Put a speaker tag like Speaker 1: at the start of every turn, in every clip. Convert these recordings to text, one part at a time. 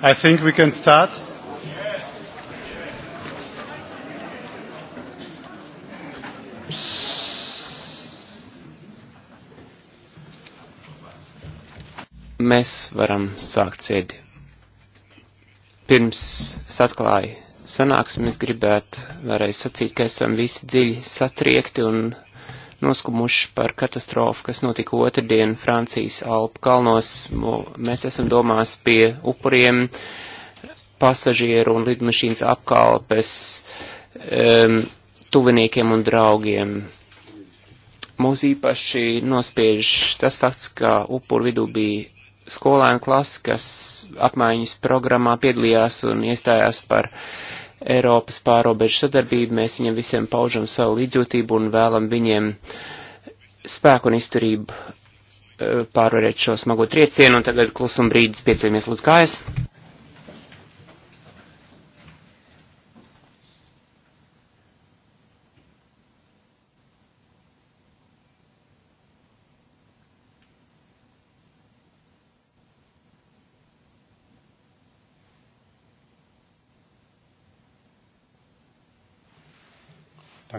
Speaker 1: I think we can start.
Speaker 2: Mēs varam sākt sēdi. Pirms es atklāju sanāksmi, es gribētu vēlreiz sacīt, ka esam visi dziļi satriekti un noskumuši par katastrofu, kas notika otrdien Francijas Alpu kalnos. Mēs esam domās pie upuriem, pasažieru un lidmašīnas apkalpes, um, tuviniekiem un draugiem. Mūs īpaši nospiež tas fakts, ka upuru vidū bija skolēnu klasi, kas apmaiņas programmā piedalījās un iestājās par uh, Eiropas pārobežu sadarbību. Mēs viņiem visiem paužam savu līdzjūtību un vēlam viņiem spēku un izturību eh, pārvarēt šo smago triecienu, un tagad klusumbrīdis piecēmies lūdzu kājas.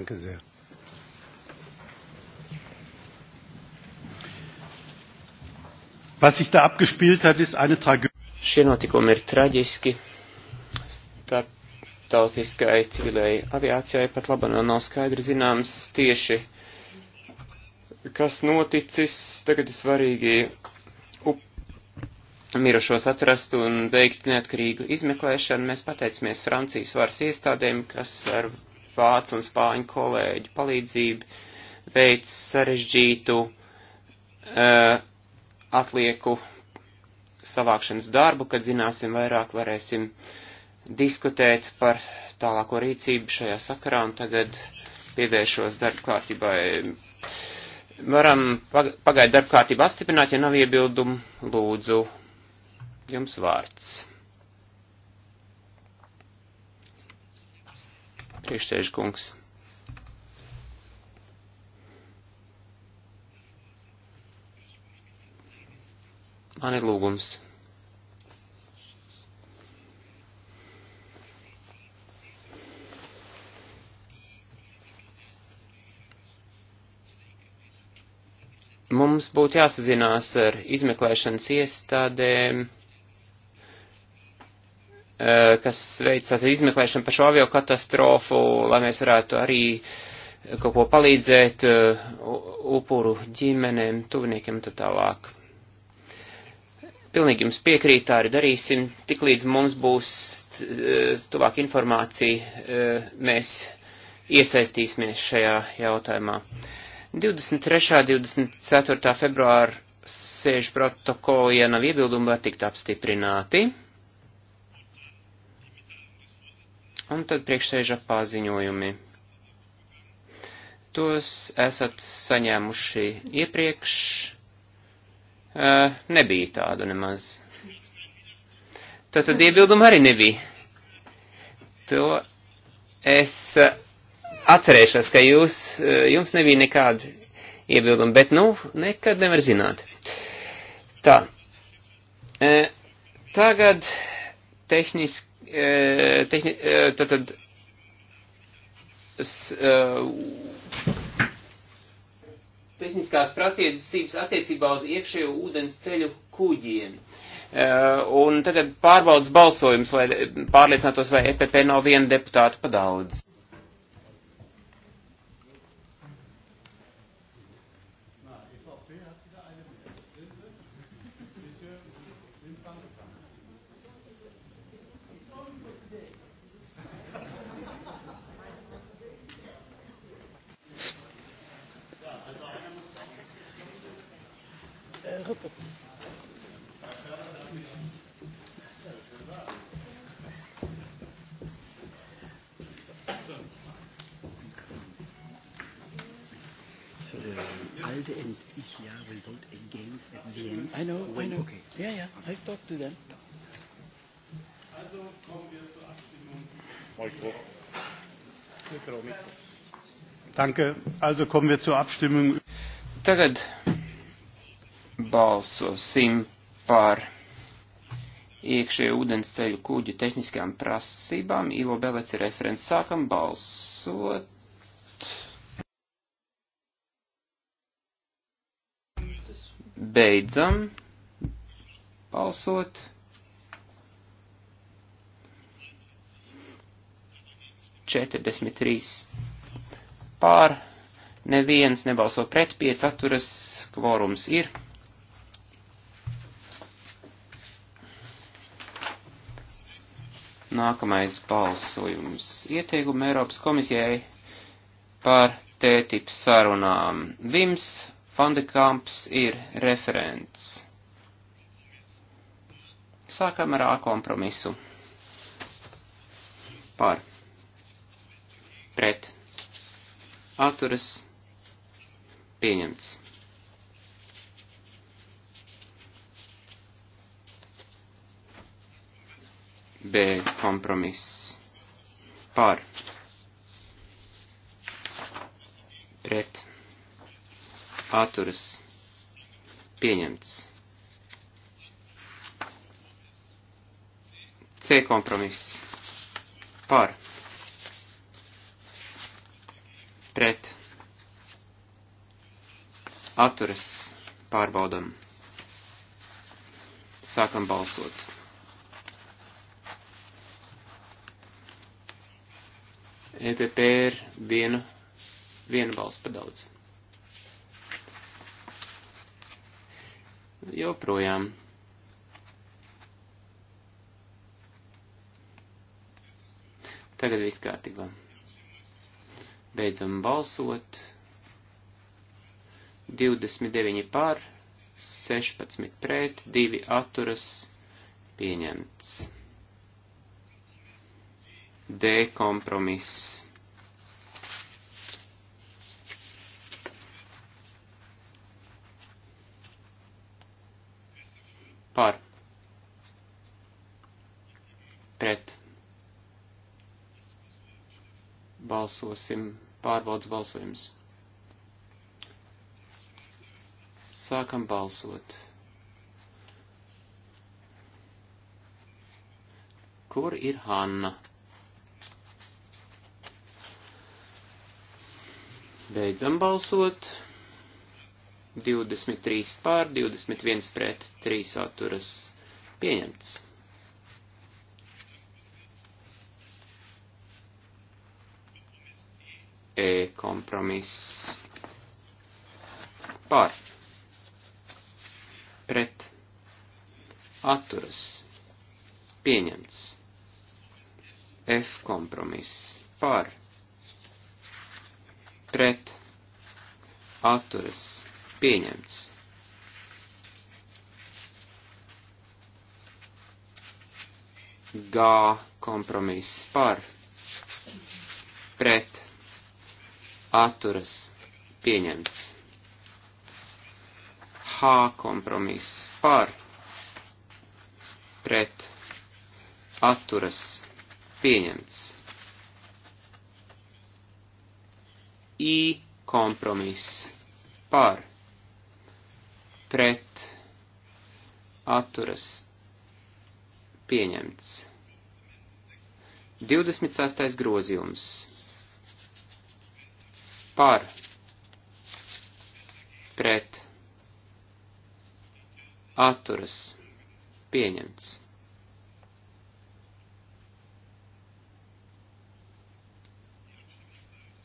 Speaker 2: Danke sehr. Was sich da abgespielt hat, ist eine Tragödie. Šie notikumi ir traģiski. Startautiskai civilai aviācijai pat laba nav skaidri zināms tieši, kas noticis. Tagad ir svarīgi up, mirušos atrast un veikt neatkarīgu izmeklēšanu. Mēs pateicamies Francijas varas iestādēm, kas ar vācu un spāņu kolēģu palīdzību veids sarežģītu uh, atlieku savākšanas darbu, kad zināsim vairāk, varēsim diskutēt par tālāko rīcību šajā sakarā un tagad pievēršos darba kārtībai. Varam pagaidu darba kārtību apstiprināt, ja nav iebildumu, lūdzu, jums vārds. Priekšsēž kungs. Man ir lūgums. Mums būtu jāsazinās ar izmeklēšanas iestādēm Eh, kas veic izmeklēšanu par šo avio katastrofu, lai mēs varētu arī kaut ko palīdzēt eh, upuru ģimenēm, tuviniekiem un tā tālāk. Pilnīgi jums piekrīt, tā arī darīsim. Tiklīdz mums būs eh, tuvāk informācija, mēs iesaistīsimies šajā jautājumā. 23. 24. februāra sēžu protokoli, ja nav iebildumu, var tikt apstiprināti. Un tad priekšsēža paziņojumi. Tos esat saņēmuši iepriekš. Uh, nebija tādu nemaz. Tātad iebildumu arī nebija. To es atcerēšos, ka jūs, jums nebija nekāda iebilduma, bet, nu, nekad nevar zināt. Tā. E, tagad tehniski E, tehni, e, tātad s, uh, tehniskās pratiecības attiecībā uz iekšējo ūdens ceļu kuģiem. Uh, un tagad pārbaudas balsojums, lai pārliecinātos, vai EPP nav viena deputāta pa daudz.
Speaker 1: will vote against at the end. I know, when, I know. Okay. Yeah, yeah, okay. I've talked to them. Also kommen wir zur Abstimmung. Mikro. Mikro, Mikro. Danke. Also kommen wir zur Abstimmung. Tagad
Speaker 2: balsosim par iekšējo ūdensceļu kuģu tehniskajām prasībām. Ivo Belec ir referents. Sākam balsot. Beidzam balsot. Četrdesmit trīs pār, neviens nebalso pret, piec atturas, kvorums ir. Nākamais balsojums ieteikumu Eiropas komisijai par tētipu sarunām. Vims Fandekāms ir referents. Sākam ar A kompromisu. Par. Pret. Atturas. Pieņemts. B kompromiss. Par. Pret atturas pieņemts. C kompromiss par pret atturas pārbaudam. Sākam balsot. EPP ir viena, viena balss pa daudz. joprojām. Tagad viss kārtībā. Beidzam balsot. 29 par, 16 pret, 2 atturas pieņemts. D kompromiss. Balsosim. Pārbaudas balsojums. Sākam balsot. Kur ir Hanna? Beidzam balsot. 23 pār, 21 pret, 3 atturas pieņemts. kompromiss par pret atturas pieņemts. F kompromiss par pret atturas pieņemts. G kompromiss par pret atturas pieņemts. H kompromiss par pret atturas pieņemts. I kompromiss par pret atturas pieņemts. 26. grozījums par pret atturas pieņemts.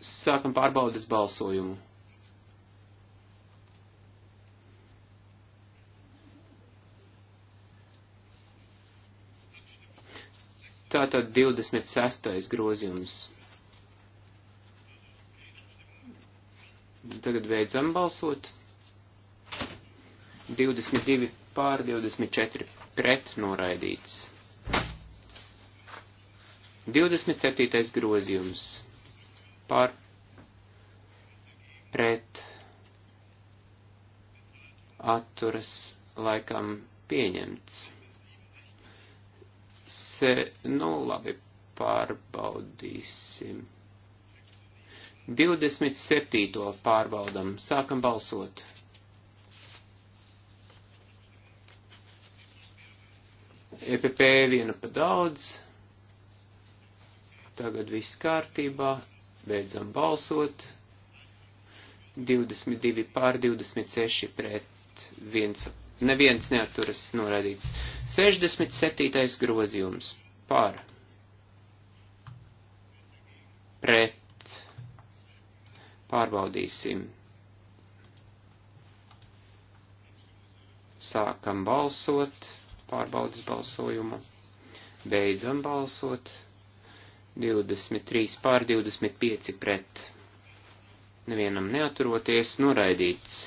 Speaker 2: Sākam pārbaudas balsojumu. Tātad 26. grozījums. Tagad beidzam balsot. 22 pār 24 pret noraidīts. 27. grozījums pār pret atturas laikam pieņemts. Se, nu labi, pārbaudīsim. 27. pārbaudam, sākam balsot. EPP viena pa daudz. Tagad viss kārtībā. Beidzam balsot. 22 pār 26 pret 1. Neviens neaturas norādīts. 67. grozījums. Pār. Pret Pārbaudīsim. Sākam balsot, pārbaudas balsojumu, beidzam balsot, 23 pār 25 pret, nevienam neaturoties, noraidīts.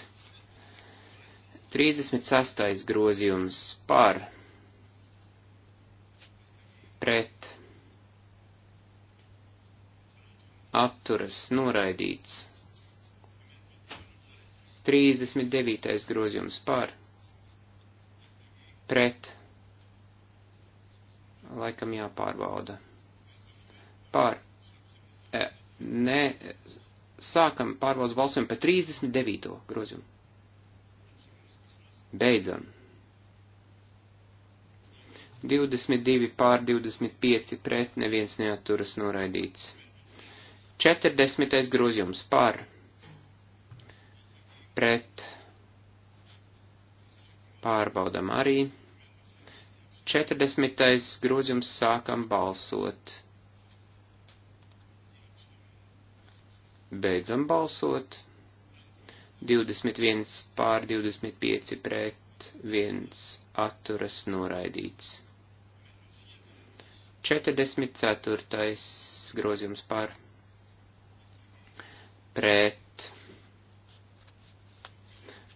Speaker 2: 36. grozījums par, pret, apturas, noraidīts. 39. grozījums par, pret, laikam jāpārbauda, par, e, nē, sākam pārbaudas balsojumu par 39. grozījumu. Beidzam. 22 pār 25 pret neviens neaturas noraidīts. 40. grozījums par pret pārbaudam arī. 40. grozījums sākam balsot. Beidzam balsot. 21 pār 25 pret 1 atturas noraidīts. 44. grozījums pār pret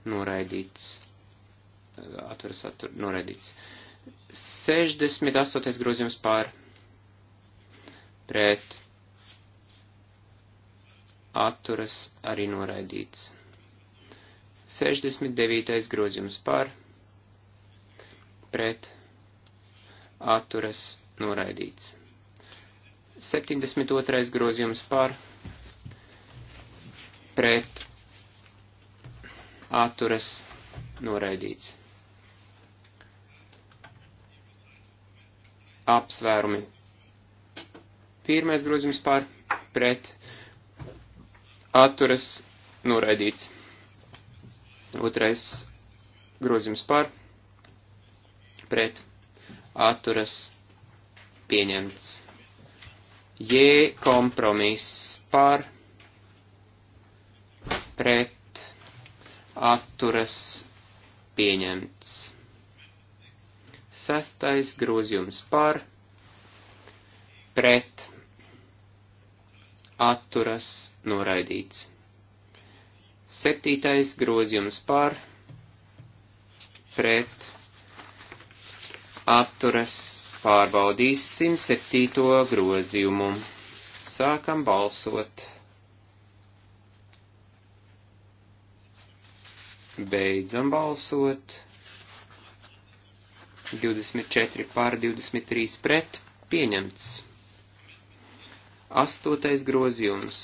Speaker 2: noraidīts, atveras attur, noraidīts. 68. grozījums pār pret atturas arī noraidīts. 69. grozījums pār pret atturas noraidīts. 72. grozījums pār pret atturas noraidīts. Apsvērumi. Pirmais grozījums pār pret atturas noraidīts. Otrais grozījums pār pret atturas pieņemts. J kompromiss pār pret atturas pieņemts. Sestais grozījums par, pret, atturas noraidīts. Septītais grozījums par, pret, atturas pārbaudīsim septīto grozījumu. Sākam balsot. Beidzam balsot. 24 pār 23 pret. Pieņemts. Astotais grozījums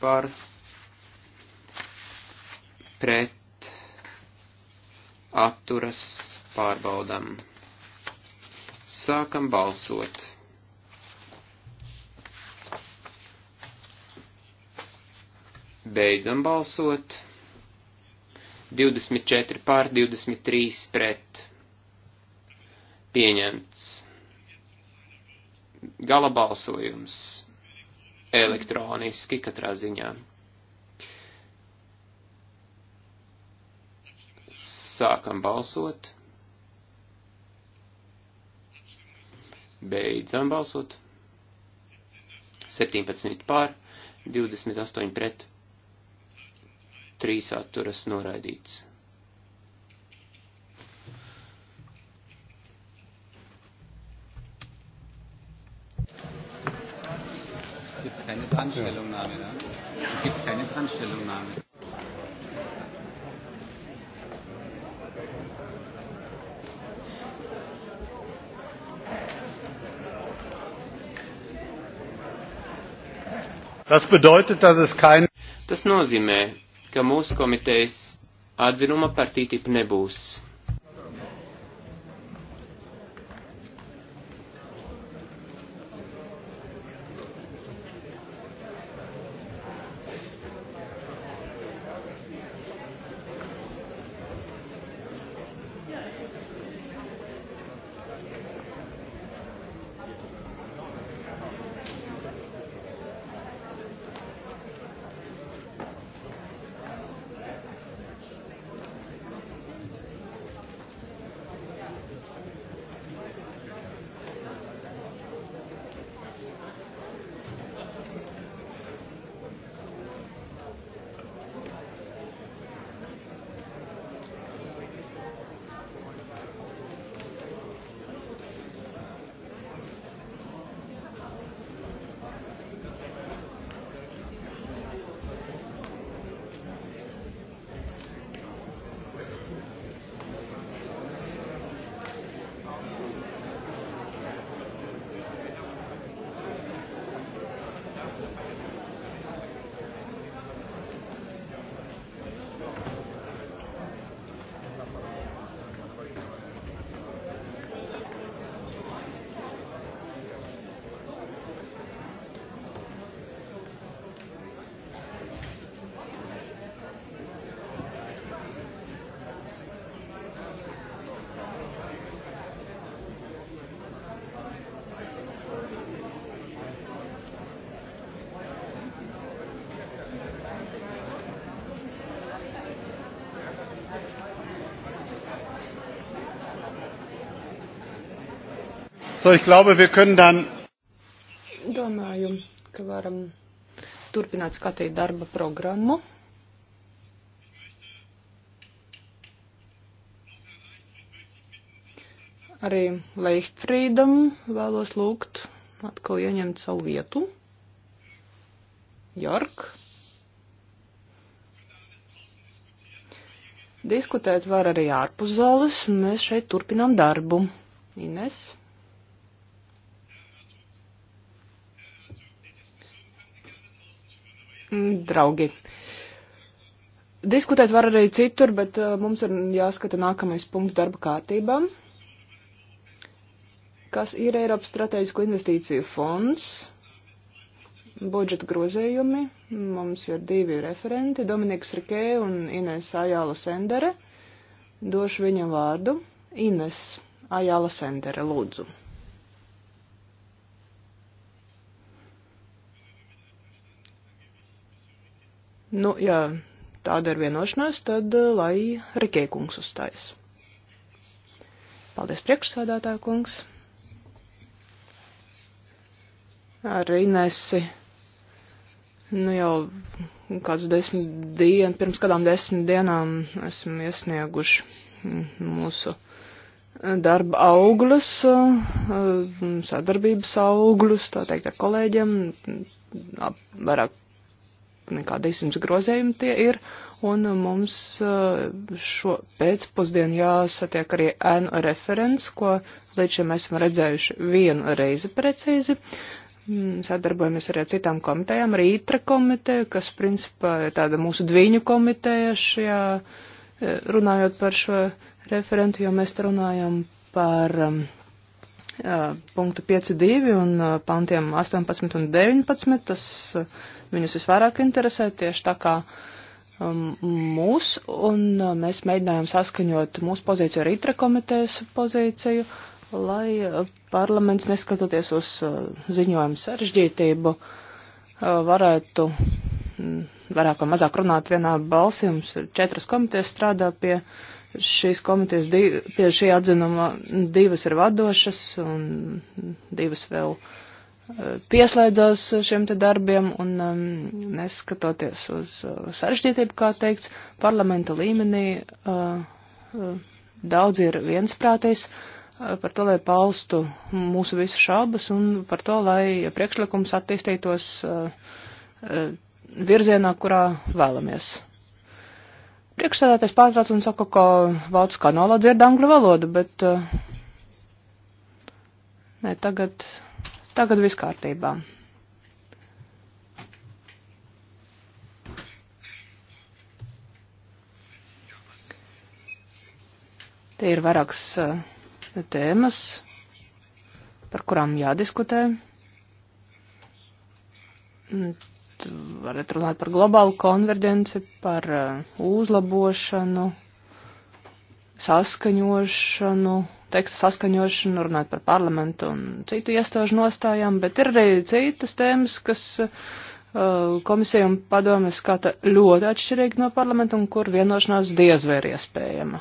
Speaker 2: par pret atturas pārbaudam. Sākam balsot. Beidzam balsot. 24 pār 23 pret. Pieņemts. Gala balsojums elektroniski katrā ziņā. Sākam balsot. Beidzam balsot. 17 pār, 28 pret trīs atturas noraidīts.
Speaker 1: Gibt's keine Brandstellungnahme, ne? Gibt's keine Brandstellungnahme. Das bedeutet, dass es kein.
Speaker 2: Das nozīmē, ka mūsu komitejas atzinuma par TTIP nebūs.
Speaker 1: So, ich glaube, wir können dann.
Speaker 3: Domāju, ka varam turpināt skatīt darba programmu. Arī Leichtfrīdam vēlos lūgt atkal ieņemt savu vietu. Jork. Diskutēt var arī ārpus zāles, un mēs šeit turpinām darbu. Ines. draugi. Diskutēt var arī citur, bet uh, mums ir jāskata nākamais punkts darba kārtībā, kas ir Eiropas strateģisko investīciju fonds, budžeta grozējumi. Mums ir divi referenti, Dominiks Rikē un Ines Ajāla Sendere. Došu viņam vārdu. Ines Ajāla Sendere, lūdzu. Nu, ja tāda ir vienošanās, tad eh, lai Rikē kungs uzstājas. Paldies priekšsādātā kungs. Ar Inesi. Nu jau kāds desmit dienu, pirms kādām desmit dienām esam iesnieguši mūsu darba augļus, eh, sadarbības augļus, tā teikt, ar kolēģiem, vairāk nekā 200 grozējumi tie ir, un mums eh, šo pēcpusdienu jāsatiek arī ēnu referents, ko līdz šim esam redzējuši vienu reizi precīzi. Mm, sadarbojamies arī ar citām komitejām, arī ITRA komiteja, kas principā ir tāda mūsu dviņu komiteja šajā, eh, runājot par šo referentu, jo mēs runājam par um, punktu 5.2 un uh, pantiem 18 un 19. Tas, uh, viņus visvairāk interesē, tieši tā kā um, mūs, un uh, mēs mēģinājām saskaņot mūsu pozīciju ar ITRA komitejas pozīciju, lai uh, parlaments, neskatoties uz uh, ziņojumu sarežģītību, varētu mm, vairāk vai mazāk runāt vienā balsī. Mums ir četras komitejas strādā pie šīs komitejas, div, pie šī atzinuma divas ir vadošas un divas vēl uh, pieslēdzās šiem te darbiem un um, neskatoties uz uh, sarežģītību, kā teikts, parlamenta līmenī uh, uh, daudz ir viensprātais uh, par to, lai paustu mūsu visu šābas un par to, lai priekšlikums attīstītos uh, uh, virzienā, kurā vēlamies. Priekšsēdētais pārtrauc un saka, ka Vācu kanālā dzird angļu valodu, bet. Uh, nē, tagad. Tagad viss kārtībā. Te ir vairākas eh, tēmas, par kurām jādiskutē. Nu, varat runāt par globālu konverģenci, par eh, uzlabošanu saskaņošanu, tekstu saskaņošanu, runāt par parlamentu un citu iestāžu nostājām, bet ir arī citas tēmas, kas uh, komisija un padome skata ļoti atšķirīgi no parlamenta un kur vienošanās diez vai ir iespējama.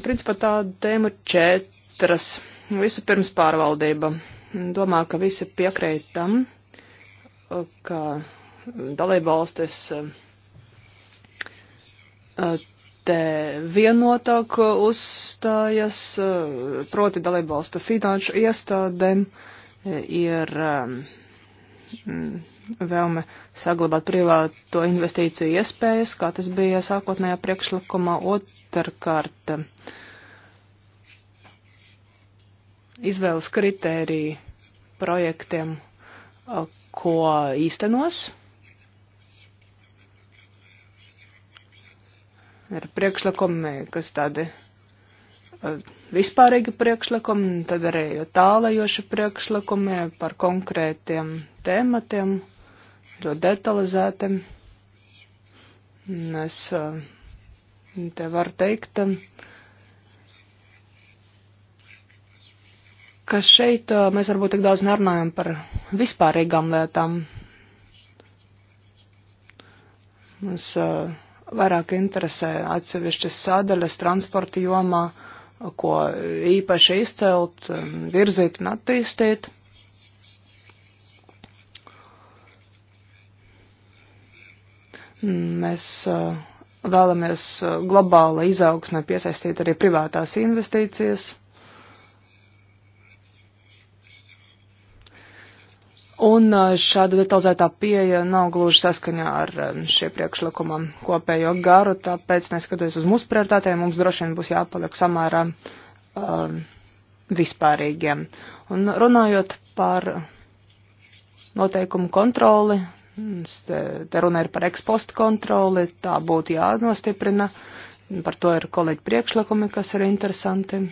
Speaker 3: Principā tā tēma četras. Visu pirms pārvaldība. Domā, ka visi piekrīt tam, uh, ka dalība valstis uh, te vienotāk uzstājas, proti dalībvalstu finanšu iestādēm ir um, mm, vēlme saglabāt privāto investīciju iespējas, kā tas bija sākotnējā priekšlikumā. Otrkārt, izvēles kritērija projektiem, ko īstenos ir priekšlikumi, kas tādi e, vispārīgi priekšlikumi, tad arī tālajoši priekšlikumi par konkrētiem tēmatiem, ļoti detalizētiem. Es e, te varu teikt, e, ka šeit mēs varbūt tik daudz nerunājam par vispārīgām lietām. Mums uh, vairāk interesē atsevišķas sadaļas transporta jomā, ko īpaši izcelt, um, virzīt un attīstīt. Mēs uh, vēlamies uh, globāla izaugsmē piesaistīt arī privātās investīcijas. Un šāda detalizētā pieeja nav gluži saskaņā ar šie priekšlikuma kopējo garu, tāpēc, neskatoties uz mūsu prioritātēm, mums droši vien būs jāpaliek samērā um, vispārīgiem. Un runājot par noteikumu kontroli, te, te runa ir par ekspostu kontroli, tā būtu jānostiprina, par to ir kolēģi priekšlikumi, kas ir interesanti.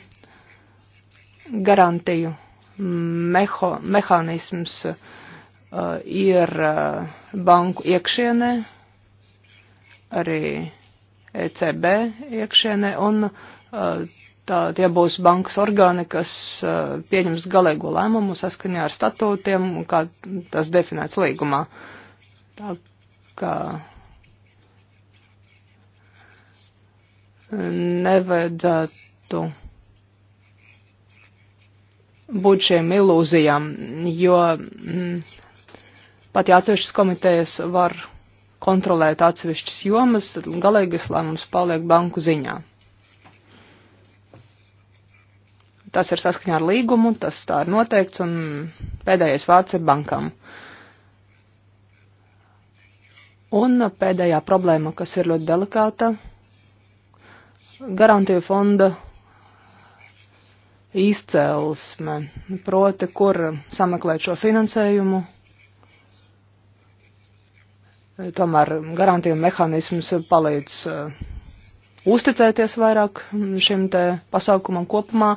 Speaker 3: Garantiju meho, mehānisms uh, ir uh, banku iekšienē, arī ECB iekšienē, un uh, tā, tie būs bankas orgāni, kas uh, pieņems galīgo lēmumu saskaņā ar statūtiem, kā tas definēts līgumā. Tā kā nevajadzētu būt šiem ilūzijām, jo m, mm, pat ja atsevišķas komitejas var kontrolēt atsevišķas jomas, tad galīgais lēmums paliek banku ziņā. Tas ir saskaņā ar līgumu, tas tā ir noteikts, un pēdējais vārds ir bankām. Un pēdējā problēma, kas ir ļoti delikāta, garantiju fonda izcēlesme, proti, kur sameklēt šo finansējumu. Tomēr garantiju mehānisms palīdz uh, uzticēties vairāk šim te pasaukumam kopumā,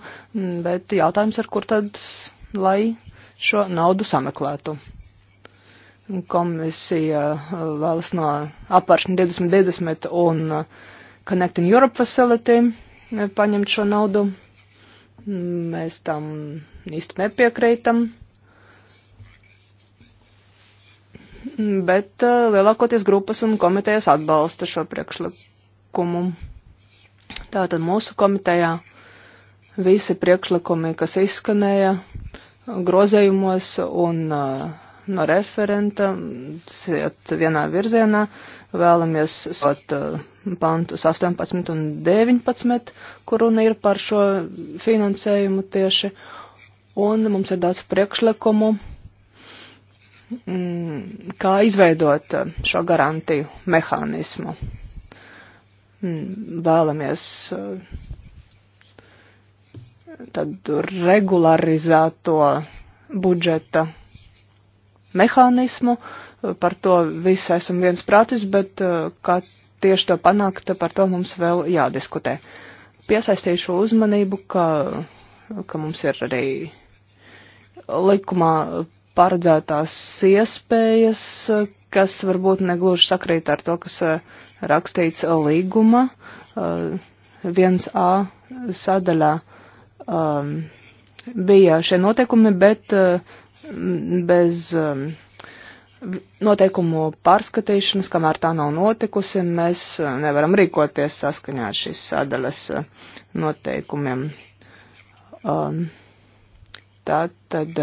Speaker 3: bet jautājums ir, kur tad, lai šo naudu sameklētu. Komisija eh, vēlas no apāršņa 2020 un eh, Connecting Europe Facility paņemt šo naudu Mēs tam īsti nepiekrītam. Bet eh, lielākoties grupas un komitejas atbalsta šo priekšlikumu. Tātad mūsu komitejā visi priekšlikumi, kas izskanēja grozējumos un uh, no referenta, iet vienā virzienā, vēlamies sot uh, pantus 18 un 19, kur runa ir par šo finansējumu tieši, un mums ir daudz priekšlikumu, mm, kā izveidot uh, šo garantiju mehānismu. Mm, vēlamies uh, tad regularizēto budžeta mehānismu, par to visi esam viens prātis, bet eh, kā tieši to panākt, par to mums vēl jādiskutē. Piesaistīšu uzmanību, ka, ka mums ir arī likumā paredzētās iespējas, kas varbūt negluži sakrīt ar to, kas eh, rakstīts līguma 1A eh, sadaļā. Um, bija šie noteikumi, bet eh, bez eh, noteikumu pārskatīšanas, kamēr tā nav notikusi, mēs eh, nevaram rīkoties saskaņā ar šīs sadaļas noteikumiem. Um, tā tad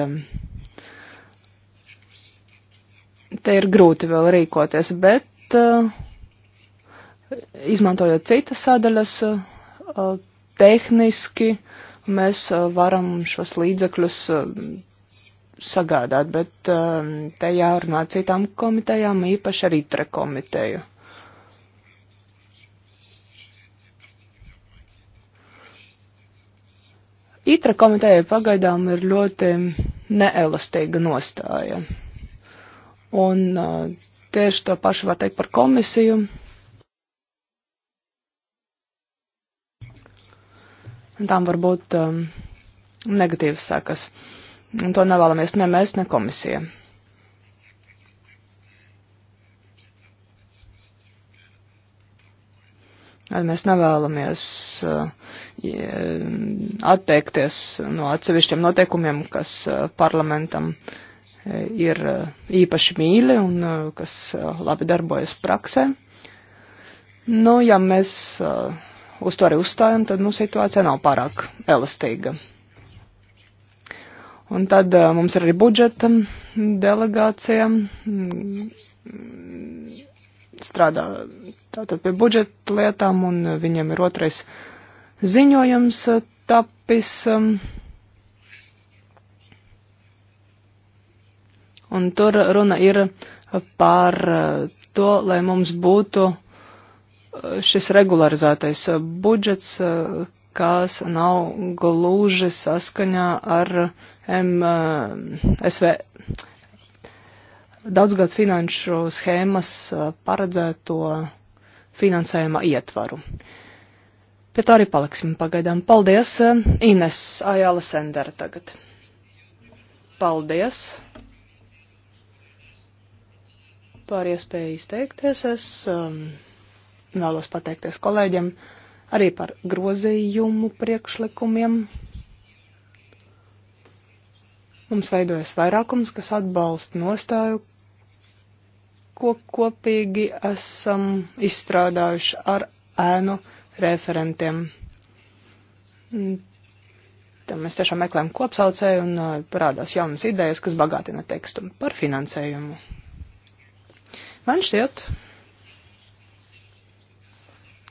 Speaker 3: te ir grūti vēl rīkoties, bet izmantojot citas sadaļas, tehniski uh, mēs uh, varam šos līdzekļus uh, sagādāt, bet um, te jārunā citām komitejām, īpaši arī tre komiteju. ITRA komiteja pagaidām ir ļoti neelastīga nostāja. Un uh, tieši to pašu var teikt par komisiju. tām var būt um, negatīvas sekas. Un to nevēlamies ne mēs, ne komisija. Mēs nevēlamies uh, atteikties no atsevišķiem noteikumiem, kas uh, parlamentam uh, ir īpaši mīļi un kas labi darbojas praksē. Nu, ja mēs uz to arī uzstājam, tad nu, situācija nav pārāk elastīga. Un tad uh, mums ir arī budžeta delegācija. Strādā tātad pie budžeta lietām, un viņiem ir otrais ziņojums eh, tapis. Eh. Un tur runa ir par to, lai mums būtu uh, šis regularizētais budžets, eh, kas nav gluži saskaņā ar MSV eh, daudzgad finanšu schēmas eh, paredzēto finansējuma ietvaru. Pie tā arī paliksim pagaidām. Paldies, Ines Ajala Sendera tagad. Paldies par iespēju izteikties. Es um, Vēlos pateikties kolēģiem arī par grozījumu priekšlikumiem. Mums veidojas vairākums, kas atbalsta nostāju, ko kopīgi esam izstrādājuši ar ēnu referentiem. Tam mēs tiešām meklējam kopsaucēju un uh, parādās jaunas idejas, kas bagātina tekstu par finansējumu. Man šķiet,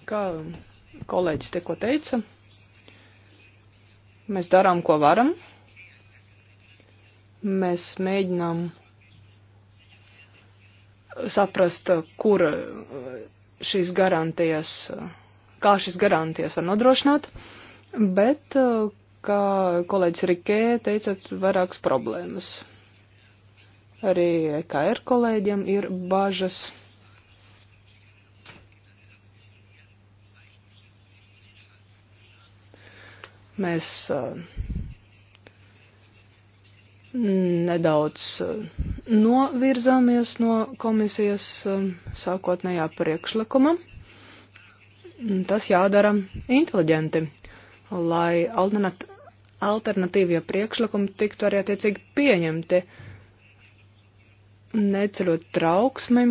Speaker 3: kā kolēģis tikko teica, mēs darām, ko varam. Mēs mēģinām saprast, kur šīs garantijas, kā šīs garantijas var nodrošināt, bet, kā kolēģis Rikē teica, vairākas problēmas. Arī e KR kolēģiem ir bažas Mēs uh, nedaudz uh, novirzāmies no komisijas um, sākotnējā priekšlikuma. Tas jādara inteliģenti, lai alternatīvie priekšlikumi tiktu arī attiecīgi pieņemti, neceļot trauksmi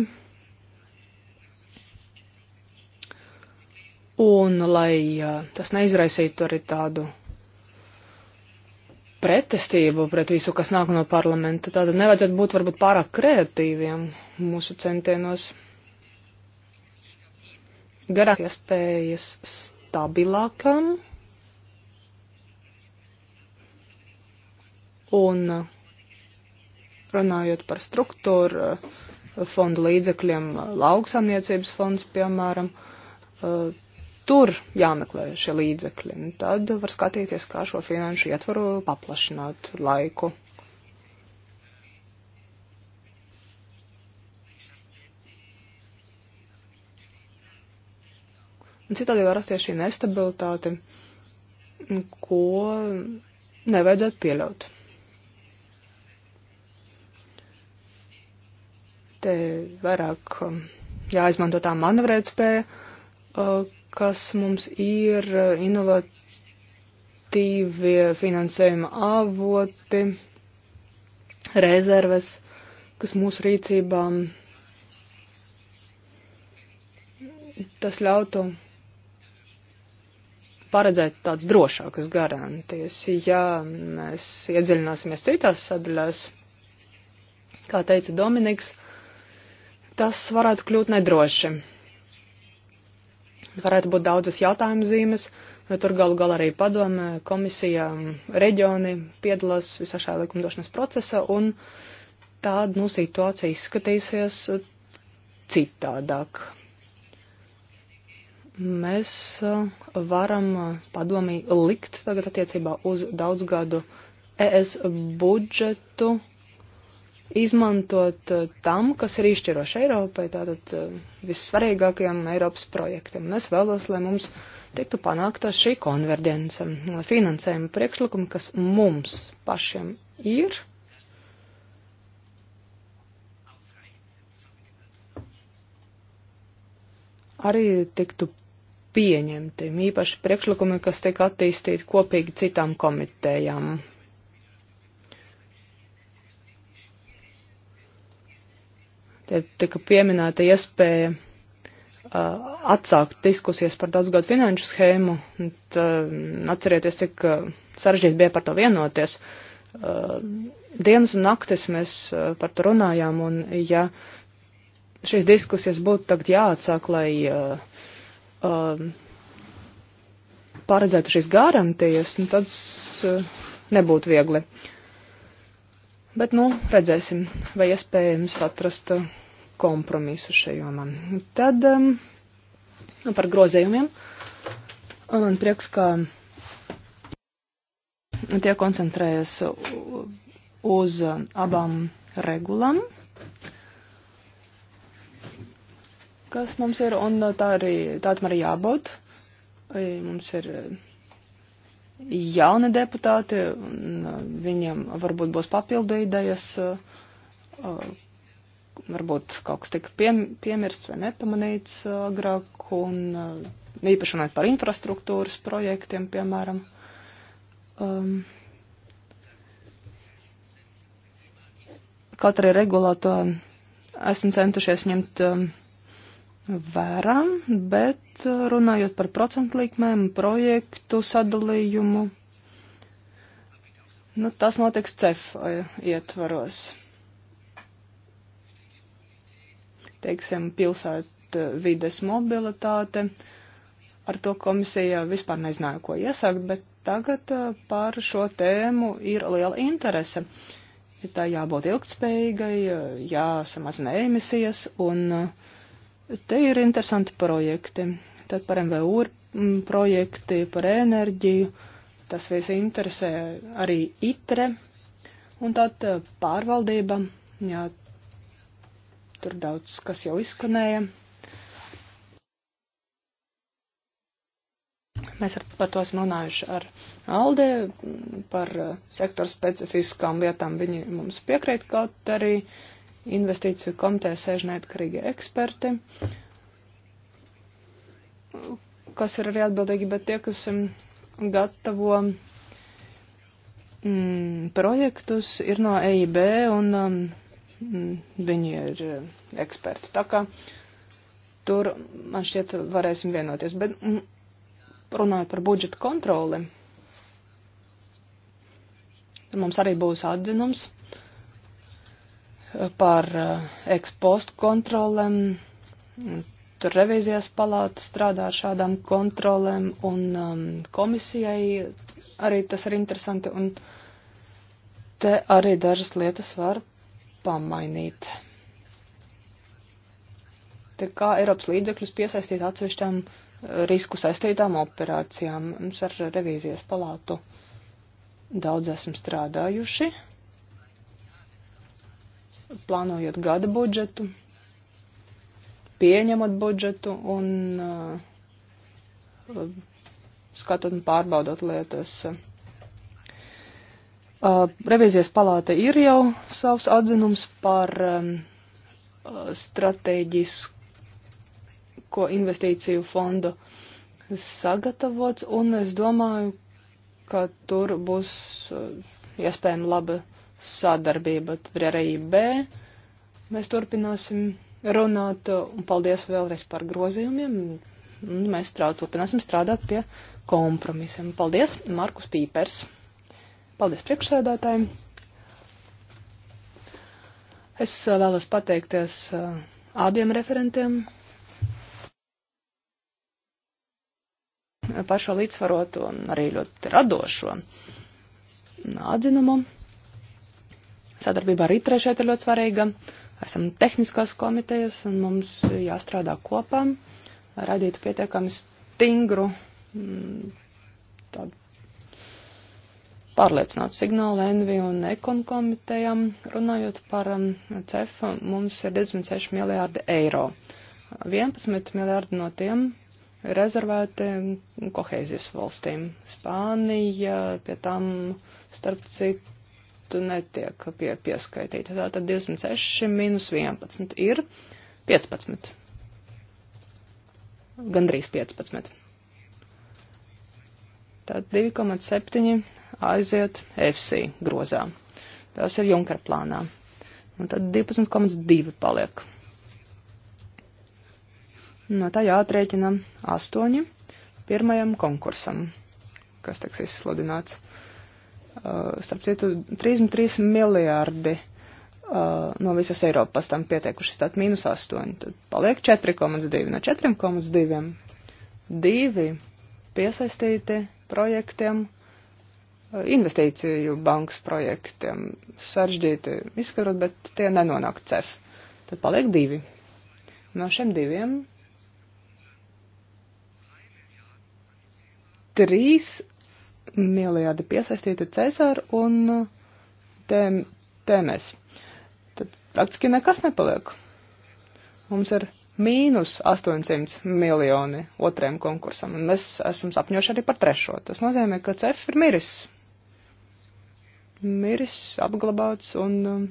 Speaker 3: un lai tas neizraisītu arī tādu pretestību pret visu, kas nāk no parlamenta. Tātad nevajadzētu būt varbūt pārāk kreatīviem mūsu centienos. Garāk iespējas stabilākam un runājot par struktūru fondu līdzekļiem, lauksamniecības fonds, piemēram, tur jāmeklē šie līdzekļi. Un tad var skatīties, kā šo finanšu ietvaru paplašināt laiku. Un citādi var rasties šī nestabilitāte, ko nevajadzētu pieļaut. Te vairāk um, jāizmanto tā manevrētspēja, uh, kas mums ir eh, inovatīvie finansējuma avoti, rezerves, kas mūsu rīcībām tas ļautu paredzēt tādas drošākas garantijas. Ja mēs iedziļināsimies citās sadaļās, kā teica Dominiks, tas varētu kļūt nedroši varētu būt daudzas jautājumas zīmes, jo tur galu galā arī padome, komisija, reģioni piedalās visā šajā likumdošanas procesā, un tāda, nu, situācija izskatīsies citādāk. Mēs varam padomī likt tagad attiecībā uz daudzgadu ES budžetu izmantot eh, tam, kas ir izšķiroši Eiropai, tātad eh, vissvarīgākajam Eiropas projektam. Un es vēlos, lai mums tiktu panākta šī konverģence, lai finansējuma priekšlikumi, kas mums pašiem ir, arī tiktu pieņemti, īpaši priekšlikumi, kas tiek attīstīti kopīgi citām komitējām. Te tika pieminēta iespēja uh, atsākt diskusijas par daudzgadu finanšu schēmu. Un, uh, atcerieties, cik uh, sarežģīti bija par to vienoties. Uh, dienas un naktis mēs uh, par to runājām, un ja šīs diskusijas būtu tagad jāatsāk, lai uh, uh, paredzētu šīs garantijas, nu, tad uh, nebūtu viegli. Uh, Bet, nu, redzēsim, vai iespējams atrast uh, kompromisu šajomā. Tad um, nu, par grozējumiem. Man prieks, ka tie koncentrējas uz um, abām regulām, kas mums ir, un uh, tā arī, tādam arī jābūt. Mums ir uh, jauni deputāti, un uh, viņiem varbūt būs papildu idejas, uh, uh, varbūt kaut kas tika piem, piemirsts vai nepamanīts agrāk, un īpaši runājot par infrastruktūras projektiem, piemēram. Um, kaut arī regulātori esmu centušies ņemt um, vērā, bet uh, runājot par procentu likmēm, projektu sadalījumu, nu, tas notiks CEF uh, ietvaros. Teiksim, pilsētu uh, vides mobilitāte. Ar to komisija vispār nezināja, ko iesākt, bet tagad par šo tēmu ir liela interese. Ir tā jābūt ilgtspējīgai, jāsamazina emisijas un uh, Te ir interesanti projekti. Tad par MVU ir mm, projekti, par enerģiju. Tas viss interesē arī ITRE. Un tad eh, pārvaldība. Jā, tur daudz kas jau izskanēja. Mēs ar, par to esam runājuši ar Aldē, par eh, sektoru specifiskām lietām viņi mums piekrīt, kaut arī uh, investīciju komitē sēž neatkarīgi eksperti, kas ir arī atbildīgi, bet tie, kas um, gatavo mm, projektus, ir no EIB un um, mm, viņi ir um, eksperti. Tā kā tur, man šķiet, varēsim vienoties. Bet mm, runājot par budžeta kontroli, mums arī būs atzinums par ekspostu eh, kontrolēm. Tur revizijas palāta strādā ar šādām kontrolēm un um, komisijai arī tas ir interesanti un te arī dažas lietas var pamainīt. Te kā Eiropas līdzekļus piesaistīt atsevišķām eh, risku saistītām operācijām. Mums ar revīzijas palātu daudz esam strādājuši plānojot gada budžetu, pieņemot budžetu un uh, skatot un pārbaudot lietas. Uh, revīzijas palāta ir jau savs atzinums par um, uh, strateģisko investīciju fondu sagatavots, un es domāju, ka tur būs uh, iespējama laba sadarbība ar EIB. Mēs turpināsim runāt un paldies vēlreiz par grozījumiem. Mēs strād, turpināsim strādāt pie kompromisiem. Paldies, Markus Pīpers. Paldies priekšsēdētājiem. Es eh, vēlos pateikties eh, abiem referentiem par šo līdzsvarotu un arī ļoti radošo atzinumu. Sadarbība ar ITRE šeit ir ļoti svarīga. Esam tehniskās komitejas un mums jāstrādā kopā, lai radītu pietiekami stingru, mm, tādu pārliecinātu signālu NV un Ekon komitejām. Runājot par mm, CEF, mums ir 26 miljārdi eiro. 11 miljārdi no tiem ir rezervēti kohēzijas valstīm. Spānija, pie tam starp citu netiek pie, pieskaitīta. Tātad 26 minus 11 ir 15. Gandrīz 15. Tātad 2,7 aiziet FC grozā. Tas ir Junker plānā. Un tad 12,2 paliek. No tā jāatrēķina 8 pirmajam konkursam, kas tiks izsludināts. Eh, starp citu, 33 miljārdi eh, no visas Eiropas tam pieteikušies, tātad mīnus 8, tad paliek 4,2 no 4,2. Divi piesaistīti projektiem, eh, investīciju bankas projektiem, saržģīti izskarot, bet tie nenonāk cef. Tad paliek divi. No šiem diviem trīs miljārdi piesaistīti Cēsāru un uh, tēm, tēmēs. Tad praktiski nekas nepaliek. Mums ir mīnus 800 miljoni otrajam konkursam, un mēs esam sapņoši arī par trešo. Tas nozīmē, ka CEF ir miris. Miris, apglabāts, un um,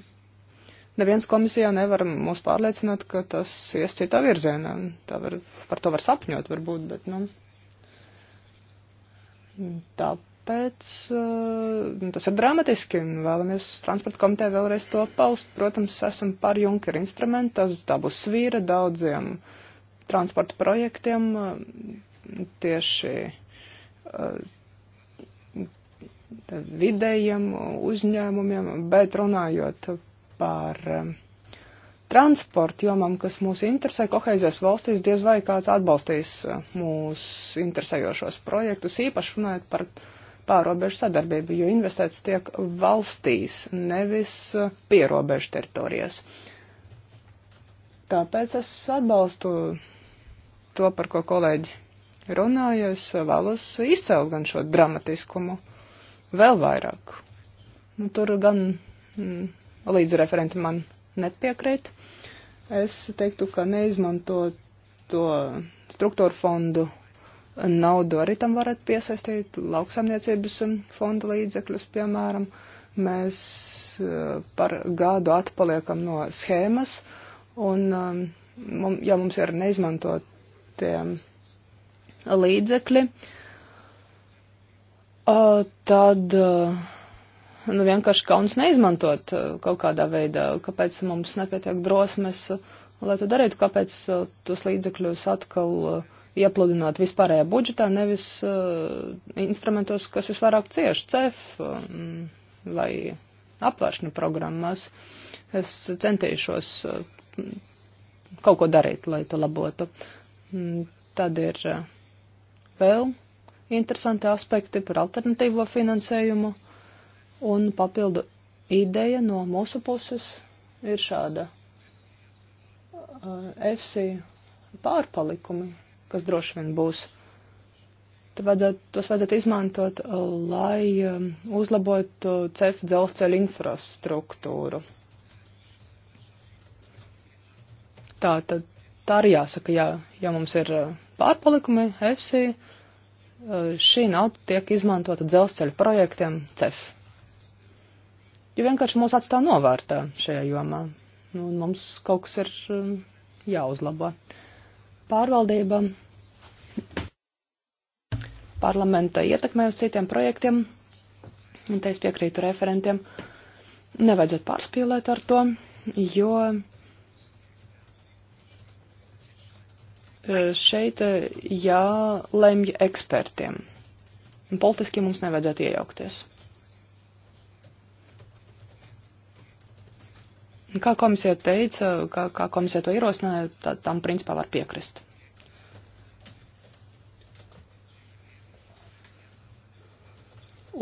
Speaker 3: neviens komisijā nevar mūs pārliecināt, ka tas ies citā virzienā. Tā var, par to var sapņot varbūt, bet, nu. No Tāpēc eh, nu, tas ir dramatiski un vēlamies transporta komitē vēlreiz to paust. Protams, esam par Junker instrumentu, tā būs svīra daudziem transporta projektiem eh, tieši eh, vidējiem uzņēmumiem, bet runājot par uh, transporta jomām, kas mūs interesē, kohēzijas valstīs diez vai kāds atbalstīs uh, mūs interesējošos projektus, īpaši runājot par pārobežu sadarbību, jo investēts tiek valstīs, nevis uh, pierobežu teritorijas. Tāpēc es atbalstu to, par ko kolēģi runāja, es vēlos izcelt gan šo dramatiskumu vēl vairāk. Nu, tur gan mm, līdz referenti man nepiekrīt. Es teiktu, ka neizmanto to struktūru fondu naudu arī tam varētu piesaistīt, lauksamniecības fonda līdzekļus, piemēram. Mēs eh, par gadu atpaliekam no schēmas, un eh, ja mums ir neizmantotie līdzekļi, tad. Uh, nu, vienkārši kauns neizmantot uh, kaut kādā veidā, kāpēc mums nepietiek drosmes, uh, lai to darītu, kāpēc uh, tos līdzekļus atkal iepludināt vispārējā budžetā, nevis uh, instrumentos, kas visvairāk cieši CEF um, vai apvēršņu programmās. Es centīšos uh, kaut ko darīt, lai to labotu. Um, tad ir uh, vēl interesanti aspekti par alternatīvo finansējumu. Uh, Un papildu ideja no mūsu puses ir šāda. Uh, FC pārpalikumi, kas droši vien būs, vajadzētu, tos vajadzētu izmantot, uh, lai um, uzlabotu CEF dzelzceļa infrastruktūru. Tā tad tā arī jāsaka, ja, ja mums ir uh, pārpalikumi FC, šī nauda tiek izmantota dzelzceļa projektiem CEF jo vienkārši mūs atstāv novārtā šajā jomā. Nu, un mums kaut kas ir um, jāuzlabo. Pārvaldība, parlamenta ietekmē uz citiem projektiem, un te es piekrītu referentiem, nevajadzētu pārspīlēt ar to, jo uh, šeit uh, jālemj ekspertiem. Un politiski mums nevajadzētu iejaukties. Kā komisija teica, kā, kā komisija to ierosināja, tā, tam principā var piekrist.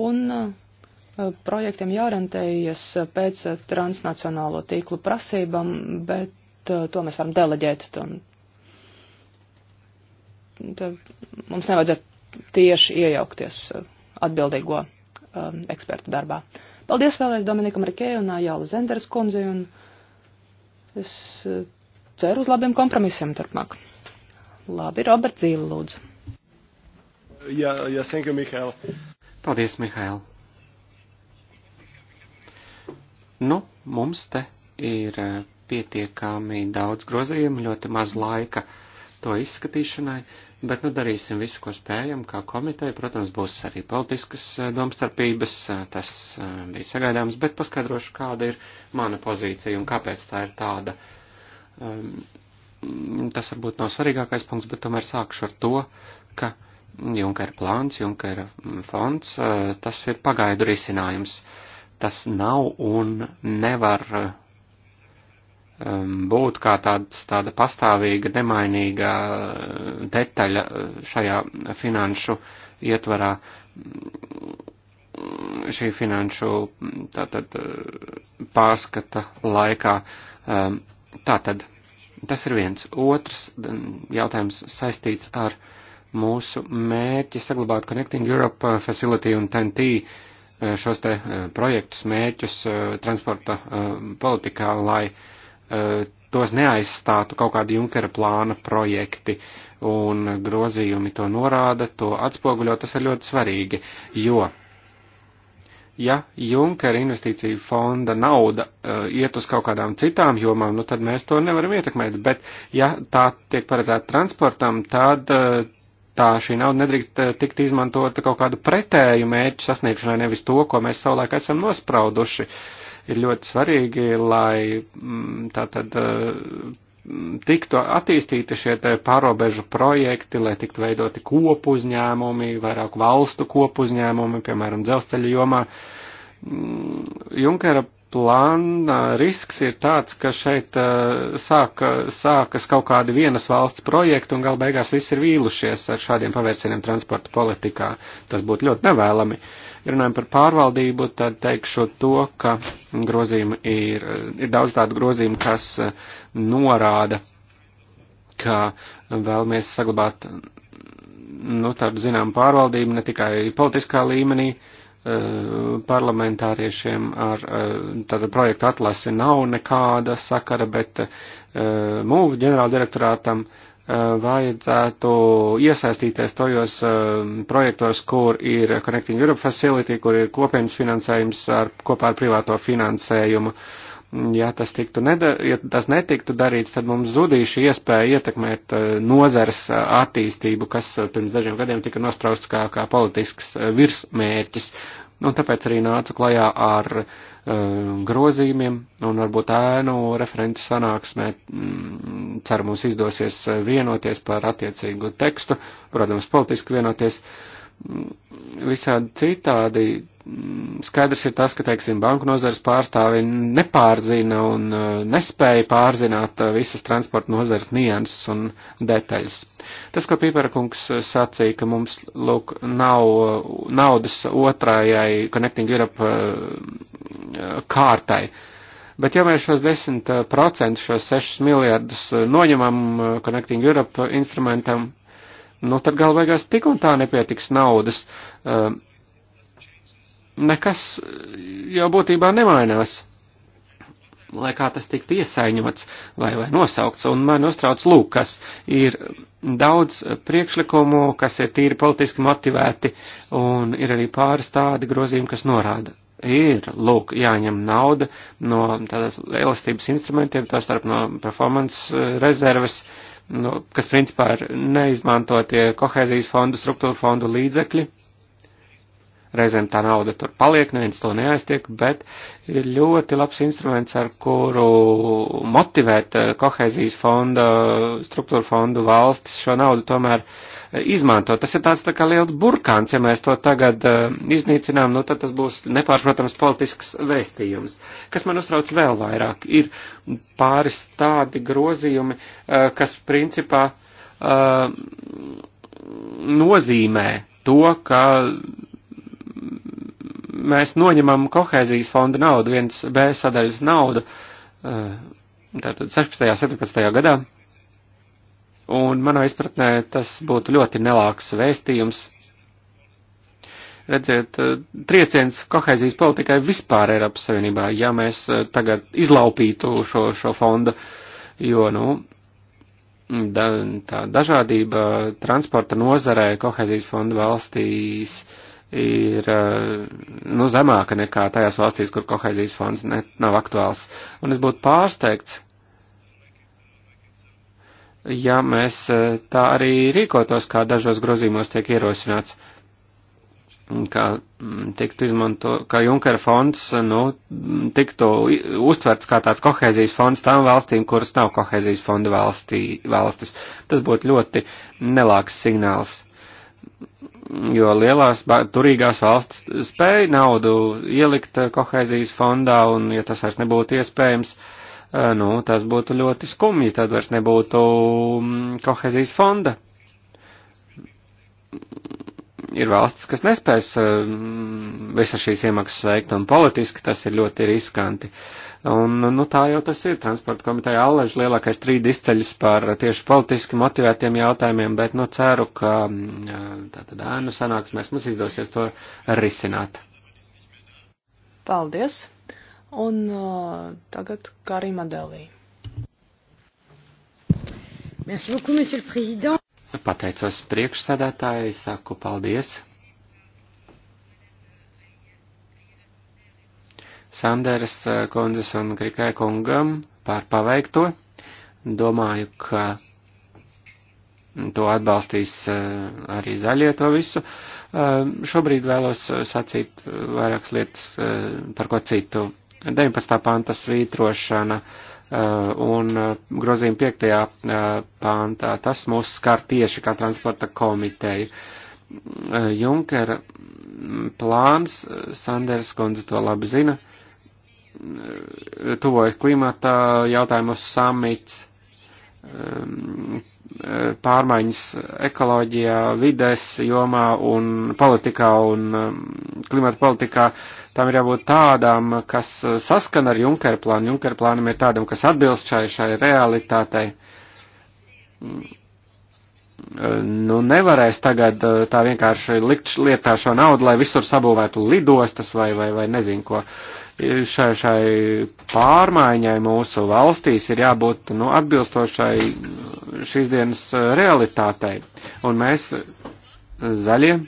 Speaker 3: Un eh, projektiem jāorientējas pēc transnacionālo tīklu prasībām, bet eh, to mēs varam deleģēt. Un, tā, mums nevajadzētu tieši iejaukties atbildīgo um, ekspertu darbā. Uh, Paldies vēlreiz Dominikam Rikē un Jāla Zenders kundzei, un es eh, ceru uz labiem kompromisiem turpmāk. Labi, Robert Zīle, lūdzu.
Speaker 1: Jā, jā, senka, Mihēl.
Speaker 4: Paldies, Mihēl. Nu, mums te ir eh, pietiekami daudz grozījumu, ļoti maz laika to izskatīšanai, bet nu darīsim visu, ko spējam, kā komiteja. Protams, būs arī politiskas eh, domstarpības, eh, tas eh, bija sagaidāms, bet paskaidrošu, kāda ir mana pozīcija un kāpēc tā ir tāda. Ehm, tas varbūt nav svarīgākais punkts, bet tomēr sākšu ar to, ka Junkera plāns, Junkera mm, fonds, tas ir pagaidu risinājums. Tas nav un nevar Um, būt kā tāds, tāda pastāvīga, nemainīga uh, detaļa uh, šajā finanšu ietvarā, mm, šī finanšu mm, tātad, uh, pārskata laikā. Um, tātad, tas ir viens. Otrs mm, jautājums saistīts ar mūsu mērķi saglabāt Connecting Europe Facility un TNT šos te projektus, mērķus transporta politikā, lai uh, E, tos neaizstātu kaut kādi Junkera plāna projekti, un grozījumi to norāda, to atspoguļo, tas ir ļoti svarīgi, jo, ja Junkera investīcija fonda nauda uh, iet uz kaut kādām citām jomām, nu tad mēs to nevaram ietekmēt, bet, ja tā tiek paredzēta transportam, tad uh, tā šī nauda nedrīkst tikt izmantota kaut kādu pretēju mērķu sasniegšanai, nevis to, ko mēs savulaik esam nosprauduši. Uh, ir ļoti svarīgi, lai mm, tātad mm, tiktu attīstīti šie pārobežu projekti, lai tiktu veidoti kopu uzņēmumi, vairāk valstu kopu uzņēmumi, piemēram, dzelzceļa jomā. Mm, Junkera plāna risks ir tāds, ka šeit sāka, sākas kaut kādi vienas valsts projekti un gal beigās viss ir vīlušies ar šādiem pavērsieniem transporta politikā. Tas būtu ļoti nevēlami. Uh, Ja runājam par pārvaldību, tad teikšu to, ka grozījumi ir, ir daudz tādu grozījumu, kas eh, norāda, ka vēlamies saglabāt, nu, tādu zinām pārvaldību ne tikai politiskā līmenī, eh, parlamentāriešiem ar eh, tādu projektu atlasi nav nekāda sakara, bet MUV ģenerāldirektorātam direktorātam Eh, vajadzētu iesaistīties tojos eh, projektos, kur ir Connecting Europe Facility, kur ir kopienas finansējums ar, kopā ar privāto finansējumu. Ja tas, neda, ja tas netiktu darīts, tad mums zudīs šī iespēja ietekmēt eh, nozars attīstību, kas pirms dažiem gadiem tika nosprausts kā, kā politisks virsmērķis. Un tāpēc arī nācu klajā ar uh, Um, grozījumiem un varbūt ēnu referentu sanāksmē. Mm, ceru, mums izdosies uh, vienoties par attiecīgu tekstu, protams, politiski vienoties. Mm, visādi citādi Mm, skaidrs ir tas, ka, teiksim, banku nozares pārstāvi nepārzina un uh, nespēja pārzināt uh, visas transporta nozares nianses un detaļas. Tas, ko Pīperakungs uh, sacīja, ka mums, lūk, nav naudas otrajai Connecting Europe kārtai. Bet ja mēs šos 10%, šos 6 miljardus noņemam Connecting Europe instrumentam, nu tad galvā beigās tik un tā nepietiks naudas. Uh, nekas jau būtībā nemainās, lai kā tas tiktu iesaiņots vai, vai nosaukts, un man uztrauc lūk, kas ir daudz priekšlikumu, kas ir tīri politiski motivēti, un ir arī pāris tādi grozījumi, kas norāda. Ir, lūk, jāņem nauda no tādas elastības instrumentiem, to starp no performance eh, rezerves, no, kas principā ir neizmantotie kohēzijas fondu, struktūra fondu līdzekļi, Reizēm tā nauda tur paliek, neviens to neaiztiek, bet ir ļoti labs instruments, ar kuru motivēt eh, kohēzijas fonda, struktūra fondu valstis šo naudu tomēr eh, izmantot. Tas ir tāds tā kā liels burkāns, ja mēs to tagad uh, iznīcinām, nu tad tas būs nepārprotams politisks vēstījums. Kas man uztrauc vēl vairāk, ir pāris tādi grozījumi, uh, kas principā uh, nozīmē to, ka mēs noņemam kohēzijas fonda naudu, viens B sadaļas naudu, eh, tātad 16. 17. gadā. Un manā izpratnē tas būtu ļoti nelāks vēstījums. Redziet, eh, trieciens kohēzijas politikai vispār Eiropas Savienībā, ja mēs eh, tagad izlaupītu šo, šo fondu, jo, nu, da, tā dažādība transporta nozarē kohēzijas fonda valstīs uh, ir eh, nu, zemāka nekā tajās valstīs, kur kohēzijas fonds ne, nav aktuāls. Un es būtu pārsteigts, ja mēs eh, tā arī rīkotos, kā dažos grozījumos tiek ierosināts, kā mm, tiktu izmanto, kā Junkera fonds, nu, tiktu uztverts kā tāds kohēzijas fonds tām valstīm, kuras nav kohēzijas fonda valstī, valstis. Tas būtu ļoti nelāks signāls jo lielās turīgās valsts spēja naudu ielikt eh, kohēzijas fondā, un ja tas vairs nebūtu iespējams, eh, nu, tas būtu ļoti skumji, tad vairs nebūtu mm, kohēzijas fonda. Ir valstis, kas nespēs eh, visas šīs iemaksas veikt, un politiski tas ir ļoti riskanti. Uh, Un, nu, tā jau tas ir. Transporta komiteja Allež lielākais strīd izceļas par tieši politiski motivētiem jautājumiem, bet, nu, ceru, ka mm, tātad ēnu sanāksmēs mums izdosies to risināt.
Speaker 3: Paldies. Un uh, tagad Karima Delī. Merci beaucoup, monsieur le président.
Speaker 4: Pateicos priekšsēdētāji, saku paldies. Sanderas eh, kundzes un Krikai kungam par paveikto. Domāju, ka to atbalstīs eh, arī zaļie to visu. Eh, šobrīd vēlos sacīt vairākas lietas par ko citu. 19. panta svītrošana un grozījuma 5. pantā tas mūs skar tieši kā transporta komiteju. Junkera mm, plāns, Sanders kundze to labi zina, uh, tuvojas klimata jautājumus samits, um, pārmaiņas ekoloģijā, vides jomā un politikā un um, klimata politikā. Tam ir jābūt tādām, kas saskana ar Junkera plānu. Junkera plānam ir tādam, kas atbilst šai, šai realitātei nu, nevarēs tagad uh, tā vienkārši likt lietā šo naudu, lai visur sabūvētu lidostas vai, vai, vai nezinu ko šai, šai pārmaiņai mūsu valstīs ir jābūt nu, atbilstošai šīs dienas realitātei. Un mēs zaļie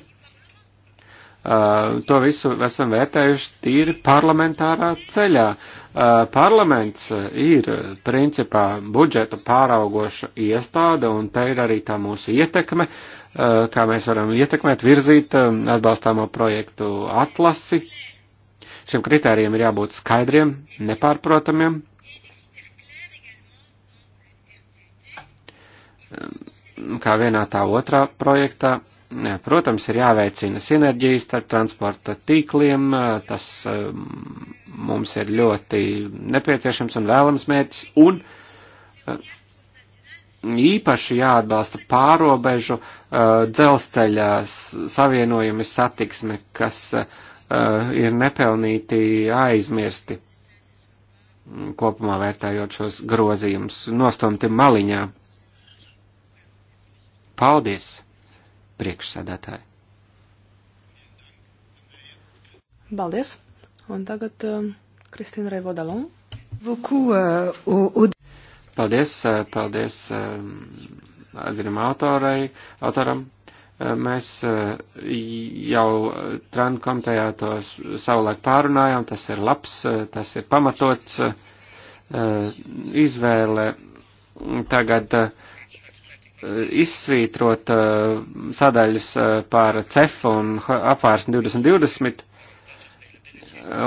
Speaker 4: to visu esam vērtējuši tīri parlamentārā ceļā. Parlaments ir principā budžetu pāraugoša iestāde, un te ir arī tā mūsu ietekme, kā mēs varam ietekmēt, virzīt atbalstāmo projektu atlasi, Šiem kritērijiem ir jābūt skaidriem, nepārprotamiem. Ehm, kā vienā tā otrā projektā, protams, ir jāveicina sinerģijas starp transporta tīkliem, tas ehm, mums ir ļoti nepieciešams un vēlams mērķis, un ehm, īpaši jāatbalsta pārobežu dzelzceļa savienojumi satiksme, kas uh, Uh, ir nepelnīti aizmirsti kopumā vērtējot šos grozījumus, nostomti maliņā. Paldies, priekšsēdētāji!
Speaker 3: Paldies! Un tagad um, Kristīna Reivodalon. Uh,
Speaker 4: paldies, paldies um, atzinam autorai, autoram. Mēs e, jau Trana komitejā to savulaik pārunājām, tas ir labs, e, tas ir pamatots e, izvēle tagad izsvītrot sadaļas par CEF un apvārsni 2020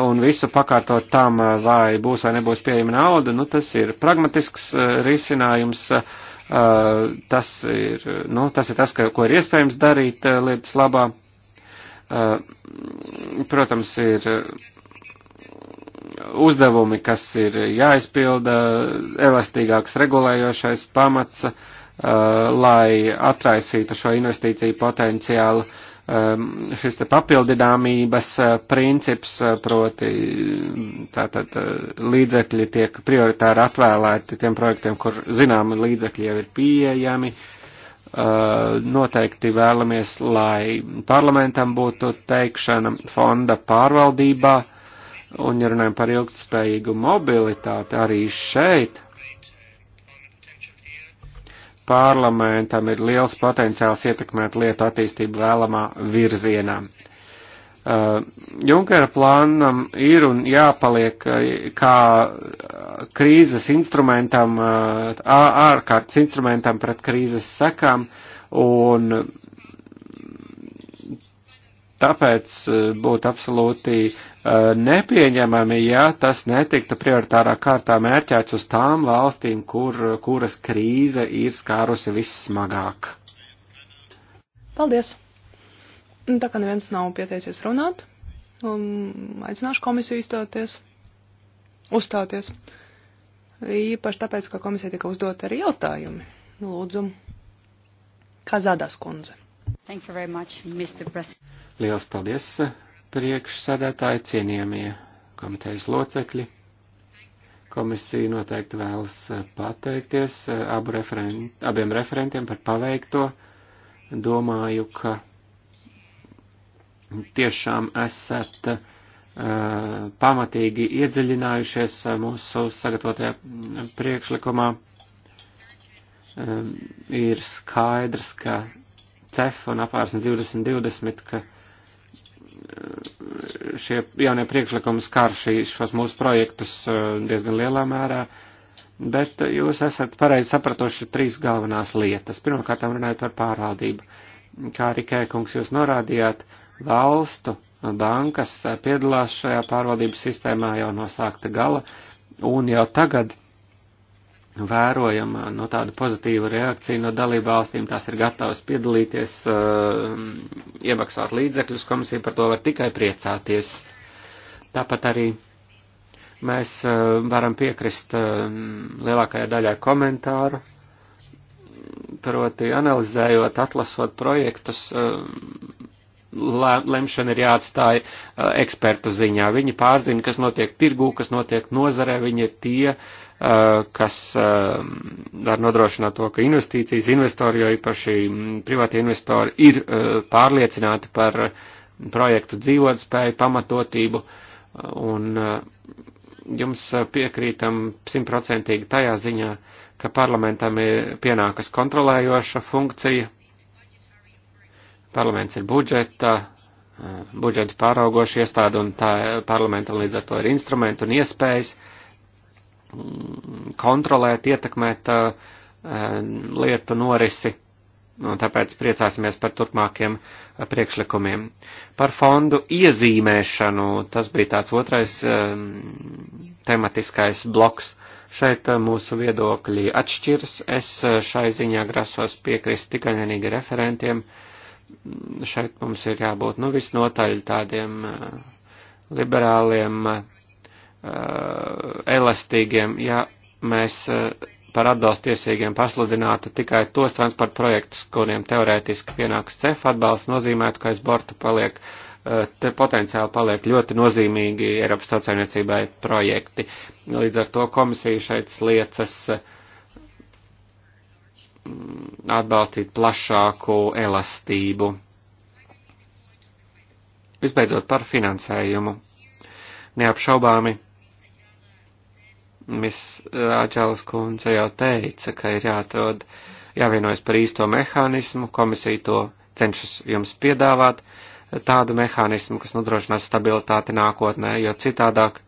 Speaker 4: un visu pakārtot tam, vai būs vai nebūs pieejama nauda, nu tas ir pragmatisks risinājums. Uh, Eh, tas ir, nu, tas ir tas, ka, ko ir iespējams darīt eh, lietas labā. Eh, protams, ir uzdevumi, kas ir jāizpilda, elastīgāks regulējošais pamats, lai atraisītu šo investīciju potenciālu. Uh, Um, šis te papildināmības uh, princips, uh, proti tātad uh, līdzekļi tiek prioritāri atvēlēti tiem projektiem, kur zināmi līdzekļi jau ir pieejami. Noteikti vēlamies, lai parlamentam būtu teikšana fonda pārvaldībā, un ja runājam par ilgtspējīgu mobilitāti, arī šeit parlamentam ir liels potenciāls ietekmēt lietu attīstību vēlamā virzienā. Uh, Junkera plānam ir un jāpaliek uh, kā krīzes instrumentam, uh, ārkārtas instrumentam pret krīzes sekām, un tāpēc uh, būtu absolūti Eh, nepieņemami, ja tas netiktu prioritārā kārtā mērķēts uz tām valstīm, kur, kuras krīze ir skārusi vissmagāk.
Speaker 3: Paldies! Nu, tā kā neviens nav pieteicies runāt, um, aicināšu komisiju izstāties, uzstāties. Īpaši tāpēc, ka komisija tika uzdot arī jautājumi. Lūdzu, Kazādas kundze.
Speaker 1: Thank you very much, Mr. President.
Speaker 4: Lielas paldies, priekšsēdētāji, cienījamie komitejas locekļi. Komisija noteikti vēlas eh, pateikties eh, abu referent, abiem referentiem par paveikto. Domāju, ka tiešām esat uh, pamatīgi iedziļinājušies mūsu sagatavotajā mm, priekšlikumā. Um, ir skaidrs, ka CEF un apvērsne 2020, ka uh, šie jaunie priekšlikumi skar šīs, šos mūsu projektus uh, diezgan lielā mērā, bet jūs esat pareizi sapratuši trīs galvenās lietas. Pirmkārt, runājot par pārvaldību. Kā Rikē kungs jūs norādījāt, valstu bankas piedalās šajā pārvaldības sistēmā jau no sākta gala, un jau tagad vērojam nu, no tādu pozitīvu reakciju no dalībvalstīm, tās ir gatavas piedalīties, uh, iemaksāt līdzekļus, komisija par to var tikai priecāties. Tāpat arī mēs uh, varam piekrist uh, lielākajai daļai komentāru, proti analizējot, atlasot projektus, lemšana ir jāatstāja ekspertu ziņā. Viņi pārzina, kas notiek tirgū, kas notiek nozarē, viņi ir tie, Eh, kas eh, var nodrošināt to, ka investīcijas investori, jo īpaši mm, privāti investori, ir eh, pārliecināti par projektu dzīvotspēju, pamatotību un jums piekrītam simtprocentīgi tajā ziņā, ka parlamentam ir pienākas kontrolējoša funkcija. Parlaments ir budžeta, budžeta pāraugoša iestāde un tā parlamentam līdz ar to ir instrumenti un iespējas. Uh, kontrolēt, ietekmēt uh, uh, lietu norisi. Un tāpēc priecāsimies par turpmākiem uh, priekšlikumiem. Par fondu iezīmēšanu, tas bija tāds otrais um, tematiskais bloks. Šeit uh, mūsu viedokļi atšķiras. Es šai ziņā grasos piekrist tikai vienīgi referentiem. Šeit mums ir jābūt, nu, visnotaļ tādiem liberāliem uh, Uh, elastīgiem, ja mēs uh, par atbalstu tiesīgiem pasludinātu tikai tos transporta projektus, kuriem teorētiski pienāks CEF atbalsts, nozīmētu, ka aiz borta paliek, uh, te potenciāli paliek ļoti nozīmīgi Eiropas tautsēmniecībai projekti. Līdz ar to komisija šeit sliecas mm, atbalstīt plašāku elastību. Visbeidzot par finansējumu. Neapšaubāmi Miss Āķēlas eh, kundze jau teica, ka ir jāatrod, jāvienojas par īsto mehānismu, komisija to cenšas jums piedāvāt, tādu mehānismu, kas nodrošinās stabilitāti nākotnē, jo citādāk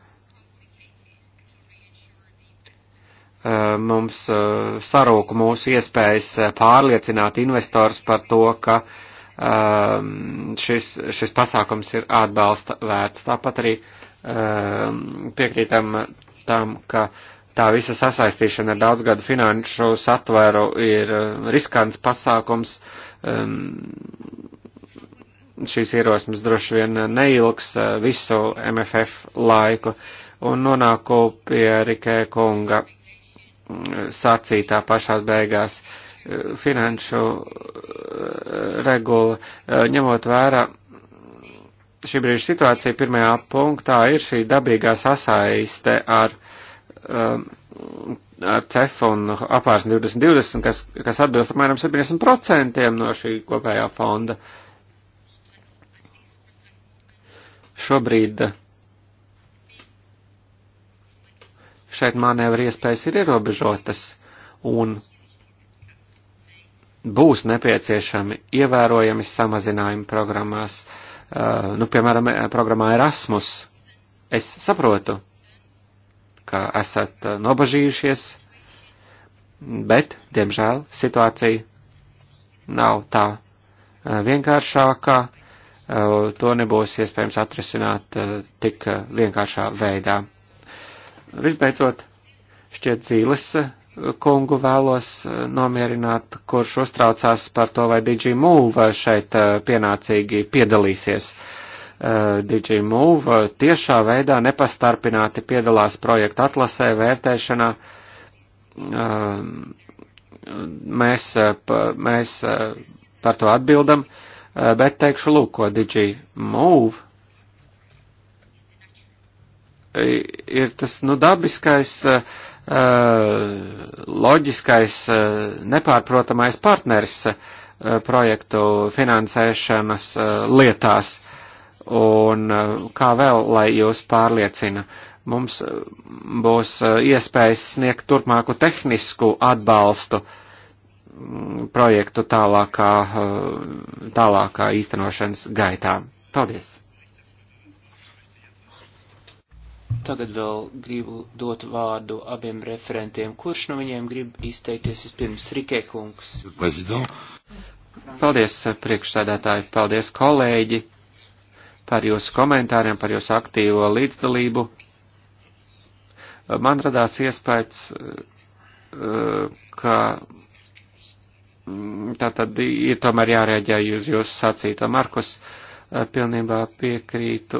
Speaker 4: eh, mums eh, sarūku mūsu iespējas pārliecināt investors par to, ka ehm, šis, šis pasākums ir atbalsta vērts. Tāpat arī ehm, piekrītam tam, ka tā visa sasaistīšana ar daudzgadu finanšu satvēru ir eh, riskants pasākums. Um, šīs ierosmes droši vien neilgs eh, visu MFF laiku un nonāku pie Rikē kunga mm, sacītā pašās beigās eh, finanšu regula, ņemot vērā šī brīža situācija pirmajā punktā ir šī dabīgā sasaiste ar, um, ar CEF un apvērsni 2020, kas, kas atbilst apmēram 70% no šī kopējā fonda. Šobrīd šeit manevra iespējas ir ierobežotas un būs nepieciešami ievērojami samazinājumi programmās. Uh, Eh, nu, piemēram, eh, programmā Erasmus. Es saprotu, ka esat eh, nobažījušies, bet, diemžēl, situācija nav tā vienkāršākā. To nebūs iespējams atrisināt tik vienkāršā veidā. Visbeidzot, šķiet zīles kungu vēlos eh, nomierināt, kurš uztraucās par to, vai DigiMove šeit eh, pienācīgi piedalīsies. Eh, DigiMove tiešā veidā nepastarpināti piedalās projektu atlasē, vērtēšanā. Mēs, mēs par to atbildam, bet teikšu, lūk, ko DigiMove ir tas, nu, dabiskais uh, Eh, loģiskais, eh, nepārprotamais partners eh, projektu finansēšanas lietās. Un kā vēl, lai jūs pārliecina, mums būs iespējas sniegt turpmāku tehnisku atbalstu mm, projektu tālākā, tālākā īstenošanas gaitā. Paldies!
Speaker 2: Tagad vēl gribu dot vārdu abiem referentiem. Kurš no viņiem grib izteikties vispirms? Rikē kungs.
Speaker 4: Paldies, eh, priekšsēdētāji, paldies, kolēģi, par jūsu komentāriem, par jūsu aktīvo līdzdalību. Man radās iespējas, eh, ka mm, tā tad ir tomēr jārēģē uz jūsu sacīto Markus. Uh, pilnībā piekrītu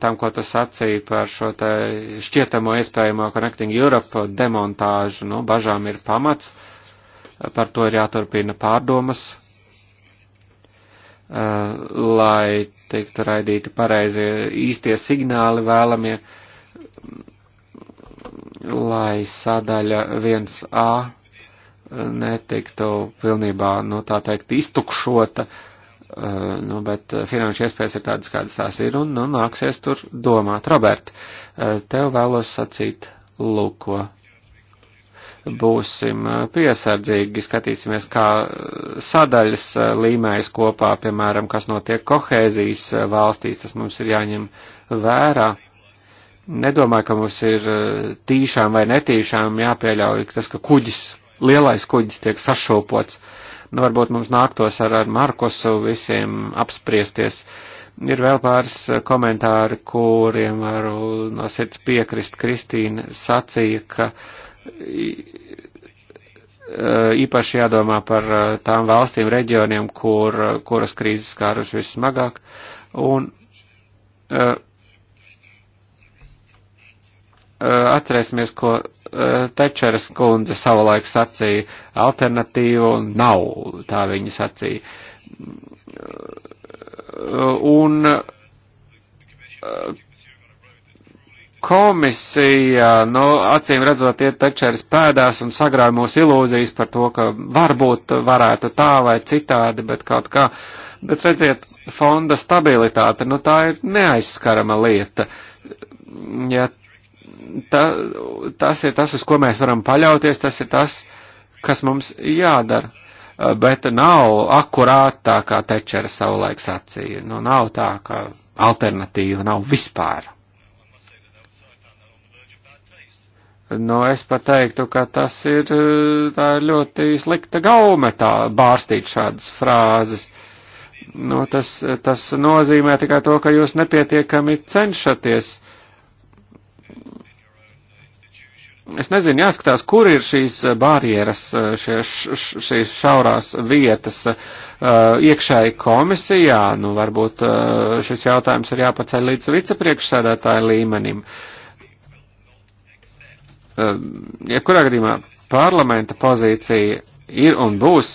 Speaker 4: tam, ko tu sacīji par šo te šķietamo iespējamo Connecting Europe demontāžu. Nu, bažām ir pamats, par to ir jāturpina pārdomas, e, lai tiktu raidīti pareizie īstie signāli vēlamie, lai sadaļa 1A netiktu pilnībā, nu tā teikt, iztukšota, uh, Uh, nu, bet eh, finanšu iespējas ir tādas, kādas tās ir, un nu, nāksies tur domāt. Robert, uh, tev vēlos sacīt, lūko. Būsim piesardzīgi, skatīsimies, kā sadaļas līmējas kopā, piemēram, kas notiek kohēzijas valstīs, tas mums ir jāņem vērā. Nedomāju, ka mums ir tīšām vai netīšām jāpieļauj tas, ka kuģis, lielais kuģis tiek sašūpots. Uh, Nu, varbūt mums nāktos ar, ar Markusu visiem apspriesties. Ir vēl pāris eh, komentāri, kuriem varu no sirds piekrist. Kristīna sacīja, ka eh, īpaši jādomā par eh, tām valstīm, reģioniem, kur, kuras krīzes skārus vissmagāk. Un atcerēsimies, ko Tečeras kundze savulaik sacīja, alternatīvu nav, tā viņa sacīja. Un komisija, nu, acīm redzot, iet Tečeras pēdās un sagrāja mūsu ilūzijas par to, ka varbūt varētu tā vai citādi, bet kaut kā. Bet redziet, fonda stabilitāte, nu tā ir neaizskarama lieta. Ja ta, tas ir tas, uz ko mēs varam paļauties, tas ir tas, kas mums jādara. Eh, bet nav akurāt tā, kā Tečera savulaik sacīja. Nu, nav tā, ka alternatīva nav vispār. Nu, es pat teiktu, ka tas ir eh, tā ļoti slikta gaume tā bārstīt šādas frāzes. Nu, tas, tas nozīmē tikai to, ka jūs nepietiekami cenšaties es nezinu, jāskatās, kur ir šīs eh, barjeras, eh, šie, š, šīs šaurās vietas eh, iekšēji komisijā. Nu, varbūt šis jautājums ir jāpaceļ līdz vicepriekšsēdētāja līmenim. Jebkurā ja gadījumā parlamenta pozīcija ir un būs,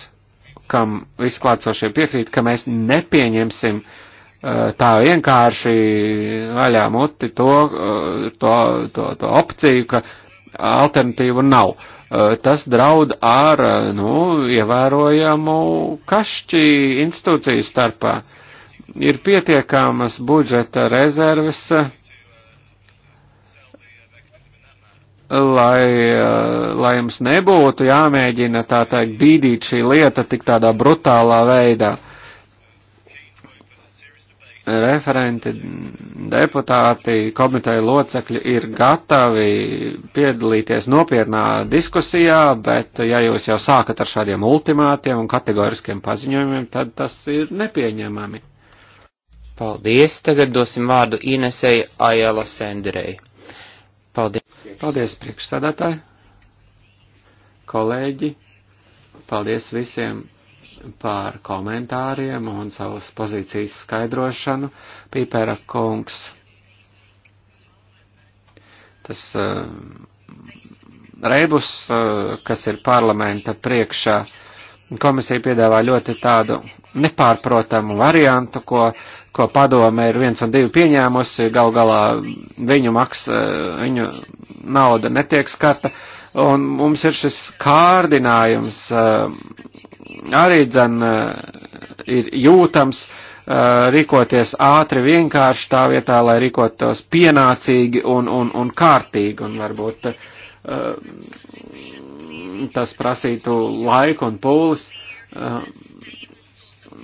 Speaker 4: kam visklācošie piekrīt, ka mēs nepieņemsim uh, Eh, tā vienkārši vaļā muti to, eh, to, to, to opciju, ka alternatīvu nav. Eh, tas draud ar, nu, ievērojamu kašķi institūciju starpā. Ir pietiekamas budžeta rezerves, lai, lai jums nebūtu jāmēģina tā teikt bīdīt šī lieta tik tādā brutālā veidā. Uh, referenti, deputāti, komiteja locekļi ir gatavi piedalīties nopietnā diskusijā, bet ja jūs jau sākat ar šādiem ultimātiem un kategoriskiem paziņojumiem,
Speaker 2: tad tas ir nepieņemami. Paldies, tagad dosim vārdu Inesei Ajala Sendirei. Paldies. Paldies, priekšsādātāji, kolēģi, paldies visiem par
Speaker 4: komentāriem un savas pozīcijas skaidrošanu. Pīpēra kungs, tas uh, eh, rebus, uh, eh, kas ir parlamenta priekšā, komisija piedāvā ļoti tādu nepārprotamu variantu, ko, ko padome ir viens un divi pieņēmusi, gal galā viņu maks, eh, viņu nauda netiek skata. Uh, Un mums ir šis kārdinājums, eh, arī dzen eh, ir jūtams, eh, rīkoties ātri vienkārši tā vietā, lai rīkotos pienācīgi un, un, un kārtīgi, un varbūt tas prasītu laiku un pūles.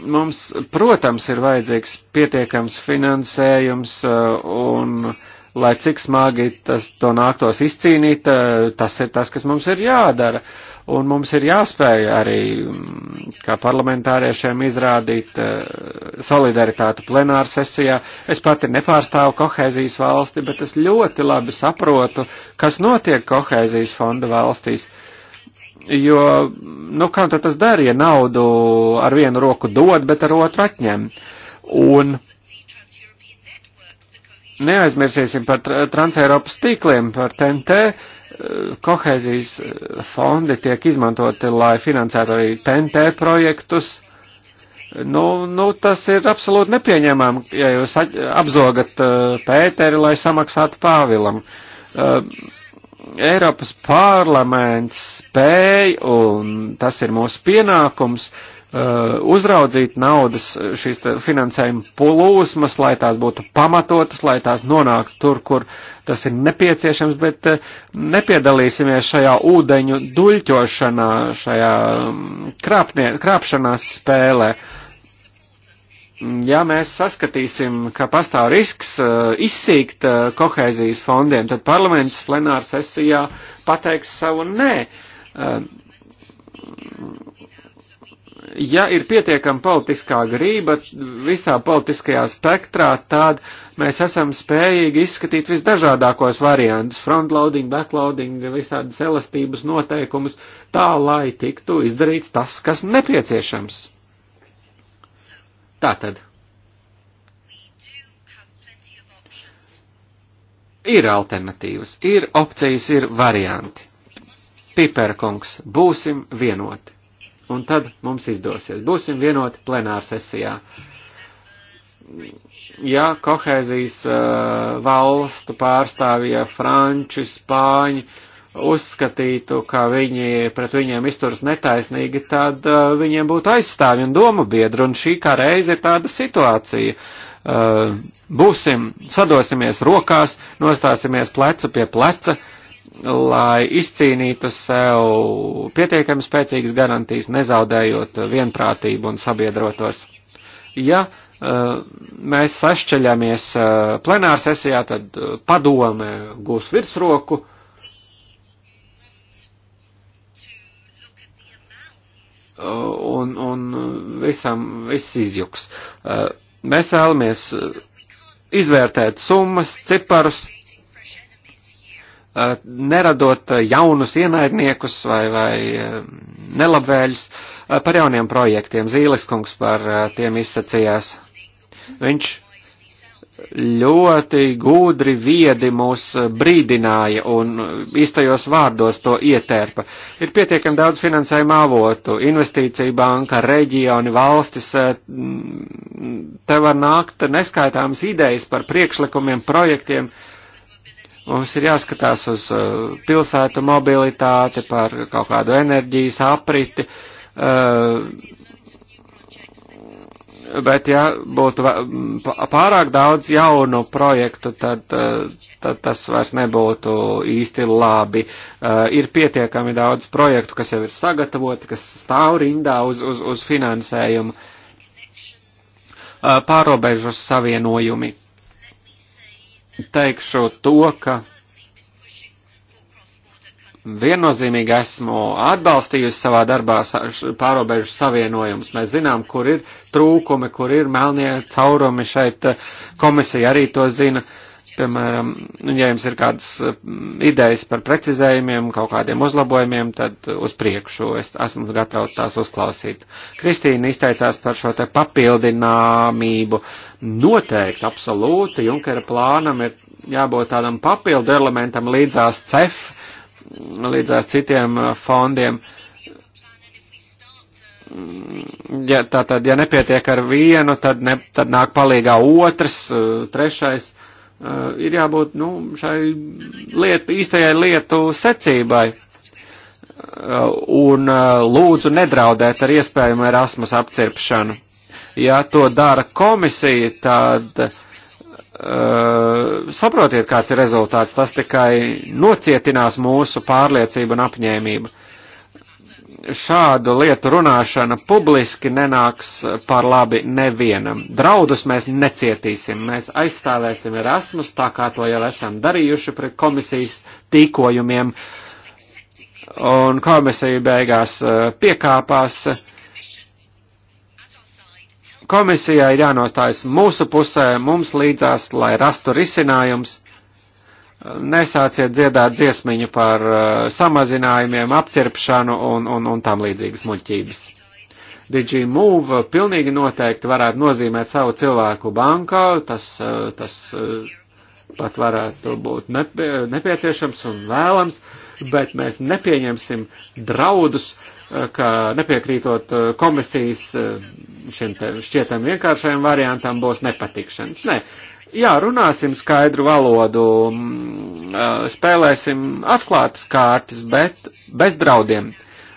Speaker 4: Mums, protams, ir vajadzīgs pietiekams finansējums un uh, lai cik smagi tas to nāktos izcīnīt, eh, tas ir tas, kas mums ir jādara. Un mums ir jāspēj arī, mm, kā parlamentāriešiem, izrādīt eh, solidaritāti plenāra sesijā. Es pati nepārstāvu kohēzijas valsti, bet es ļoti labi saprotu, kas notiek kohēzijas fonda valstīs. Jo, nu, kā tad tas dara, ja naudu ar vienu roku dod, bet ar otru atņem? Un uh, neaizmirsīsim par Transeiropas tīkliem, par TNT. Eh, kohēzijas eh, fondi tiek izmantoti, lai finansētu arī TNT projektus. Nu, nu, tas ir absolūti nepieņemami, ja jūs apzogat eh, Pēteri, lai samaksātu Pāvilam. Eiropas parlaments spēj, un tas ir mūsu pienākums, uh, Uh, uzraudzīt naudas uh, šīs finansējuma plūsmas, lai tās būtu pamatotas, lai tās nonāktu tur, kur tas ir nepieciešams, bet uh, nepiedalīsimies šajā ūdeņu duļķošanā, šajā um, krāpnie, krāpšanās spēlē. Ja mēs saskatīsim, ka pastāv risks izsīkt kohēzijas fondiem, tad parlaments plenāra sesijā pateiks savu nē ja ir pietiekama politiskā grība visā politiskajā spektrā, tad mēs esam spējīgi izskatīt visdažādākos variantus - frontloading, backloading, visādas elastības noteikumus, tā lai tiktu izdarīts tas, kas nepieciešams. Tātad. Ir alternatīvas, ir opcijas, ir varianti. Piperkungs, būsim vienoti un tad mums izdosies. Būsim vienoti plenāra sesijā. Ja kohēzijas uh, valstu pārstāvja Franči, Spāņi uzskatītu, ka viņi pret viņiem izturas netaisnīgi, tad uh, viņiem būtu aizstāvi un domu biedri, un šī kā reize ir tāda situācija. Uh, būsim, sadosimies rokās, nostāsimies plecu pie pleca. Uh, lai izcīnītu sev pietiekami spēcīgas garantijas, nezaudējot vienprātību un sabiedrotos. Ja uh, mēs sašķeļamies uh, plenāra sesijā, tad uh, padome gūs virsroku. Un, un visam viss izjuks. Mēs vēlamies izvērtēt summas, ciparus, neradot jaunus ienaidniekus vai, vai nelabvēļus par jauniem projektiem. Zīles kungs par tiem izsacījās. Viņš ļoti gudri, viedi mūs brīdināja un īstajos vārdos to ietērpa. Ir pietiekami daudz finansējuma avotu, investīcija banka, reģioni, valstis. Te var nākt neskaitāmas idejas par priekšlikumiem, projektiem. Uh, Mums ir jāskatās uz eh, pilsētu mobilitāti, par kaut kādu enerģijas apriti, eh, bet ja būtu pārāk daudz jaunu projektu, tad, eh, tad tas vairs nebūtu īsti labi. Ir pietiekami daudz projektu, kas jau ir sagatavoti, kas stāv rindā uz, uz, uz finansējumu, pārobežu savienojumi teikšu to, ka viennozīmīgi esmu atbalstījusi savā darbā pārobežu savienojumus. Mēs zinām, kur ir trūkumi, kur ir melnie caurumi šeit. Komisija arī to zina. Piemēram, ja jums ir kādas mm, idejas par precizējumiem, kaut kādiem uzlabojumiem, tad uz priekšu es esmu gatavs tās uzklausīt. Kristīna izteicās par šo te papildināmību. Uh, noteikti absolūti Junkera plānam ir jābūt tādam papildu elementam līdzās CEF, līdzās citiem uh, fondiem. Mm, ja, tā tad, ja nepietiek ar vienu, tad, ne, tad nāk palīgā otrs, uh, trešais. Uh, ir jābūt nu, šai lietu, īstajai lietu secībai un lūdzu nedraudēt ar iespējumu Erasmus apcirpšanu. Ja to dara komisija, tad uh, saprotiet, kāds ir rezultāts. Tas tikai nocietinās mūsu pārliecību un apņēmību. Šādu lietu runāšana publiski nenāks par labi nevienam. Draudus mēs necietīsim, mēs aizstāvēsim Erasmus, tā kā to jau esam darījuši pret komisijas tīkojumiem. Uh, un komisija beigās eh, piekāpās, Komisijai ir jānostājas mūsu pusē, mums līdzās, lai rastu risinājums. Nesāciet dziedāt dziesmiņu par uh, samazinājumiem, apcirpšanu un, un, un tam līdzīgas muļķības. DigiMove pilnīgi noteikti varētu nozīmēt savu cilvēku bankā, tas, uh, tas uh, pat varētu būt nepie, nepieciešams un vēlams, bet mēs nepieņemsim draudus, uh, ka nepiekrītot uh, komisijas uh, šiem šķietam vienkāršajam variantam būs nepatikšanas. Nē, jā, runāsim skaidru valodu, mm, spēlēsim atklātas kārtas, bet bez draudiem,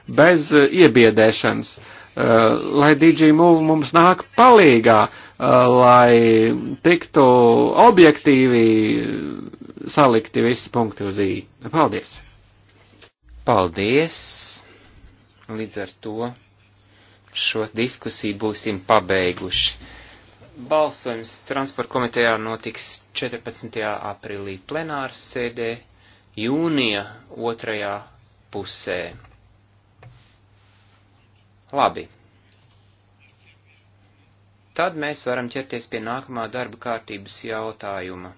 Speaker 4: bez iebiedēšanas, lai DJ Move mums nāk palīgā, lai tiktu objektīvi
Speaker 2: salikti visi punkti uz i. Paldies! Paldies! Līdz ar to šo diskusiju būsim pabeiguši. Balsojums transporta komitejā notiks 14. aprīlī plenāras sēdē, jūnija otrajā pusē. Labi. Tad mēs varam ķerties pie nākamā darba kārtības jautājuma.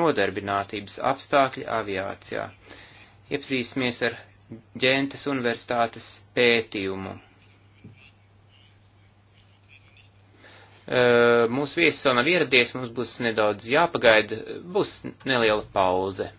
Speaker 2: Nodarbinātības apstākļi aviācijā. Iepazīsimies ar Ģentes universitātes pētījumu. Mūsu viesis vēl nav ieradies, mums būs nedaudz jāpagaida, būs neliela pauze.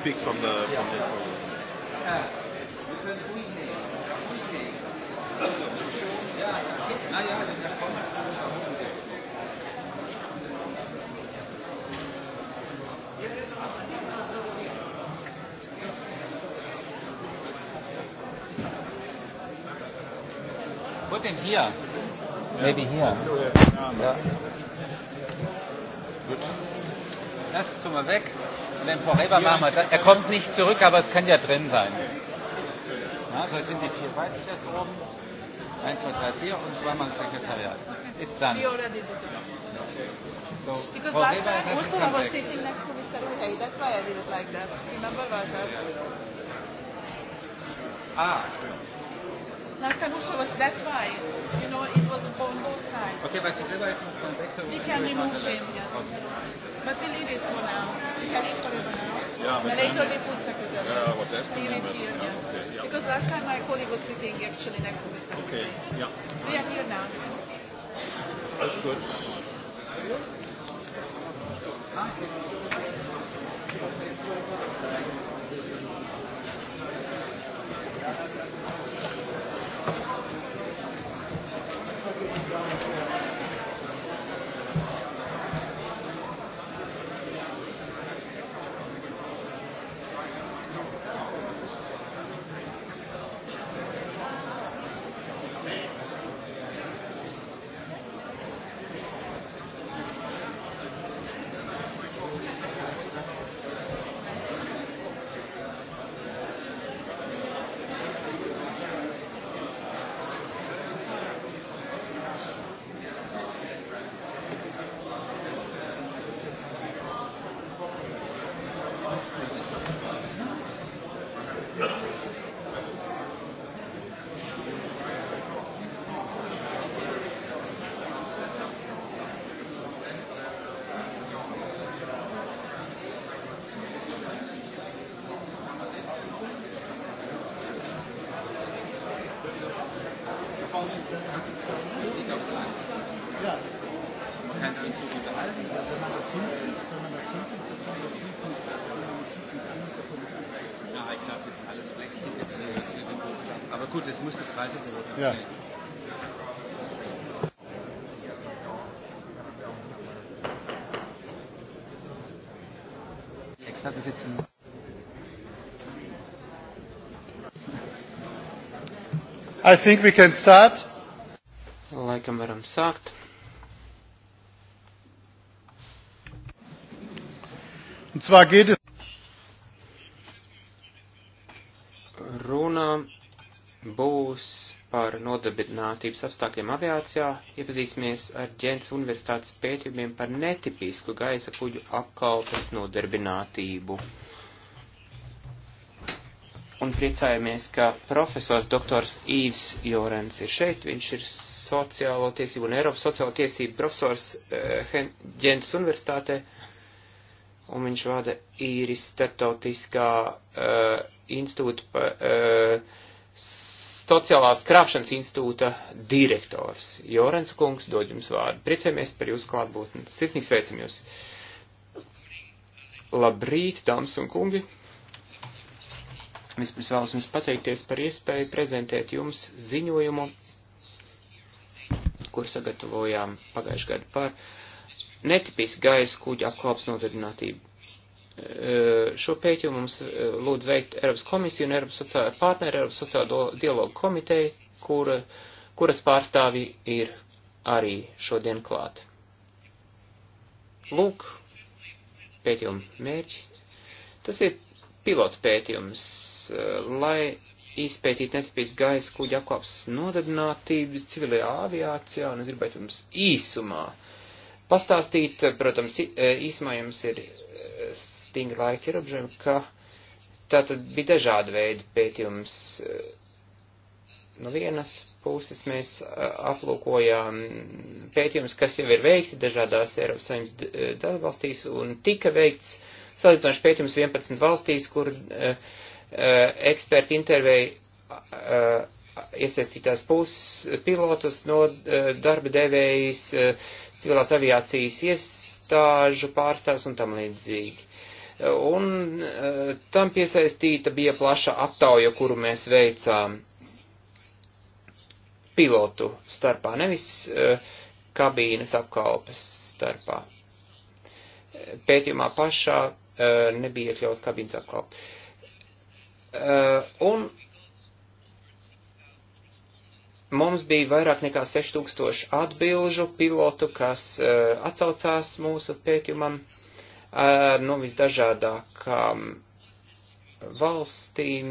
Speaker 1: speak from the yeah. from the podium. Uh, because we may, we may. Ja, na ja, da kommen Put him here. Maybe here. Yeah. Gut. Lass es mal weg. Then forever machen wir. Er kommt nicht zurück, aber es kann ja drin sein. Ja, so sind die vier Weizchers oben. Eins, zwei, drei, vier und zweimal das Sekretariat. It's done. So, Because last time Ursula was sitting next to Mr. Hey, that's
Speaker 3: why I did it like that. Remember
Speaker 1: what happened? Ah.
Speaker 3: Last time Ursula was, that's why. You know, it was on both sides. Okay, but Kureva
Speaker 1: is not from Dexter. We can remove him, yes. Okay. But we leave it for now. We have it forever now. Yeah, but later we put secretary. Yeah, I was asking him, but, here, yeah, yeah. Okay, yeah. Because last time my colleague was
Speaker 3: sitting actually next to Mr. Okay, yeah. We
Speaker 1: are here now. That's good. Thank you. Ja. Man kann sich nicht unterhalten. Wenn man das hinkriegt, wenn man das hinkriegt, dass man das hinkriegt, dass man das hinkriegt, Ja, ich glaube, das sind alles Flex-Tickets, was wir denn Aber gut, jetzt muss das Reisebüro dann. Ja. Experten sitzen. I think we can start.
Speaker 2: Laikam varam sākt.
Speaker 1: Un zwar geht es.
Speaker 2: Runa būs par nodarbinātības apstākļiem aviācijā. Iepazīsimies ar Džens universitātes pētījumiem par netipisku gaisa kuģu apkalpes nodarbinātību un priecājamies, ka profesors doktors Īvs Jorens ir šeit. Viņš ir sociālo tiesību un Eiropas sociālo tiesību profesors uh, eh, Ģentas universitātē, un viņš vada īris starptautiskā uh, institūta, uh, sociālās krāpšanas institūta direktors. Jorens kungs dod jums vārdu. Priecājamies par jūsu klātbūtni. Sirsnīgi sveicam jūs. Labrīt, dāmas un kungi! Vispirms vēlos jums pateikties par iespēju prezentēt jums ziņojumu, kur sagatavojām pagājušajā gadu par netipisku gaisa kuģa apkalps nodarbinātību. E, šo pētījumu mums e, lūdz veikt Eiropas komisija un Eiropas sociāla partneri, Eiropas sociālo dialogu komiteja, kura, kuras pārstāvi ir arī šodien klāt. Lūk, pētījuma mērķi. Tas ir pilotu pētījums, eh, lai izpētītu netipisku gaisa kuģa apkāps nodarbinātību civilajā aviācijā, un es gribētu jums īsumā pastāstīt, protams, eh, īsumā jums ir eh, stingri laika ierobežojumi, ka tātad bija dažādi veidi pētījums. No vienas puses mēs aplūkojām pētījums, kas jau ir veikti dažādās Eiropas saimnes dalībvalstīs, un tika veikts uh, Salīdzinoši pētījums 11 valstīs, kur uh, eksperti intervēja uh, iesaistītās puses pilotus no uh, darba devējs, uh, civilās aviācijas iestāžu pārstāvs un tam līdzīgi. Un uh, tam piesaistīta bija plaša aptauja, kuru mēs veicām pilotu starpā, nevis uh, kabīnes apkalpes starpā. Pētījumā pašā Eh, nebija iekļauts kabīnes atkal. Eh, un mums bija vairāk nekā 6000 atbilžu pilotu, kas eh, atsaucās mūsu pētījumam no visdažādākām valstīm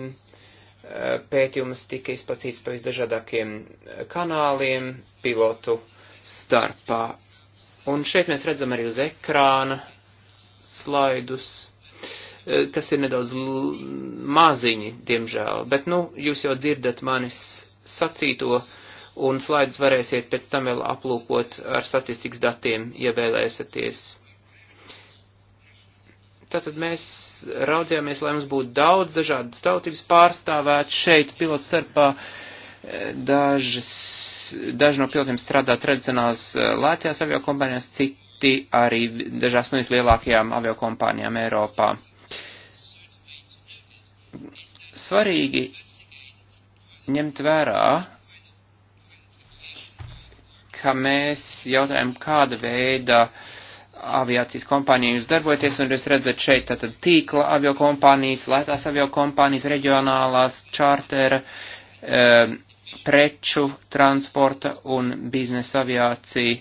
Speaker 2: pētījums tika izplatīts pa visdažādākiem kanāliem pilotu starpā. Un šeit mēs redzam arī uz ekrāna slaidus, e, kas ir nedaudz maziņi, diemžēl, bet, nu, jūs jau dzirdat manis sacīto, un slaidus varēsiet pēc tam vēl aplūkot ar statistikas datiem, ja vēlēsieties. Tātad mēs raudzījāmies, lai mums būtu daudz dažādas tautības pārstāvēt šeit pilotu starpā e, dažas, daži no pilotiem strādā tradicionālās e, Latvijas aviokompānijās, citi citi arī dažās no vislielākajām aviokompānijām Eiropā. Svarīgi ņemt vērā, ka mēs jautājam, kāda veida aviācijas kompānija jūs darbojaties, un jūs redzat šeit tātad tīkla aviokompānijas, lētās aviokompānijas, reģionālās, čārtera, e, preču transporta un biznesa aviācija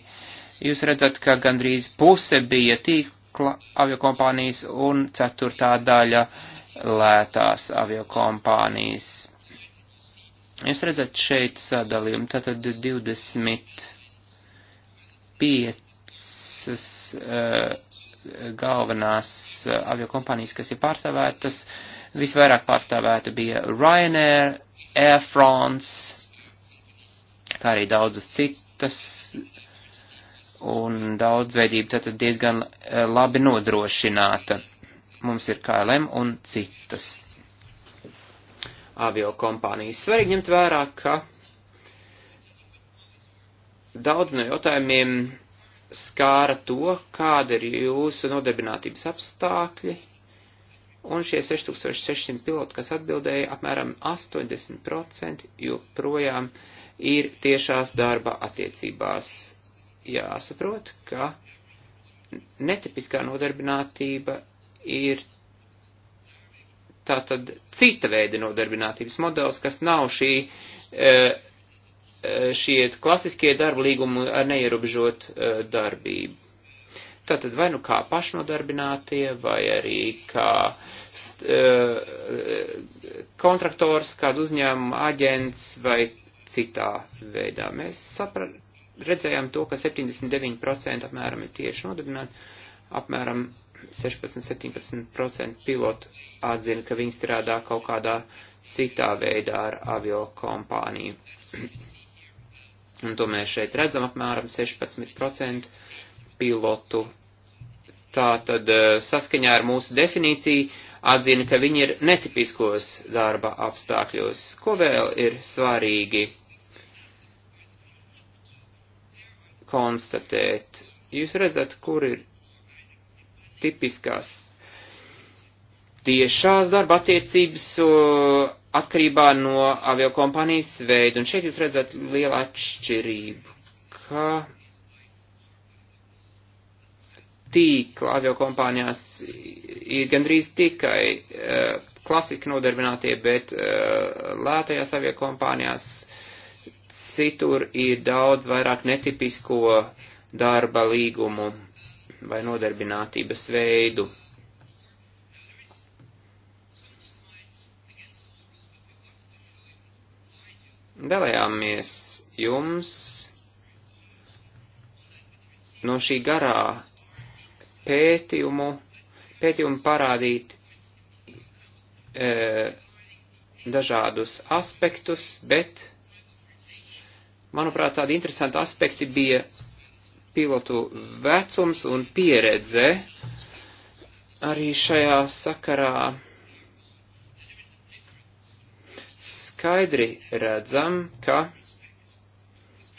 Speaker 2: jūs redzat, ka gandrīz puse bija tīkla aviokompānijas un ceturtā daļa lētās aviokompānijas. Jūs redzat šeit sadalījumu, tātad 25 uh, eh, galvenās uh, aviokompānijas, kas ir pārstāvētas. Visvairāk pārstāvēta bija Ryanair, Air France, kā arī daudzas citas un daudzveidība tātad diezgan eh, labi nodrošināta. Mums ir KLM un citas avio kompānijas. Svarīgi ņemt vērā, ka daudz no jautājumiem skāra to, kāda ir jūsu nodarbinātības apstākļi, un šie 6600 piloti, kas atbildēja, apmēram 80% joprojām ir tiešās darba attiecībās jāsaprot, ka netipiskā nodarbinātība ir tātad cita veida nodarbinātības modelis, kas nav šī, e, e, šie klasiskie darba līgumi ar neierobežot e, darbību. Tātad vai nu kā pašnodarbinātie, vai arī kā kontraktors, kādu uzņēmumu aģents vai citā veidā. Mēs saprat, redzējām to, ka 79% apmēram ir tieši nodarbināti, apmēram 16-17% pilotu atzina, ka viņi strādā kaut kādā citā veidā ar avio kompāniju. Un to mēs šeit redzam apmēram 16% pilotu. Tā tad eh, saskaņā ar mūsu definīciju atzina, ka viņi ir netipiskos darba apstākļos. Ko vēl ir svarīgi? konstatēt. Jūs redzat, kur ir tipiskās tiešās darba attiecības atkarībā no avio kompānijas veidu. Un šeit jūs redzat lielu atšķirību, ka tīkla avio kompānijās ir gandrīz tikai uh, e, klasiski nodarbinātie, bet uh, lētajās avio kompānijās citur ir daudz vairāk netipisko darba līgumu vai nodarbinātības veidu. Dalējāmies jums no šī garā pētījumu, pētījumu parādīt e, dažādus aspektus, bet Manuprāt, tādi interesanti aspekti bija pilotu vecums un pieredze arī šajā sakarā. Skaidri redzam, ka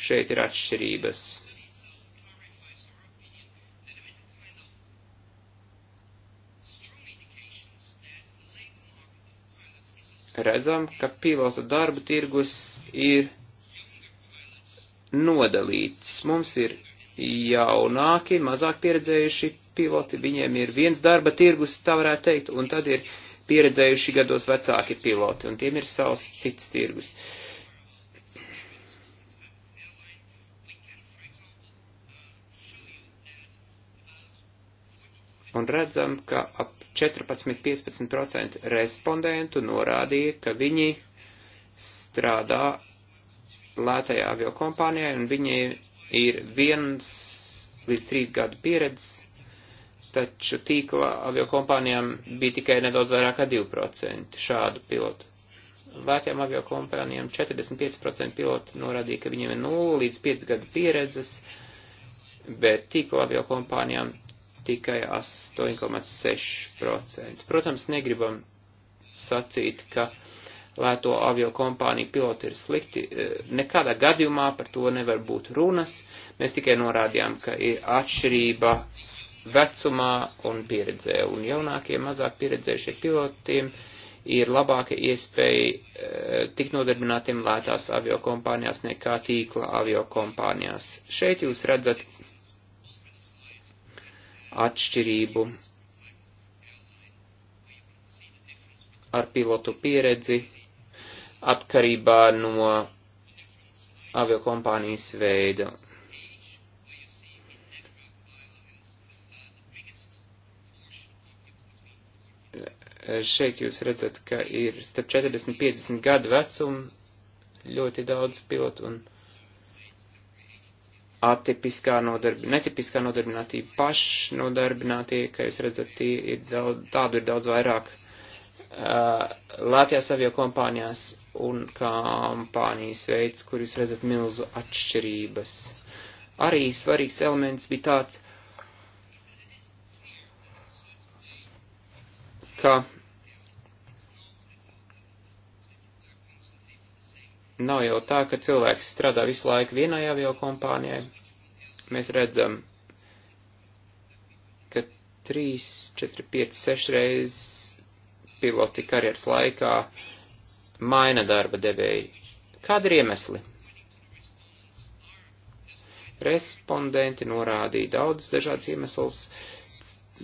Speaker 2: šeit ir atšķirības. Redzam, ka pilotu darba tirgus ir nodalīts. Mums ir jaunāki, mazāk pieredzējuši piloti, viņiem ir viens darba tirgus, tā varētu teikt, un tad ir pieredzējuši gados vecāki piloti, un tiem ir savs cits tirgus. Un redzam, ka ap 14-15% respondentu norādīja, ka viņi strādā lētajā avio kompānijai, un viņi ir viens līdz trīs gadu pieredzes, taču tīkla avio kompānijām bija tikai nedaudz vairāk kā 2% šādu pilotu. Lētajām avio kompānijām 45% pilotu norādīja, ka viņiem ir 0 līdz 5 gadu pieredzes, bet tīkla avio kompānijām tikai 8,6%. Protams, negribam sacīt, ka uh, lēto avio kompāniju piloti ir slikti. E, nekādā gadījumā par to nevar būt runas. Mēs tikai norādījām, ka ir atšķirība vecumā un pieredzē. Un jaunākie, mazāk pieredzējušie pilotiem ir labāka iespēja e, tikt nodarbinātiem lētās avio kompānijās nekā tīkla avio kompānijās. Šeit jūs redzat atšķirību ar pilotu pieredzi atkarībā no aviokompānijas veida. Šeit jūs redzat, ka ir starp 40-50 gadu vecumu ļoti daudz pilotu un atipiskā nodarbinātība, netipiskā nodarbinātība, pašnodarbinātie, kā jūs redzat, tie ir daudz, tādu ir daudz vairāk uh, Latvijas aviokompānijās un kampānijas veids, kur jūs redzat milzu atšķirības. Arī svarīgs elements bija tāds, ka nav jau tā, ka cilvēks strādā visu laiku vienai avio kompānijai. Mēs redzam, ka 3, 4, 5, 6 reizes piloti karjeras laikā uh, maina darba devēji. Kādi ir iemesli? Respondenti norādīja daudz dažādas iemesls.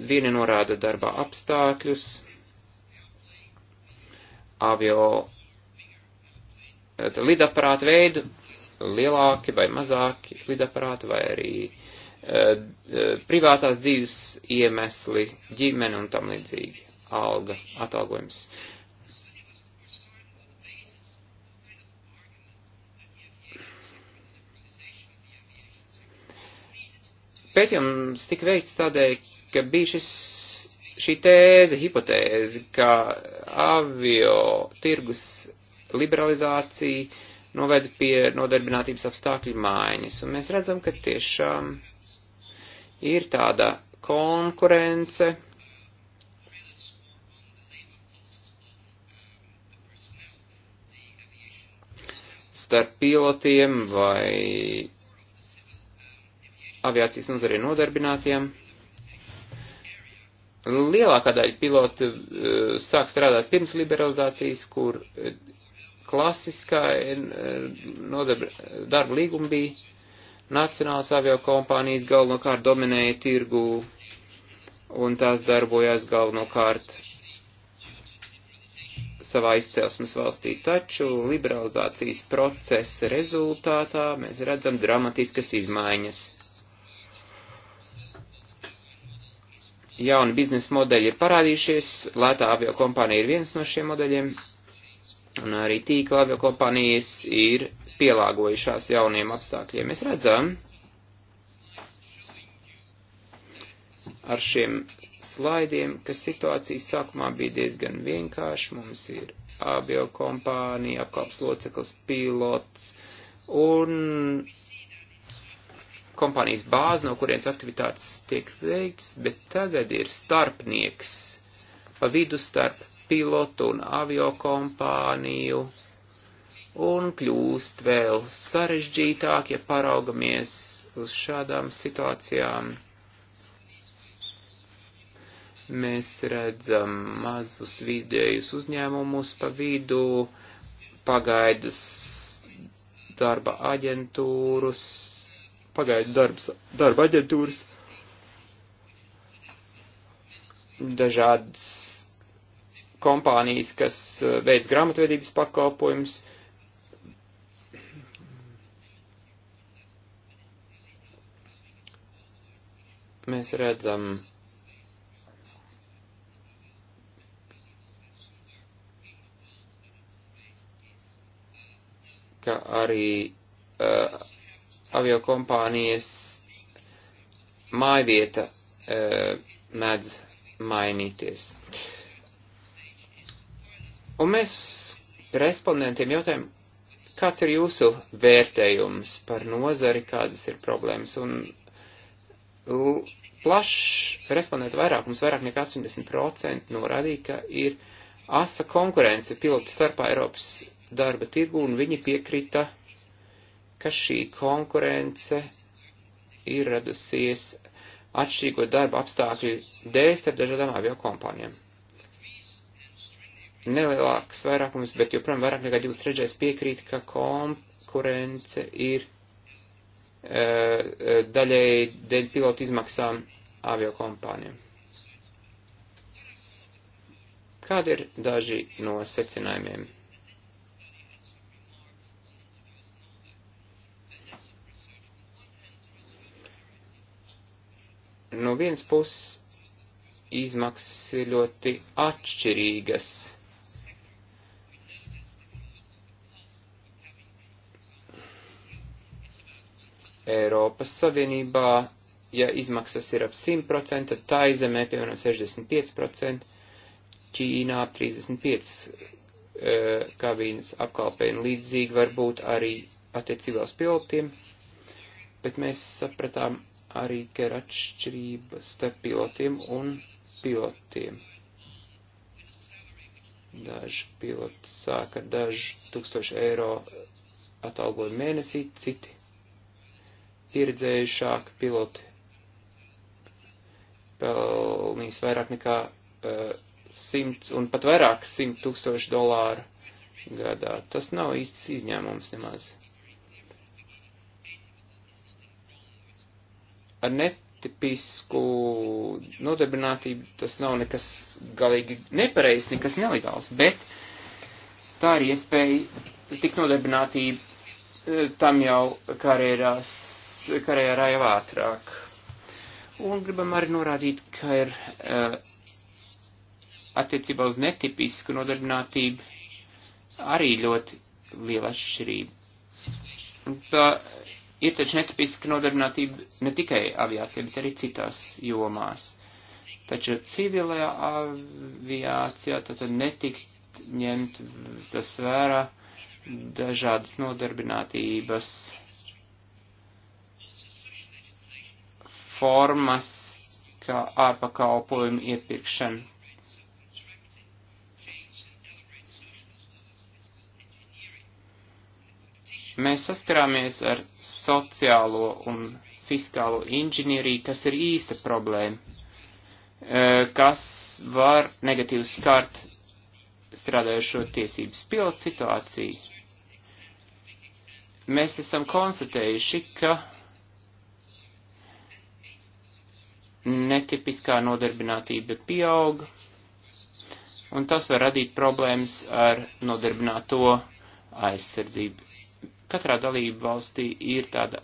Speaker 2: Vieni norāda darba apstākļus, avio lidaparātu veidu, lielāki vai mazāki lidaparāti, vai arī uh, privātās dzīves iemesli, ģimene un tam līdzīgi, alga, atalgojums. Uh, Pētījums tika veikts tādēļ, ka bija šis, šī tēze, hipotēze, ka avio tirgus liberalizācija noved pie nodarbinātības apstākļu mājas. Un mēs redzam, ka tiešām ir tāda konkurence, starp pilotiem vai aviācijas nozarē nodarbinātiem. Lielākā daļa pilotu eh, sāk strādāt pirms liberalizācijas, kur eh, klasiskā eh, darba līguma bija nacionālas aviokompānijas galvenokārt dominēja tirgu un tās darbojās galvenokārt savā izcelsmes valstī. Taču liberalizācijas procesa rezultātā mēs redzam dramatiskas izmaiņas jauni biznesa modeļi ir parādījušies, lētā avio kompānija ir viens no šiem modeļiem, un arī tīkla avio kompānijas ir pielāgojušās jauniem apstākļiem. Mēs redzam ar šiem slaidiem, ka situācija sākumā bija diezgan vienkārša. Mums ir avio kompānija, apkalps loceklis, pilots, un kompānijas bāzi, no kurienes aktivitātes tiek veikts, bet tagad ir starpnieks pa vidu starp pilotu un avio kompāniju un kļūst vēl sarežģītāk, ja paraugamies uz šādām situācijām. Mēs redzam mazus vidējus uzņēmumus pa vidu, pagaidas darba aģentūrus, pagaidu darbs, darba aģentūras, dažādas kompānijas, kas uh, veids grāmatvedības pakalpojumus. Mēs redzam, ka arī uh, aviokompānijas mājvieta e, mēdz mainīties. Un mēs respondentiem jautājam, kāds ir jūsu vērtējums par nozari, kādas ir problēmas. Un plašs respondentu vairākums, vairāk nekā 80% norādīja, ka ir asa konkurence pilotu starpā Eiropas darba tirgu, un viņi piekrita uh, ka šī konkurence ir radusies atšķirīgo darba apstākļu dēļ starp dažādām avio kompānijām. Nelielāks vairākums, bet joprojām vairāk nekā 2 trešais piekrīt, ka konkurence ir e, e daļēji dēļ pilotu izmaksām avio kompānijām. Kādi ir daži no secinājumiem? no vienas puses izmaksas ir ļoti atšķirīgas. Eiropas Savienībā, ja izmaksas ir ap 100%, tad tā izemē, piemēram, 65%, Ķīnā 35% e, kabīnes apkalpē un līdzīgi varbūt arī attiecībā uz pilotiem, bet mēs sapratām, arī, ka ir atšķirība starp pilotiem un pilotiem. Daži piloti sāka daži tūkstoši eiro atalgojumu mēnesī, citi pieredzējušāki piloti pelnīs vairāk nekā uh, simts un pat vairāk simt tūkstoši dolāru gadā. Tas nav īsts izņēmums nemaz. ar netipisku nodarbinātību tas nav nekas galīgi nepareizs, nekas nelegāls, bet tā ir iespēja tik nodarbinātību eh, tam jau karjerās, karjerā jau ātrāk. Un gribam arī norādīt, ka ir uh, attiecībā uz netipisku nodarbinātību arī ļoti liela atšķirība. Tā Ir taču netipiska nodarbinātība ne tikai aviācijā, bet arī citās jomās. Taču civilajā aviācijā tad netikt ņemt tas vērā dažādas nodarbinātības formas, kā ārpakalpojumu iepirkšana, Mēs saskarāmies ar sociālo un fiskālo inženieriju, kas ir īsta problēma, e, kas var negatīvi skart strādājušo tiesības pilotu situāciju. Mēs esam konstatējuši, ka netipiskā nodarbinātība pieaug, un tas var radīt problēmas ar nodarbināto aizsardzību. Katrā dalība valstī ir tāda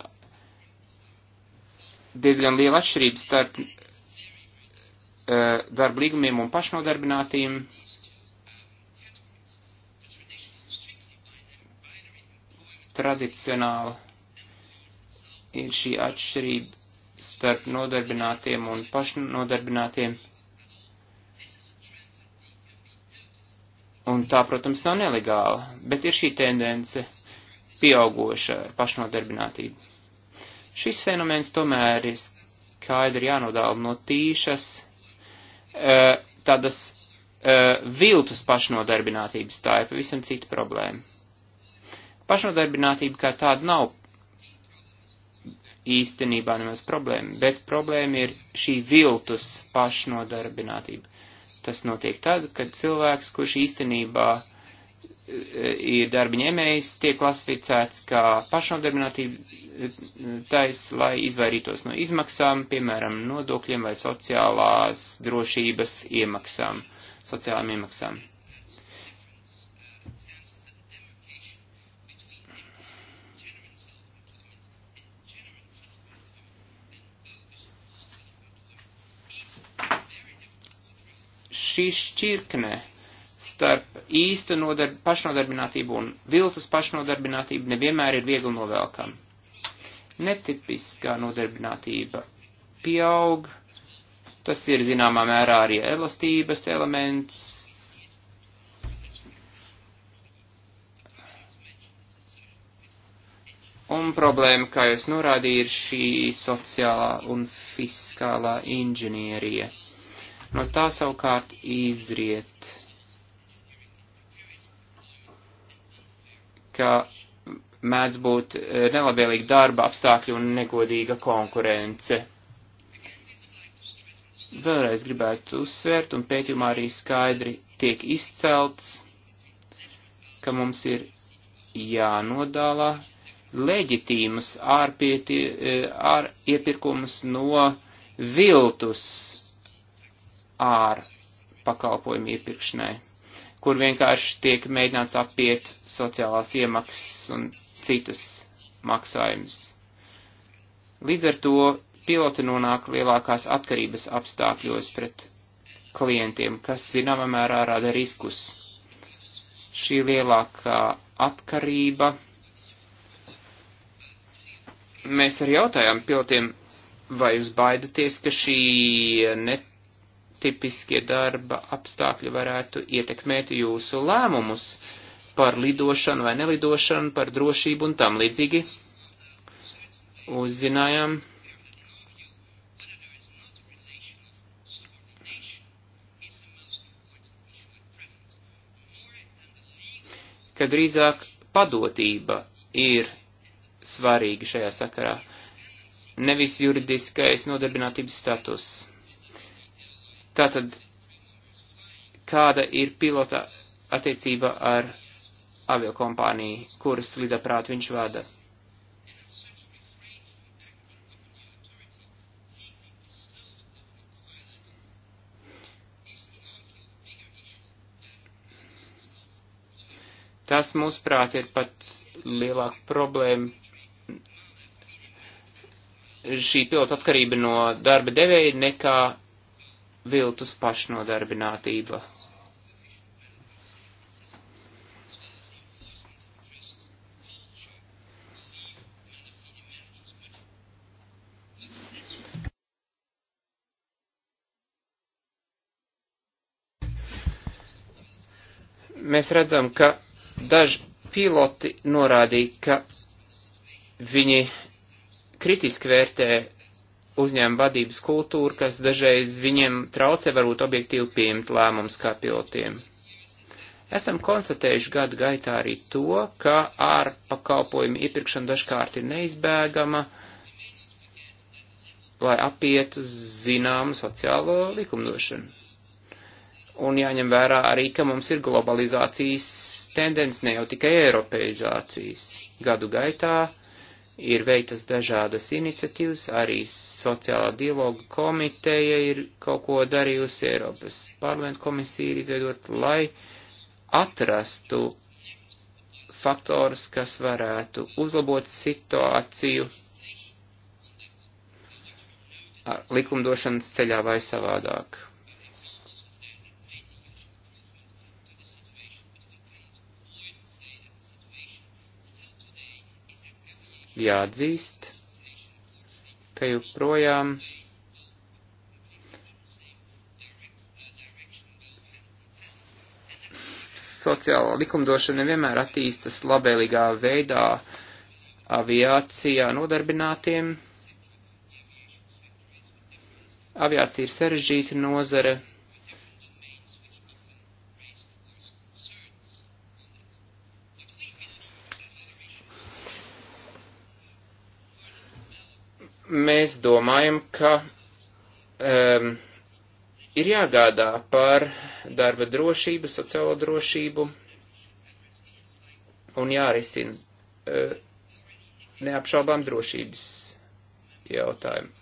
Speaker 2: diezgan liela atšķirība starp uh, darba līgumiem un pašnodarbinātījiem. Tradicionāli ir šī atšķirība starp nodarbinātiem un pašnodarbinātiem. Un tā, protams, nav nelegāla, bet ir šī tendence pieaugoša pašnodarbinātība. Šis fenomens tomēr ir skaidri jānodala no tīšas e, tādas e, viltus pašnodarbinātības, tā ir pavisam cita problēma. Pašnodarbinātība kā tāda nav īstenībā nemaz problēma, bet problēma ir šī viltus pašnodarbinātība. Tas notiek tad, kad cilvēks, kurš īstenībā ir darba ņēmējs, tiek klasificēts kā pašnodarbinātības, lai izvairītos no izmaksām, piemēram, nodokļiem vai sociālās drošības iemaksām, sociālām iemaksām. Šī šķirkne starp īstu nodarb, pašnodarbinātību un viltus pašnodarbinātību nevienmēr ir viegli novelkam. Netipiskā nodarbinātība pieaug, tas ir zināmā mērā arī elastības elements. Un problēma, kā jūs norādīju, ir šī sociālā un fiskālā inženierija. No tā savukārt izriet ka mēdz būt eh, nelabvēlīga darba apstākļi un negodīga konkurence. Vēlreiz gribētu uzsvērt, un pētījumā arī skaidri tiek izcelts, ka mums ir jānodala leģitīmas ārpieti, eh, ār iepirkumus no viltus ār pakalpojumu iepirkšanai kur vienkārši tiek mēģināts apiet sociālās iemaksas un citas maksājumus. Līdz ar to piloti nonāk lielākās atkarības apstākļos pret klientiem, kas zināmā mērā rada riskus. Šī lielākā atkarība. Mēs arī jautājām pilotiem, vai jūs baidaties, ka šī net netipiskie darba apstākļi varētu ietekmēt jūsu lēmumus par lidošanu vai nelidošanu, par drošību un tam līdzīgi. Uzzinājām, ka drīzāk padotība ir svarīga šajā sakarā, nevis juridiskais nodarbinātības status. Tātad, kāda ir pilota attiecība ar aviokompāniju, kuras lidaprāt viņš vada? Tas, mūsuprāt, ir pat lielāka problēma šī pilota atkarība no darba devēja nekā viltus pašnodarbinātība. Mēs redzam, ka daži piloti norādīja, ka viņi kritiski vērtē uzņēma vadības kultūra, kas dažreiz viņiem traucē varbūt objektīvi pieņemt lēmumus kā pilotiem. Esam konstatējuši gadu gaitā arī to, ka ārpakalpojumu iepirkšana dažkārt ir neizbēgama, lai apietu zināmu sociālo likumdošanu. Un jāņem vērā arī, ka mums ir globalizācijas tendence, ne jau tikai eiropeizācijas. Gadu gaitā ir veiktas dažādas iniciatīvas, arī sociālā dialoga komiteja ir kaut ko darījusi, Eiropas parlamenta komisija ir izveidot, lai atrastu faktors, kas varētu uzlabot situāciju likumdošanas ceļā vai savādāk. jāatzīst, ka joprojām sociālā likumdošana nevienmēr attīstas labēlīgā veidā aviācijā nodarbinātiem. Aviācija ir sarežģīta nozare, mēs domājam, ka um, ir jāgādā par darba drošību, sociālo drošību un jārisina uh, neapšaubām drošības jautājumu.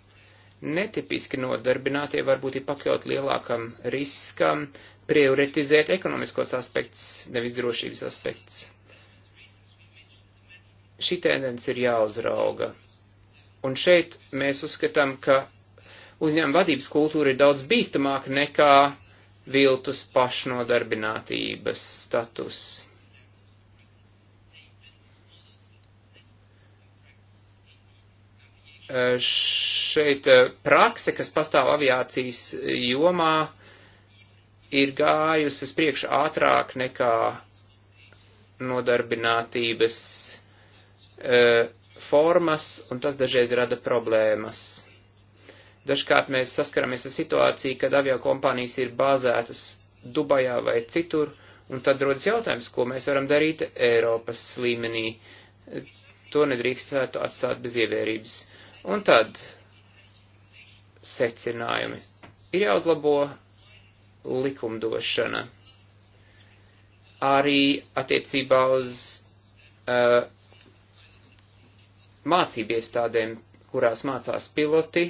Speaker 2: Netipiski nodarbinātie varbūt ir pakļaut lielākam riskam prioritizēt ekonomiskos aspektus, nevis drošības aspektus. Šī tendence ir jāuzrauga Un šeit mēs uzskatām, ka uzņēmuma vadības kultūra ir daudz bīstamāka nekā viltus pašnodarbinātības status. Eh, šeit eh, prakse, kas pastāv aviācijas jomā, ir gājusi uz priekšu ātrāk nekā nodarbinātības uh, formas, un tas dažreiz rada problēmas. Dažkārt mēs saskaramies ar situāciju, kad avio kompānijas ir bāzētas Dubajā vai citur, un tad rodas jautājums, ko mēs varam darīt Eiropas līmenī. To nedrīkstētu atstāt bez ievērības. Un tad secinājumi. Ir jāuzlabo likumdošana. Arī attiecībā uz uh, mācību iestādēm, kurās mācās piloti.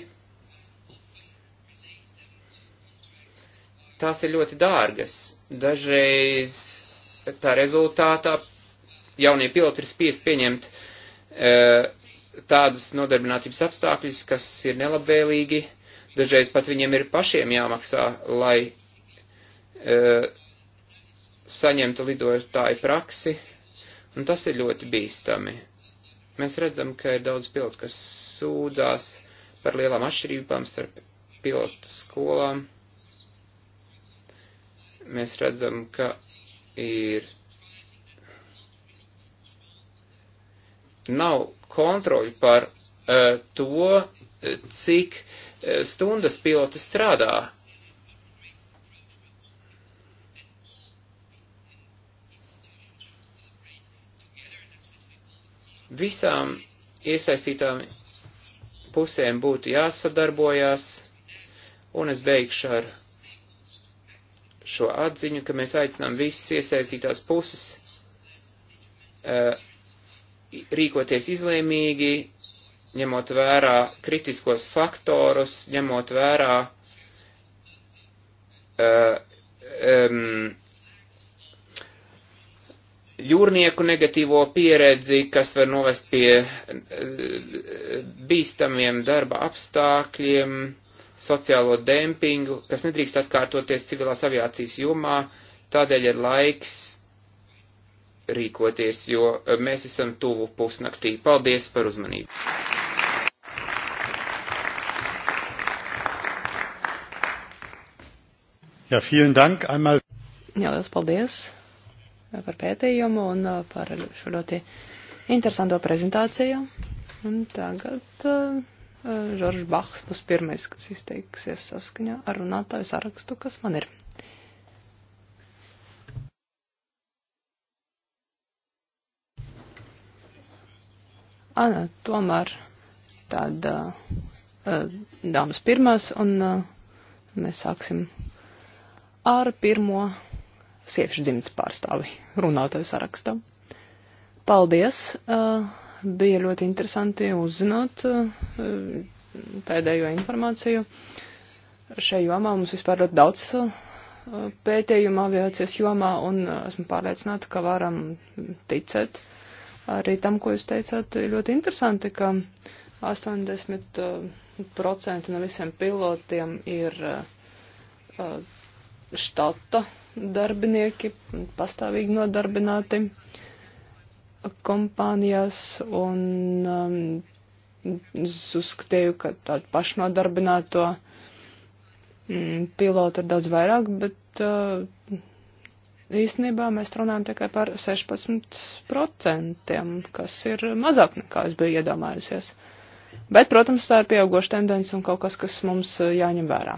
Speaker 2: Tās ir ļoti dārgas. Dažreiz tā rezultātā jaunie piloti ir spiest pieņemt e, tādas nodarbinātības apstākļus, kas ir nelabvēlīgi. Dažreiz pat viņiem ir pašiem jāmaksā, lai e, saņemtu lidotāju praksi, un tas ir ļoti bīstami. Mēs redzam, ka ir daudz pilotu, kas sūdzās par lielām atšķirībām starp pilotu skolām. Mēs redzam, ka ir nav kontroļu par uh, to, eh, cik uh, stundas piloti strādā Visām iesaistītām pusēm būtu jāsadarbojās, un es beigšu ar šo atziņu, ka mēs aicinām visas iesaistītās puses uh, rīkoties izlēmīgi, ņemot vērā kritiskos faktorus, ņemot vērā uh, um, jūrnieku negatīvo pieredzi, kas var novest pie eh, bīstamiem darba apstākļiem, sociālo dempingu, kas nedrīkst atkārtoties civilās aviācijas jomā, tādēļ ir laiks rīkoties, jo eh, mēs esam tuvu pusnaktī. Paldies par uzmanību!
Speaker 1: Ja, vielen Dank einmal.
Speaker 3: Ja, liels paldies par pētījumu un uh, par šo ļoti interesanto prezentāciju. Un tagad uh, uh Žoržs Bahs būs pirmais, kas izteiksies saskaņā ar runātāju sarakstu, kas man ir. Ana, tomēr tāda uh, uh, dāmas pirmās, un uh, mēs sāksim ar pirmo sieviešu dzimtas pārstāvi runātāju sarakstā. Paldies! Eh, bija ļoti interesanti uzzināt eh, pēdējo informāciju. Šai jomā mums vispār ļoti daudz eh, pētījumu aviācijas jomā, un esmu pārliecināta, ka varam ticēt arī tam, ko jūs teicāt. Ļoti interesanti, ka 80% no visiem pilotiem ir štata darbinieki, pastāvīgi nodarbināti kompānijās, un um, es uzskatīju, ka tādu pašnodarbināto um, pilotu ir daudz vairāk, bet uh, īstenībā mēs runājam tikai par 16%, kas ir mazāk nekā es biju iedomājusies. Bet, protams, tā ir pieaugoša tendence un kaut kas, kas mums uh, jāņem vērā.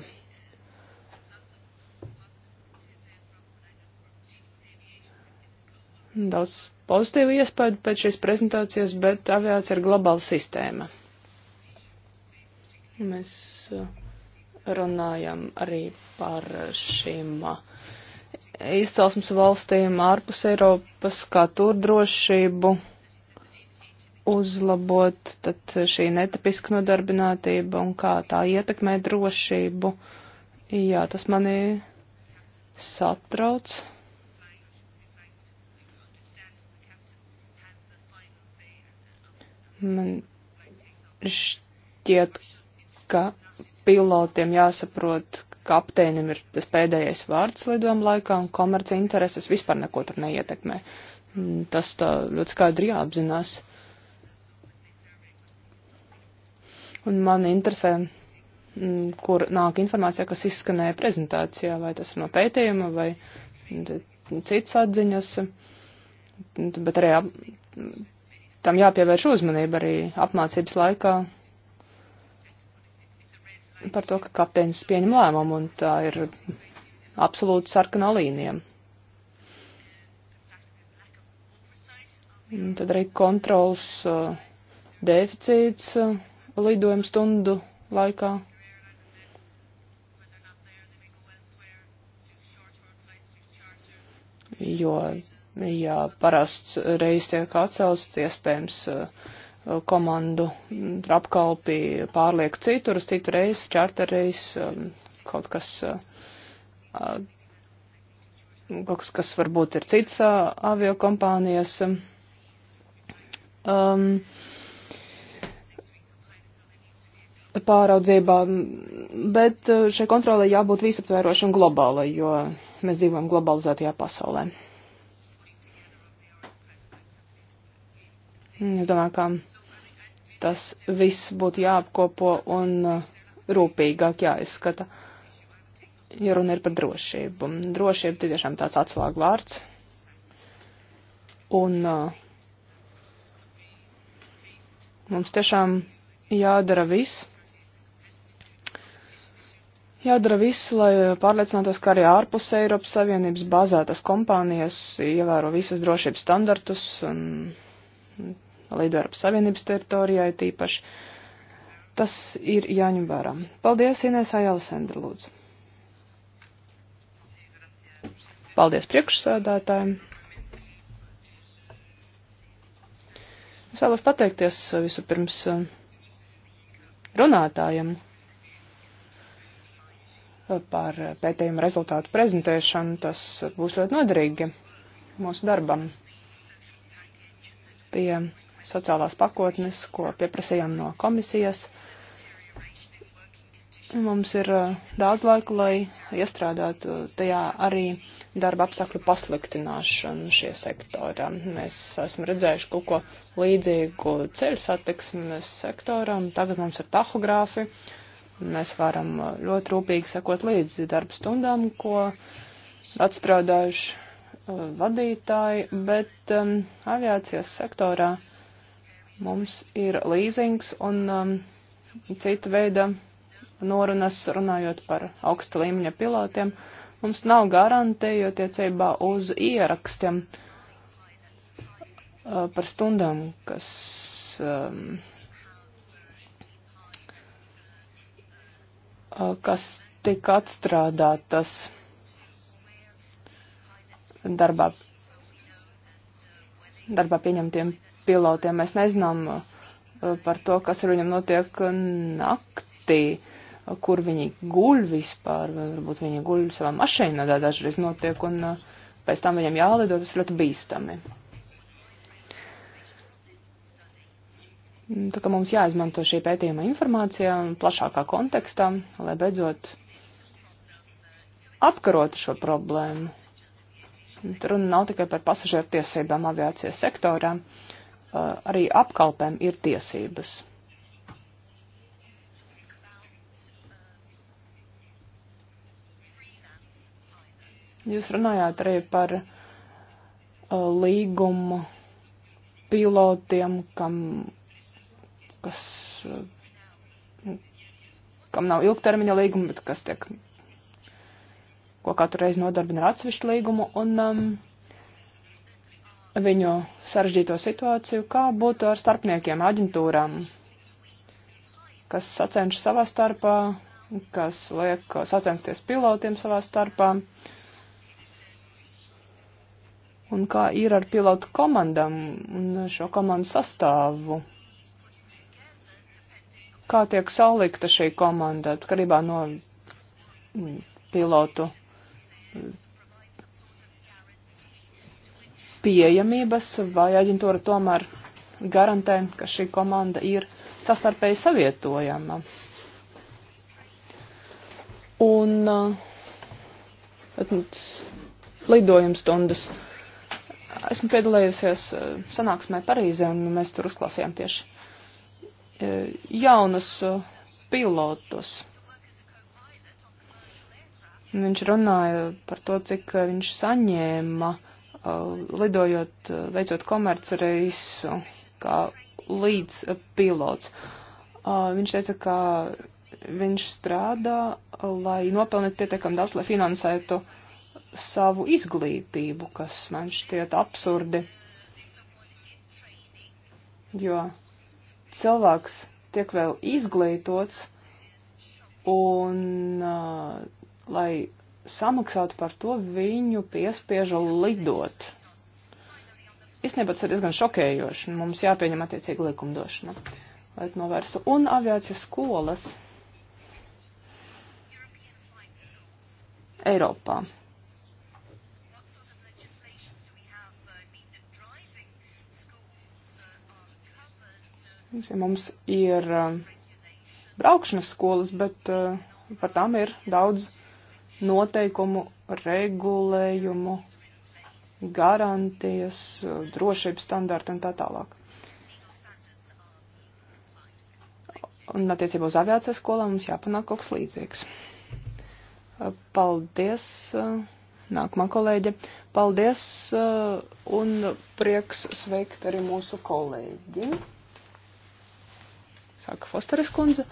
Speaker 3: daudz pozitīvu iespēju pēc šīs prezentācijas, bet aviācija ir globāla sistēma. Mēs uh, runājam arī par šīm uh, izcelsmes valstīm ārpus Eiropas, kā tur drošību uzlabot, tad šī netipiska nodarbinātība un kā tā ietekmē drošību. Jā, tas mani satrauc. Man šķiet, ka pilotiem jāsaprot, kapteinim ir tas pēdējais vārds lidojuma laikā un komerci intereses vispār neko tur neietekmē. Mm, tas tā ļoti skaidri jāapzinās. Un man interesē, mm, kur nāk informācija, kas izskanēja prezentācijā, vai tas ir no pētījuma vai citas atziņas, bet arī tam jāpievērš uzmanība arī apmācības laikā par to, ka kapteinis pieņem lēmumu, un tā ir absolūti sarkanā līnija. Un tad arī kontrols uh, deficīts uh, lidojuma stundu laikā. Jo ja parasts reiz tiek atcelsts, iespējams, uh, komandu apkalpi pārliek citur, uz citu reizi, čarterreiz, um, kaut kas, uh, uh, kaut kas, kas varbūt ir cits avio kompānijas. Um, um, pāraudzībā, bet šai kontrolē jābūt visaptvērošai un globālai, jo mēs dzīvojam globalizētajā pasaulē. Mm, es domāju, ka tas viss būtu jāapkopo un uh, rūpīgāk jāizskata, ja runa ir par drošību. Drošība tiešām tāds atslēgu vārds. Un uh, mums tiešām jādara viss. Jādara viss, lai pārliecinātos, ka arī ārpus Eiropas Savienības bāzētas kompānijas ievēro visas drošības standartus un lido Eiropas Savienības teritorijai tīpaši. Tas ir jāņem vērā. Paldies, Inēs Ajālesendra, lūdzu. Paldies priekšsēdētājiem. Es vēlos pateikties vispirms eh, runātājiem par pētījumu rezultātu prezentēšanu. Tas būs ļoti noderīgi mūsu darbam pie sociālās pakotnes, ko pieprasījām no komisijas. Mums ir uh, daudz laika, lai iestrādātu tajā arī darba apstākļu pasliktināšanu šie sektorā. Mēs esam redzējuši kaut ko līdzīgu ceļu satiksmes sektoram. Tagad mums ir tahogrāfi. Mēs varam uh, ļoti rūpīgi sekot līdzi darba stundām, ko atstrādājuši Uh, vadītāji, bet um, aviācijas sektorā mums ir līzings un um, cita veida norunas runājot par augsta līmeņa pilotiem. Mums nav garantēju attiecībā uz ierakstiem uh, par stundām, kas. Um, uh, kas tika atstrādātas. tas darbā, darbā pieņemtiem pilotiem. Mēs nezinām uh, par to, kas ar viņam notiek naktī, uh, kur viņi guļ vispār, varbūt viņi guļ savā mašīnā dažreiz notiek, un uh, pēc tam viņam jālido, tas ļoti bīstami. Tā kā mums jāizmanto šī pētījuma informācija plašākā kontekstā, lai beidzot apkarotu šo problēmu. Runa nav tikai par pasažieru tiesībām aviācijas sektorā, arī apkalpēm ir tiesības. Jūs runājāt arī par uh, līgumu pilotiem, kam, kas, uh, kam nav ilgtermiņa līguma, bet kas tiek ko katru reizi nodarbina ar atsevišķu līgumu, un um, viņu sarežģīto situāciju, kā būtu ar starpniekiem, aģentūrām, kas sacenš savā starpā, kas liek sacensties pilotiem savā starpā. Un kā ir ar pilotu komandām un šo komandu sastāvu? Kā tiek salikta šī komanda atkarībā no mm, pilotu pieejamības, vai aģentūra tomēr garantē, ka šī komanda ir sastarpēji savietojama. Un uh, lidojuma stundas. Esmu piedalījusies eh, sanāksmē Parīzē, un mēs tur uzklausījām tieši eh, jaunus pilotus. Viņš runāja par to, cik eh, viņš saņēma, eh, lidojot, eh, veicot komercreisu, kā līdz pilots. Viņš teica, ka viņš strādā, lai nopelnītu pietiekami daudz, lai finansētu savu izglītību, kas man šķiet absurdi. Jo cilvēks tiek vēl izglītots un uh, lai samaksātu par to, viņu piespieža lidot. Īstenībā tas ir diezgan šokējoši. Mums jāpieņem attiecīga likumdošana, lai to novērstu. Un aviācijas skolas Eiropā. Ja mums ir uh, braukšanas skolas, bet uh, par tām ir daudz noteikumu, regulējumu, garantijas, drošības standārti un tā tālāk. Un attiecībā uz aviācijas skolām mums jāpanāk kaut kas līdzīgs. Paldies, nākamā kolēģe. Paldies un prieks sveikt arī mūsu kolēģi. Saka Fosteres kundze.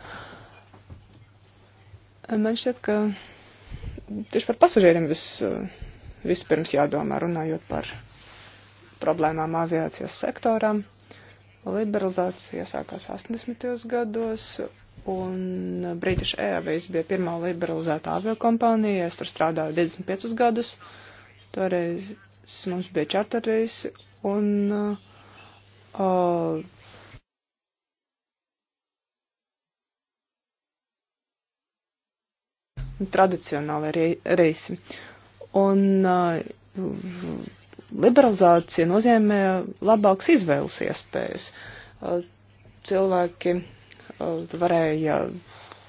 Speaker 3: Man šķiet, ka tieši par pasažieriem vis, vispirms jādomā, runājot par problēmām aviācijas sektorā. Liberalizācija iesākās 80. gados, un British Airways bija pirmā liberalizēta aviokompānija. Es tur strādāju 25 gadus. Toreiz mums bija čarterreisi, un uh, tradicionāli reisi. Un uh, liberalizācija nozīmē labāks izvēles iespējas. Uh, cilvēki uh, varēja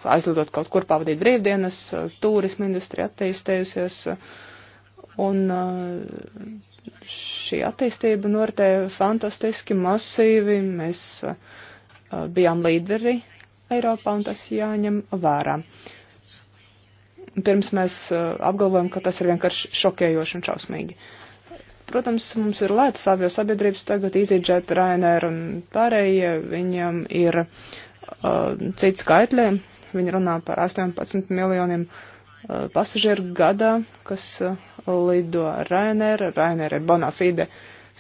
Speaker 3: aizlidot kaut kur pavadīt brīvdienas, uh, turisma industrija attīstējusies, uh, un uh, šī attīstība noritēja fantastiski, masīvi, mēs uh, bijām līderi Eiropā, un tas jāņem vērā. Uh, Pirms mēs uh, apgalvojam, ka tas ir vienkārši šokējoši un šausmīgi. Protams, mums ir lētas avio sabiedrības, tagad EasyJet, Ryanair un pārējie, viņam ir uh, citi skaitļi, viņi runā par 18 miljoniem uh, pasažieru gadā, kas uh, lido Ryanair, Ryanair ir bona fide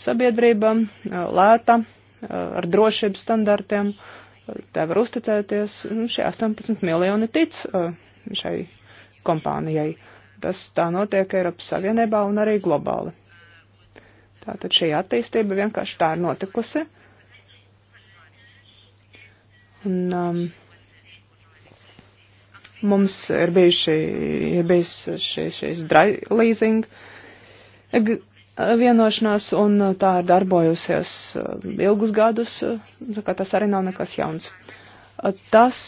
Speaker 3: sabiedrība, uh, lēta, uh, ar drošības standartiem, uh, tā var uzticēties, un šie 18 miljoni tic uh, šai kompānijai. Tas tā notiek Eiropas Savienībā un arī globāli. Tātad šī attīstība vienkārši tā ir notikusi. Un, um, mums ir bijuši, ir bijis šī, šīs dry leasing vienošanās, un tā ir darbojusies um, ilgus gadus, tā kā tas arī nav nekas jauns. Tas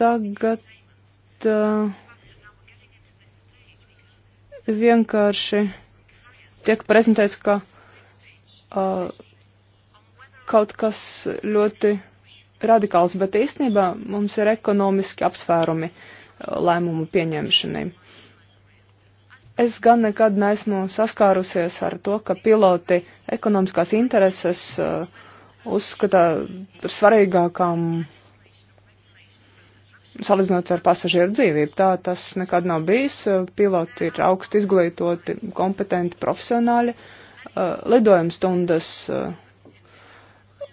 Speaker 3: tagad bet uh, vienkārši tiek prezentēts, ka uh, kaut kas ļoti radikāls, bet īstenībā mums ir ekonomiski apsvērumi uh, lēmumu pieņemšanai. Es gan nekad neesmu saskārusies ar to, ka piloti ekonomiskās intereses uh, uzskata par svarīgākām salīdzinot ar pasažieru dzīvību. Tā tas nekad nav bijis. Piloti ir augsti izglītoti, kompetenti, profesionāļi. Uh, lidojuma stundas uh,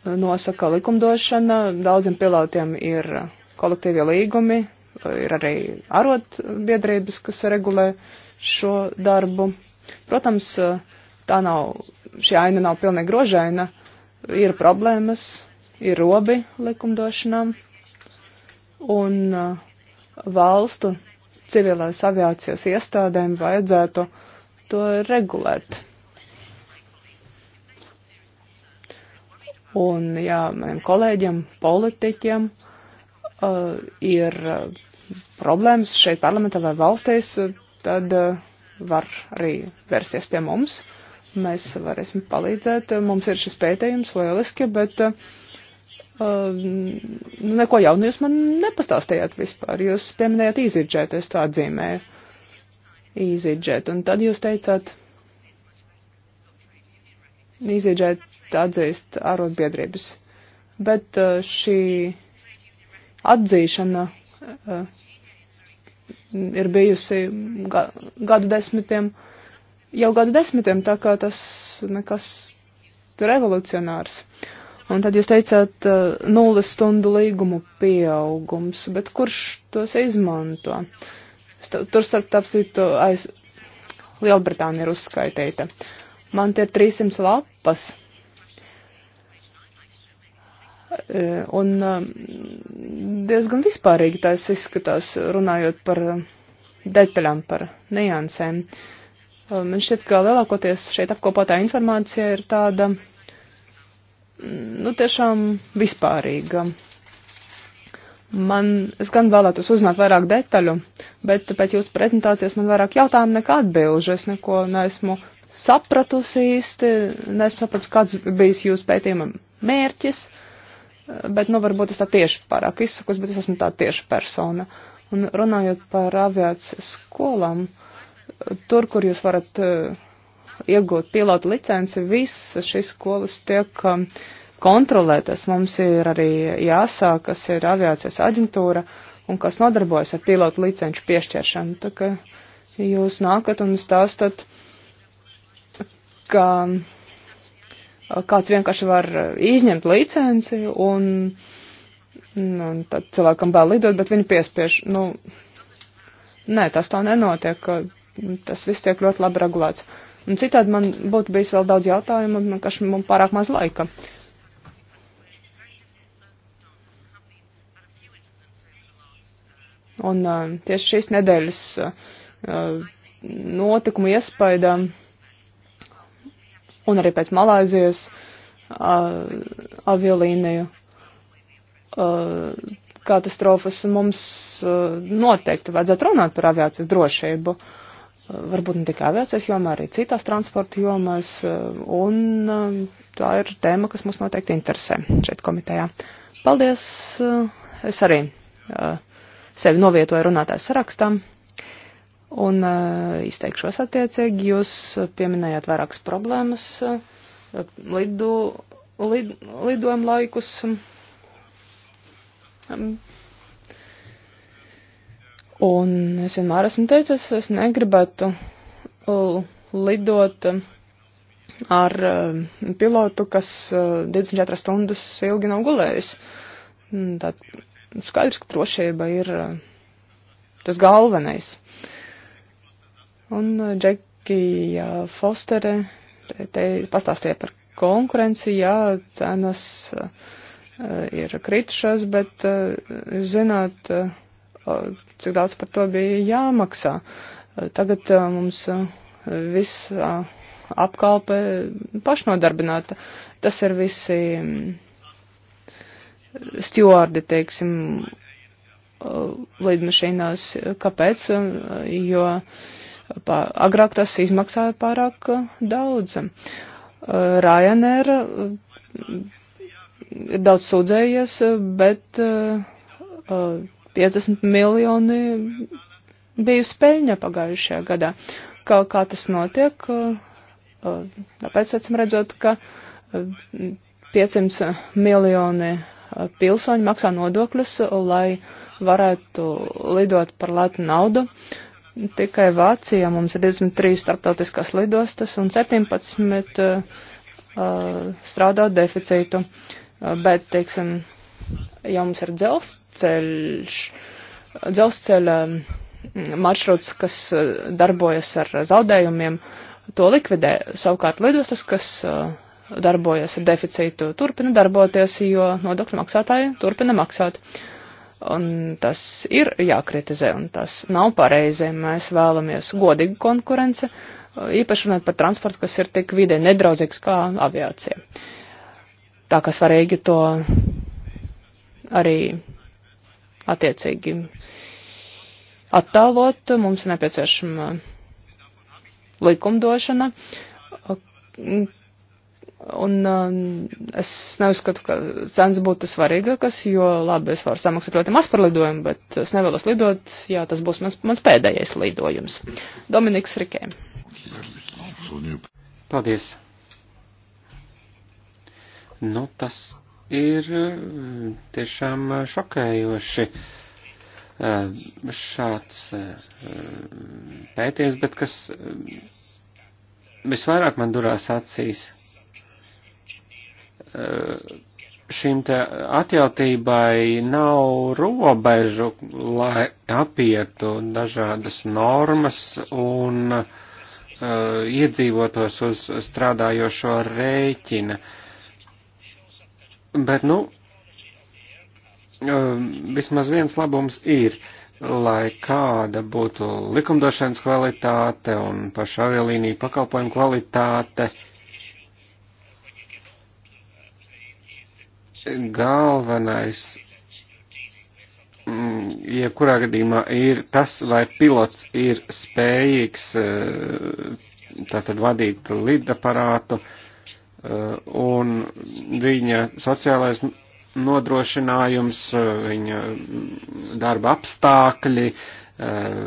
Speaker 3: nosaka likumdošana. Daudziem pilotiem ir kolektīvie līgumi, ir arī arotbiedrības, kas regulē šo darbu. Protams, uh, tā nav, šī aina nav pilnīgi grožaina. Ir problēmas, ir robi likumdošanām un uh, valstu civilās aviācijas iestādēm vajadzētu to regulēt. Un jā, maniem kolēģiem, politiķiem uh, ir uh, problēmas šeit parlamentā vai valstīs, tad uh, var arī vērsties pie mums. Mēs varēsim palīdzēt. Mums ir šis pētījums lieliski, bet uh, Ehm, nu, neko jaunu jūs man nepastāstījāt vispār. Jūs pieminējāt EasyJet, es tā atzīmēju. EasyJet, un tad jūs teicāt, EasyJet atzīst ārotbiedrības. Bet eh, šī atzīšana eh, ir bijusi gadu desmitiem, jau gadu desmitiem, tā kā tas nekas revolucionārs. Uh, Un tad jūs teicāt uh, nulles stundu līgumu pieaugums, bet kurš tos izmanto? Tur starp citu aiz Lielbritānija ir uzskaitīta. Man tie ir 300 lapas. E, un um, diezgan vispārīgi tās izskatās, runājot par um, detaļām, par niansēm. Um, man šķiet, ka lielākoties šeit apkopotā informācija ir tāda nu, tiešām vispārīga. Man, es gan vēlētos uzzināt vairāk detaļu, bet pēc jūsu prezentācijas man vairāk jautājumu nekā atbilžu. Es neko neesmu sapratusi īsti, neesmu sapratusi, kāds bijis jūsu pētījuma mērķis, bet, nu, varbūt es tā tieši pārāk izsakos, bet es esmu tā tieši persona. Un runājot par aviācijas skolām, tur, kur jūs varat uh, iegūt pilotu licenci, visas šīs skolas tiek um, kontrolētas. Mums ir arī jāsā, kas ir aviācijas aģentūra un kas nodarbojas ar pilotu licenču piešķiršanu. Tā ka jūs nākat un stāstat, ka um, kāds vienkārši var izņemt licenci un, un tad cilvēkam vēl lidot, bet viņi piespiež. Nu, nē, tas tā nenotiek. Tas viss tiek ļoti labi regulēts. Un citādi man būtu bijis vēl daudz jautājumu, man kaž man pārāk maz laika. Un uh, tieši šīs nedēļas uh, notikumu iespaidā un arī pēc Malāzijas uh, aviolīniju uh, katastrofas mums uh, noteikti vajadzētu runāt par aviācijas drošību. Uh, varbūt ne tikai aviācijas jomā, arī citās transporta jomās, un eh, tā ir tēma, kas mums noteikti interesē šeit komitejā. Paldies! Eh, es arī eh, sevi novietoju runātāju sarakstā un izteikšos attiecīgi. Jūs pieminējāt vairākas problēmas, lidu, lid, lidojuma laikus. Un es vienmēr esmu teicis, es negribētu uh, lidot ar uh, pilotu, kas 24 uh, stundas ilgi nav gulējis. Mm, tā skaidrs, ka drošība ir tas galvenais. Un Džekija Fostere te, te pastāstīja par konkurenci, jā, cenas ir kritušas, bet, zināt, cik daudz par to bija jāmaksā. Tagad mums viss apkalpe pašnodarbināta. Tas ir visi stjordi, teiksim, lidmašīnās. Kāpēc? Jo agrāk tas izmaksāja pārāk daudz. Ryanair ir daudz sūdzējies, bet uh, 50 miljoni bijusi peļņa pagājušajā gadā. Kā, kā tas notiek? Uh, uh, tāpēc, acīm redzot, ka 500 uh, miljoni pilsoņi maksā nodokļus, lai varētu lidot par lētu naudu. Tikai Vācijā mums ir 23 starptautiskās lidostas un 17 uh, strādā deficītu. Bet, teiksim, ja mums ir dzelzceļš, dzelzceļa maršruts, kas uh, darbojas ar zaudējumiem, to likvidē. Savukārt lidostas, kas uh, darbojas ar deficītu, turpina darboties, jo nodokļu maksātāji turpina maksāt. Un tas ir jākritizē, un tas nav pareizi. Mēs vēlamies godīgu konkurenci, uh, īpaši runāt par transportu, kas ir tik vidē nedraudzīgs kā aviācija. Tā kā svarīgi to arī attiecīgi attālot. Mums ir nepieciešama likumdošana. Un um, es neuzskatu, ka cenas būtu svarīgākas, jo labi, es varu samaksāt ļoti maz par lidojumu, bet es nevēlos lidot, jā, tas būs mans, mans pēdējais lidojums. Dominiks Rikē.
Speaker 4: Paldies. Nu, tas ir eh, tiešām šokējoši eh, šāds eh, pētījums, bet kas visvairāk man durās acīs šīm te atjautībai nav robežu, lai apietu dažādas normas un uh, iedzīvotos uz strādājošo rēķina. Uh, Bet, nu, vismaz viens labums ir, lai kāda būtu likumdošanas kvalitāte un paša avialīnija pakalpojumu kvalitāte. Galvenais, mm, jebkurā gadījumā, ir tas, vai pilots ir spējīgs tātad vadīt lidaparātu. aparātu Eh, un viņa sociālais nodrošinājums, eh, viņa darba apstākļi, eh,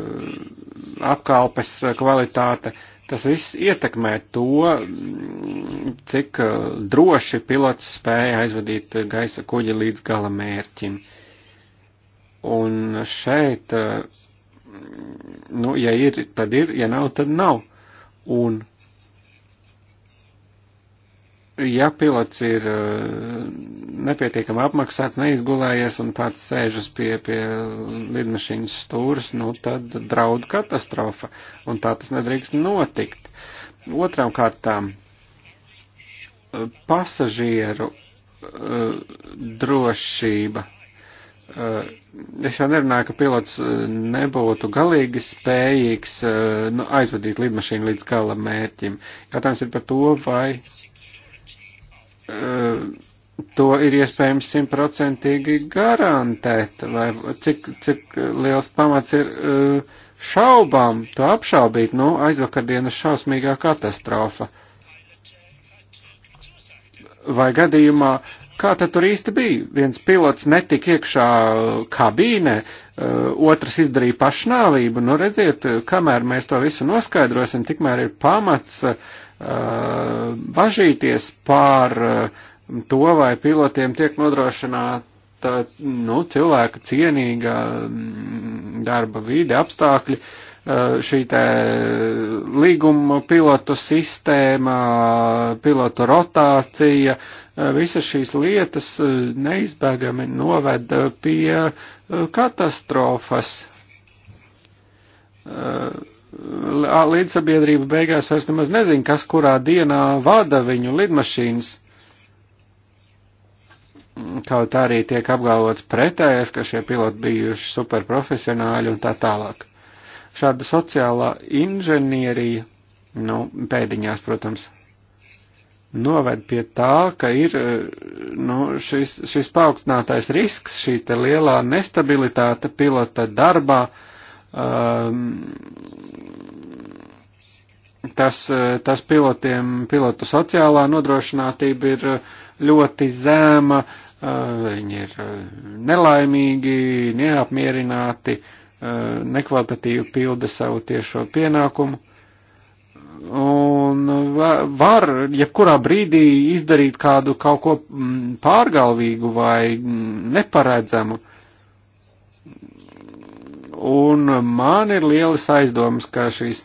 Speaker 4: apkalpes kvalitāte. Tas viss ietekmē to, cik droši pilots spēja aizvadīt gaisa kuģi līdz gala mērķim. Un šeit, nu, ja ir, tad ir, ja nav, tad nav. Un ja pilots ir eh, nepietiekami apmaksāts, neizgulējies un pats sēžas pie, pie lidmašīnas stūras, nu tad draud katastrofa, un tā tas nedrīkst notikt. Otram kārtām eh, pasažieru eh, drošība. Es jau nerunāju, ka pilots nebūtu galīgi spējīgs nu, aizvadīt lidmašīnu līdz gala mērķim. Jautājums ir par to, vai Eh, to ir iespējams simtprocentīgi garantēt, vai cik, cik liels pamats ir eh, šaubām to apšaubīt, nu, aizvakardienas šausmīgā katastrofa. Vai gadījumā, kā tad tur īsti bija? Viens pilots netika iekšā kabīnē, eh, otrs izdarīja pašnāvību, nu redziet, kamēr mēs to visu noskaidrosim, tikmēr ir pamats uh, Uh, bažīties pār uh, to, vai pilotiem tiek nodrošināta nu, cilvēka cienīga mm, darba vide, apstākļi. Uh, šī te līguma pilotu sistēma, pilotu rotācija, visas šīs lietas neizbēgami noveda pie katastrofas. Uh, līdzsabiedrība beigās vairs nemaz nezina, kas kurā dienā vada viņu lidmašīnas. Kaut arī tiek apgalvots pretējais, ka šie piloti bijuši superprofesionāļi un tā tālāk. Šāda sociālā inženierija, nu, pēdiņās, protams, noved pie tā, ka ir nu, šis, šis paaugstinātais risks, šī lielā nestabilitāte pilota darbā, uh, Um, tas, eh, tas pilotiem, pilotu sociālā nodrošinātība ir eh, ļoti zēma, eh, viņi ir nelaimīgi, neapmierināti, nekvalitatīvi pilda savu tiešo pienākumu. Un var jebkurā brīdī izdarīt kādu kaut ko mm, pārgalvīgu vai mm, neparedzamu. Uh, Un man ir lielas aizdomas, ka šīs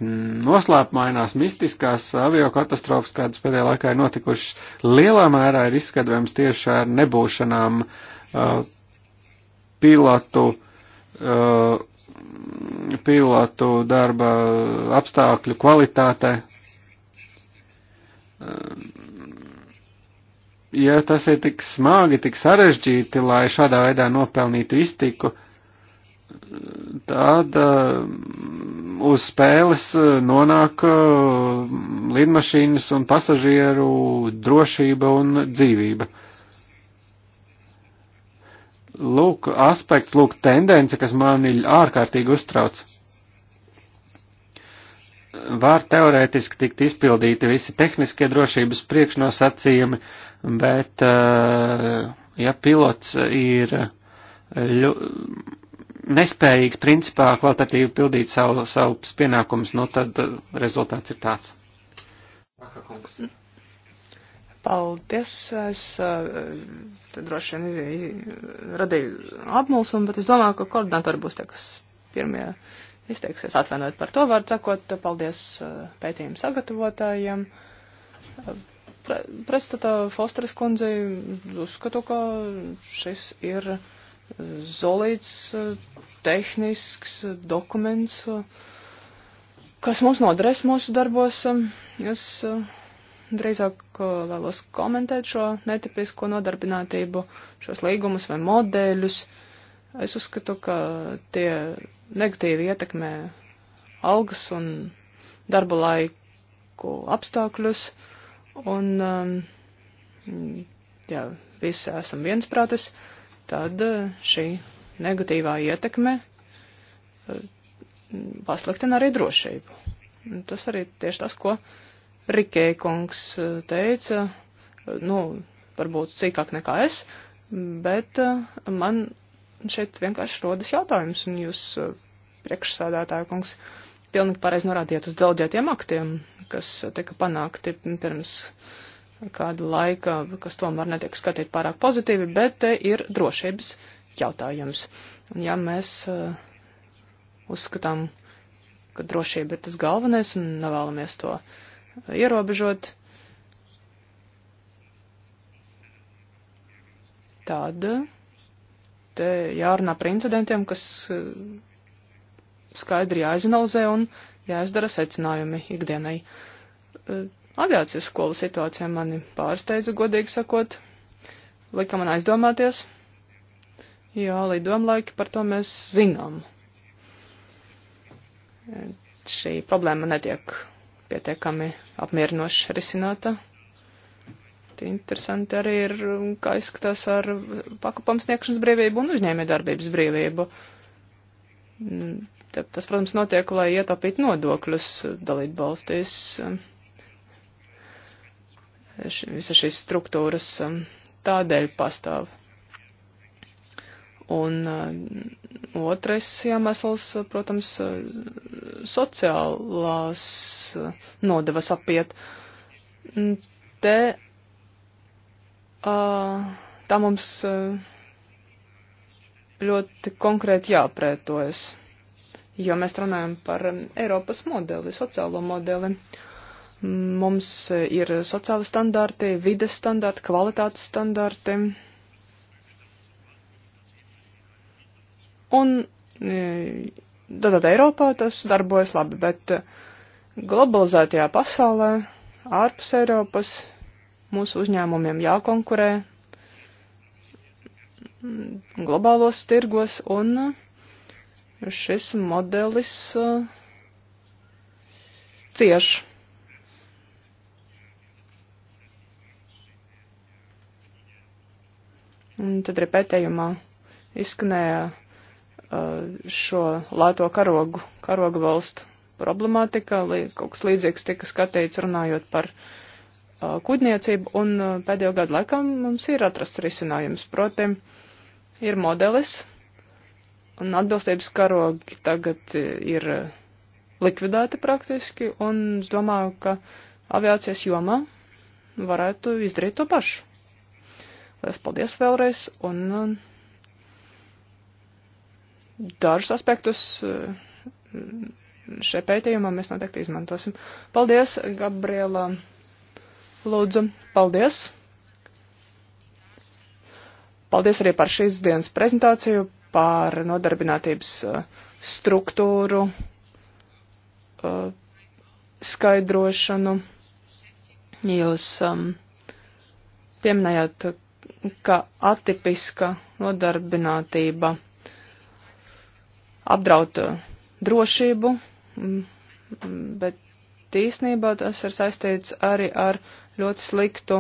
Speaker 4: noslēpmainās mistiskās aviokatastrofas, kādas pēdējā laikā ir notikušas, lielā mērā ir izskatrojams tieši ar nebūšanām uh, pilotu, uh, pilotu darba apstākļu kvalitātei. Uh, ja tas ir tik smagi, tik sarežģīti, lai šādā veidā nopelnītu iztiku, uh, tad mm, uz spēles eh, nonāk eh, lidmašīnas un pasažieru drošība un dzīvība. Lūk, aspekts, lūk, tendence, kas mani ārkārtīgi uztrauc. Var teorētiski tikt izpildīti visi tehniskie drošības priekšnosacījumi, bet, eh, ja pilots ir ļu, nespējīgs principā kvalitatīvi pildīt savu, savus pienākumus, nu tad uh, rezultāts ir tāds.
Speaker 3: Paldies, es uh, te droši vien radīju apmulsumu, bet es domāju, ka koordinatori būs tie, kas pirmie izteiksies atvainojot par to, var sakot, paldies uh, pētījumu sagatavotājiem. Pre, Prestata Fosteres kundzei uzskatu, ka šis ir zolīts, tehnisks dokuments, kas mums noderēs mūsu darbos. Es drīzāk vēlos komentēt šo netipisko nodarbinātību, šos līgumus vai modeļus. Es uzskatu, ka tie negatīvi ietekmē algas un darba laiku apstākļus, un, um, jā, visi esam viensprātis. Uh, tad eh, šī negatīvā ietekme eh, pasliktina arī drošību. Tas arī tieši tas, ko Rikēja kungs eh, teica, nu, varbūt cīkāk nekā es, bet man šeit vienkārši rodas jautājums, un jūs priekšsādātāju kungs pilnīgi pareizi norādījāt uz daudzietiem aktiem, kas tika panākti pirms uh, kādu laika, kas tomēr netiek skatīt pārāk pozitīvi, bet te ir drošības jautājums. Un ja mēs uh, uzskatām, ka drošība ir tas galvenais un nevēlamies to eh, ierobežot, tad te jārunā par incidentiem, kas uh, skaidri jāizanalizē un jāizdara secinājumi ikdienai. Uh, Aviācijas skola situācija mani pārsteidza, godīgi sakot, lika man aizdomāties, jo līdomlaiki par to mēs zinām. Šī problēma netiek pietiekami apmierinoši risināta. Interesanti arī ir, kā izskatās ar pakalpojumu sniegšanas brīvību un uzņēmē darbības brīvību. Tas, protams, notiek, lai ietaupītu nodokļus dalību valstīs š, visa šīs struktūras um, tādēļ pastāv. Un um, otrais iemesls, protams, sociālās nodevas apiet. Te uh, tā mums uh, ļoti konkrēti jāprētojas, jo mēs runājam par um, Eiropas modeli, sociālo modeli. Uh, Mums ir sociāli standarti, vides standarti, kvalitātes standarti. Un e, tad Eiropā tas darbojas labi, bet globalizētajā pasaulē, ārpus Eiropas, mūsu uzņēmumiem jākonkurē globālos tirgos, un šis modelis cieš. Un tad arī pētījumā izskanēja šo lēto karogu, karogu valstu problemātika, kaut kas līdzīgs tika skatīts runājot par kuģniecību, un pēdējo gadu laikā mums ir atrasts risinājums. Proti, ir modelis, un atbilstības karogi tagad ir likvidēti praktiski, un es domāju, ka aviācijas jomā varētu izdarīt to pašu. Lielas paldies vēlreiz. Un uh, dažus aspektus uh, šajā pētījumā mēs noteikti izmantosim. Paldies, Gabriela. Lūdzu, paldies. Paldies arī par šīs dienas prezentāciju, par nodarbinātības uh, struktūru, skaidrošanu. Jūs um, pieminējāt, ka atipiska nodarbinātība apdraud drošību, bet īsnībā tas ir saistīts arī ar ļoti sliktu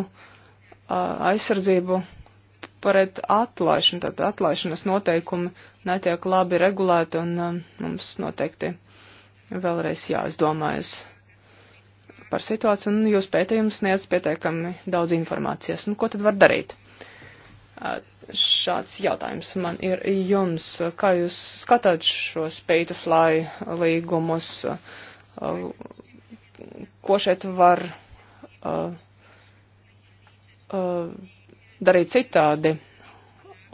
Speaker 3: aizsardzību pret atlaišanu. Tad atlaišanas noteikumi netiek labi regulēti un mums noteikti vēlreiz jāizdomājas par situāciju, un jūs pētījums sniedz pietiekami daudz informācijas. Nu, ko tad var darīt? Šāds jautājums man ir jums. Kā jūs skatāt šos pay to fly līgumus? Ko šeit var uh, uh, darīt citādi?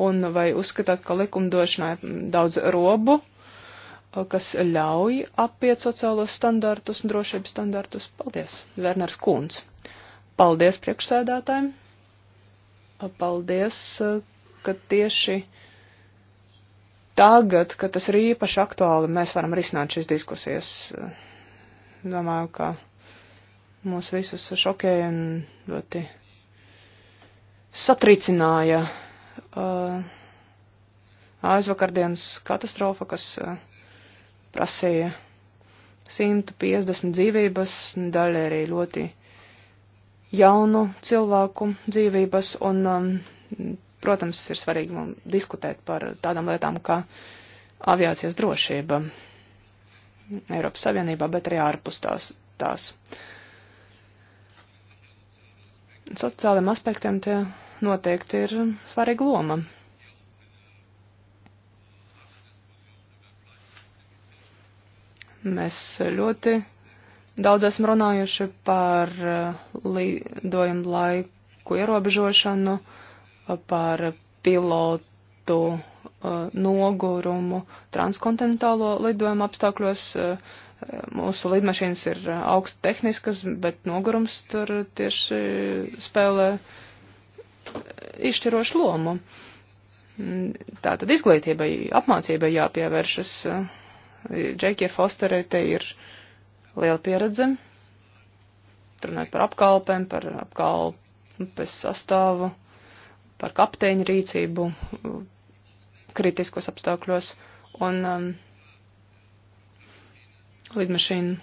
Speaker 3: Un vai uzskatāt, ka likumdošanā ir daudz robu, uh, kas ļauj apiet sociālos standartus un drošības standartus? Paldies, Verners Kūns. Paldies priekšsēdētājiem. Paldies, ka tieši tagad, kad tas ir īpaši aktuāli, mēs varam risināt šīs diskusijas. Domāju, ka mūs visus šokēja un ļoti satricināja uh, aizvakardienas katastrofa, kas uh, prasīja 150 dzīvības, daļa arī ļoti jaunu cilvēku dzīvības, un, um, protams, ir svarīgi mums diskutēt par tādām lietām kā aviācijas drošība Eiropas Savienībā, bet arī ārpus tās. tās. Sociāliem aspektiem tie noteikti ir svarīga loma. Mēs ļoti Daudz esmu runājuši par eh, lidojumu laiku ierobežošanu, par pilotu eh, nogurumu transkontinentālo lidojumu apstākļos. Eh, mūsu lidmašīnas ir augstu tehniskas, bet nogurums tur tieši spēlē izšķirošu lomu. Mm, tātad izglītībai, apmācībai jāpievēršas. Džekie Fosterei te ir uh, liela pieredze, runājot par apkalpēm, par apkalpes sastāvu, par kapteiņu rīcību kritiskos apstākļos un um, lidmašīnu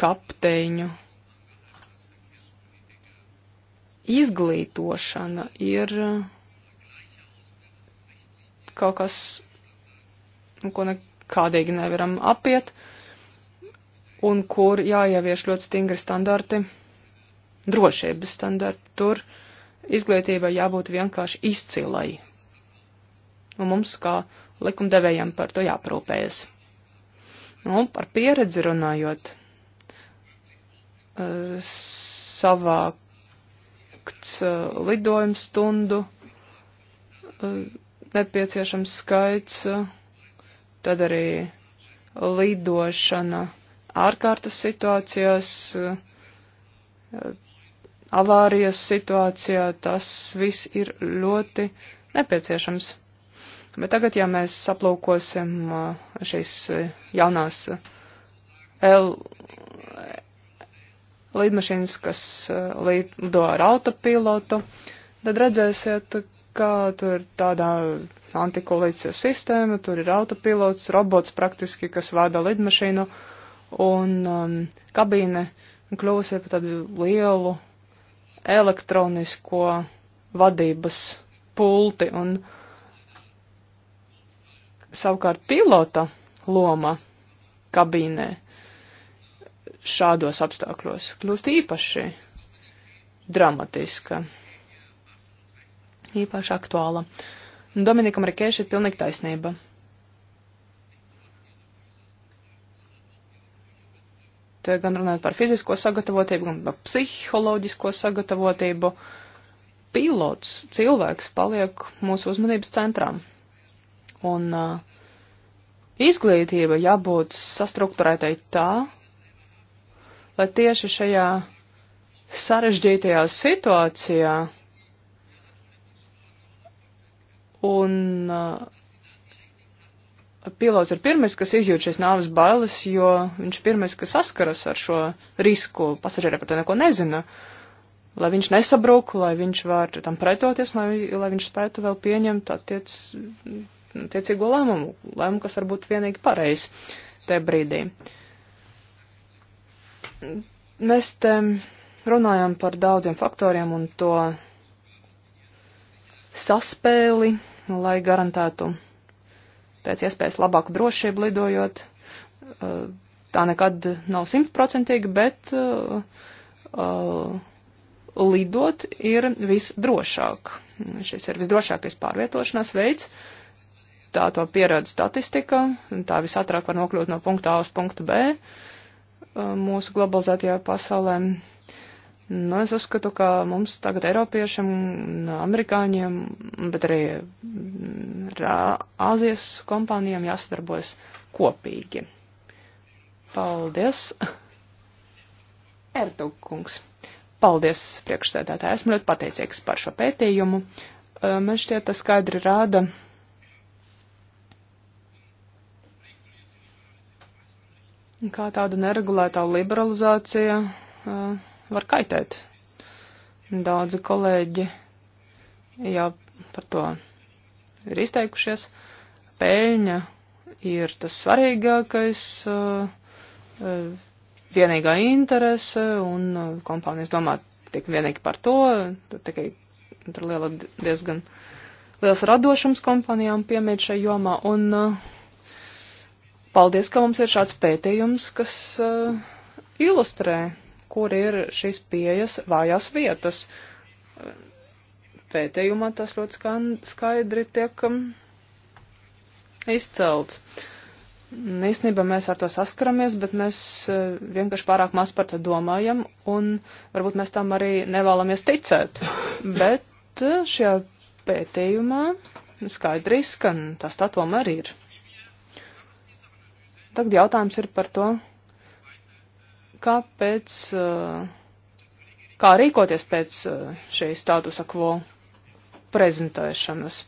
Speaker 3: kapteiņu izglītošana ir uh, kaut kas, nu, ko nekādīgi nevaram apiet. Uh, un kur jāievieš ļoti stingri standarti, drošības standarti. Tur izglītībai jābūt vienkārši izcilai. Un mums kā likumdevējiem par to jāprūpējas. Nu, par pieredzi runājot, eh, savākts eh, lidojums stundu, eh, nepieciešams skaits, tad arī lidošana ārkārtas situācijās, eh, avārijas situācijā, tas viss ir ļoti nepieciešams. Bet tagad, ja mēs aplūkosim eh, šīs eh, jaunās L lidmašīnas, kas lido ar autopilotu, tad redzēsiet, kā tur ir tādā antikolīcija sistēma, tur ir autopilots, robots praktiski, kas vada lidmašīnu. Uh, un um, kabīne kļūsi par tādu lielu elektronisko vadības pulti, un savukārt pilota loma kabīnē šādos apstākļos kļūst īpaši dramatiska, īpaši aktuāla. Dominikam Rikēši ir pilnīgi taisnība. Eh, gan runājot par fizisko sagatavotību, gan par psiholoģisko sagatavotību, pilots, cilvēks paliek mūsu uzmanības centrām. Un uh, izglītība jābūt sastruktūrētai tā, lai tieši šajā sarežģītajā situācijā un uh, pilots ir pirmais, kas izjūt šīs nāves bailes, jo viņš pirmais, kas saskaras ar šo risku, pasažieri par to neko nezina. Lai viņš nesabrūk, lai viņš var tam pretoties, lai, lai viņš spētu vēl pieņemt attiec, attiecīgo lēmumu, lēmumu, kas varbūt vienīgi pareizi tajā brīdī. Mēs te runājam par daudziem faktoriem un to saspēli, lai garantētu pēc iespējas labāku drošību lidojot. Eh, tā nekad nav simtprocentīga, bet eh, eh, lidot ir visdrošāk. Šis ir visdrošākais pārvietošanās veids. Tā to pierāda statistika. Tā visātrāk var nokļūt no punkta A uz punktu B mūsu globalizētajā pasaulē Nu, es uzskatu, ka mums tagad Eiropiešiem, Amerikāņiem, bet arī mm, Āzijas kompānijām jāsadarbojas kopīgi. Paldies, Ertukungs. Paldies, priekšsēdētāji. Esmu ļoti pateicīgs par šo pētījumu. Man šķiet, tas skaidri rāda. Kā tāda neregulētā liberalizācija. Uh, var kaitēt. Daudzi kolēģi jau par to ir izteikušies. Pēļņa ir tas svarīgākais, uh, uh, vienīgā interese, un uh, kompānijas domā tik vienīgi par to, tur tikai tur liela diezgan liels radošums kompānijām piemēt šai jomā, un paldies, ka mums ir šāds pētījums, kas ilustrē kur ir šīs pieejas vājās vietas. Pētījumā tas ļoti skaidri tiek um, izcelts. Īstenībā mēs ar to saskaramies, bet mēs uh, vienkārši pārāk maz par to domājam, un varbūt mēs tam arī nevēlamies ticēt. Bet uh, šajā pētījumā skaidri izskan, tas tā tomēr ir. Tagad jautājums ir par to, kāpēc, eh, kā rīkoties pēc eh, šīs statusa quo prezentēšanas.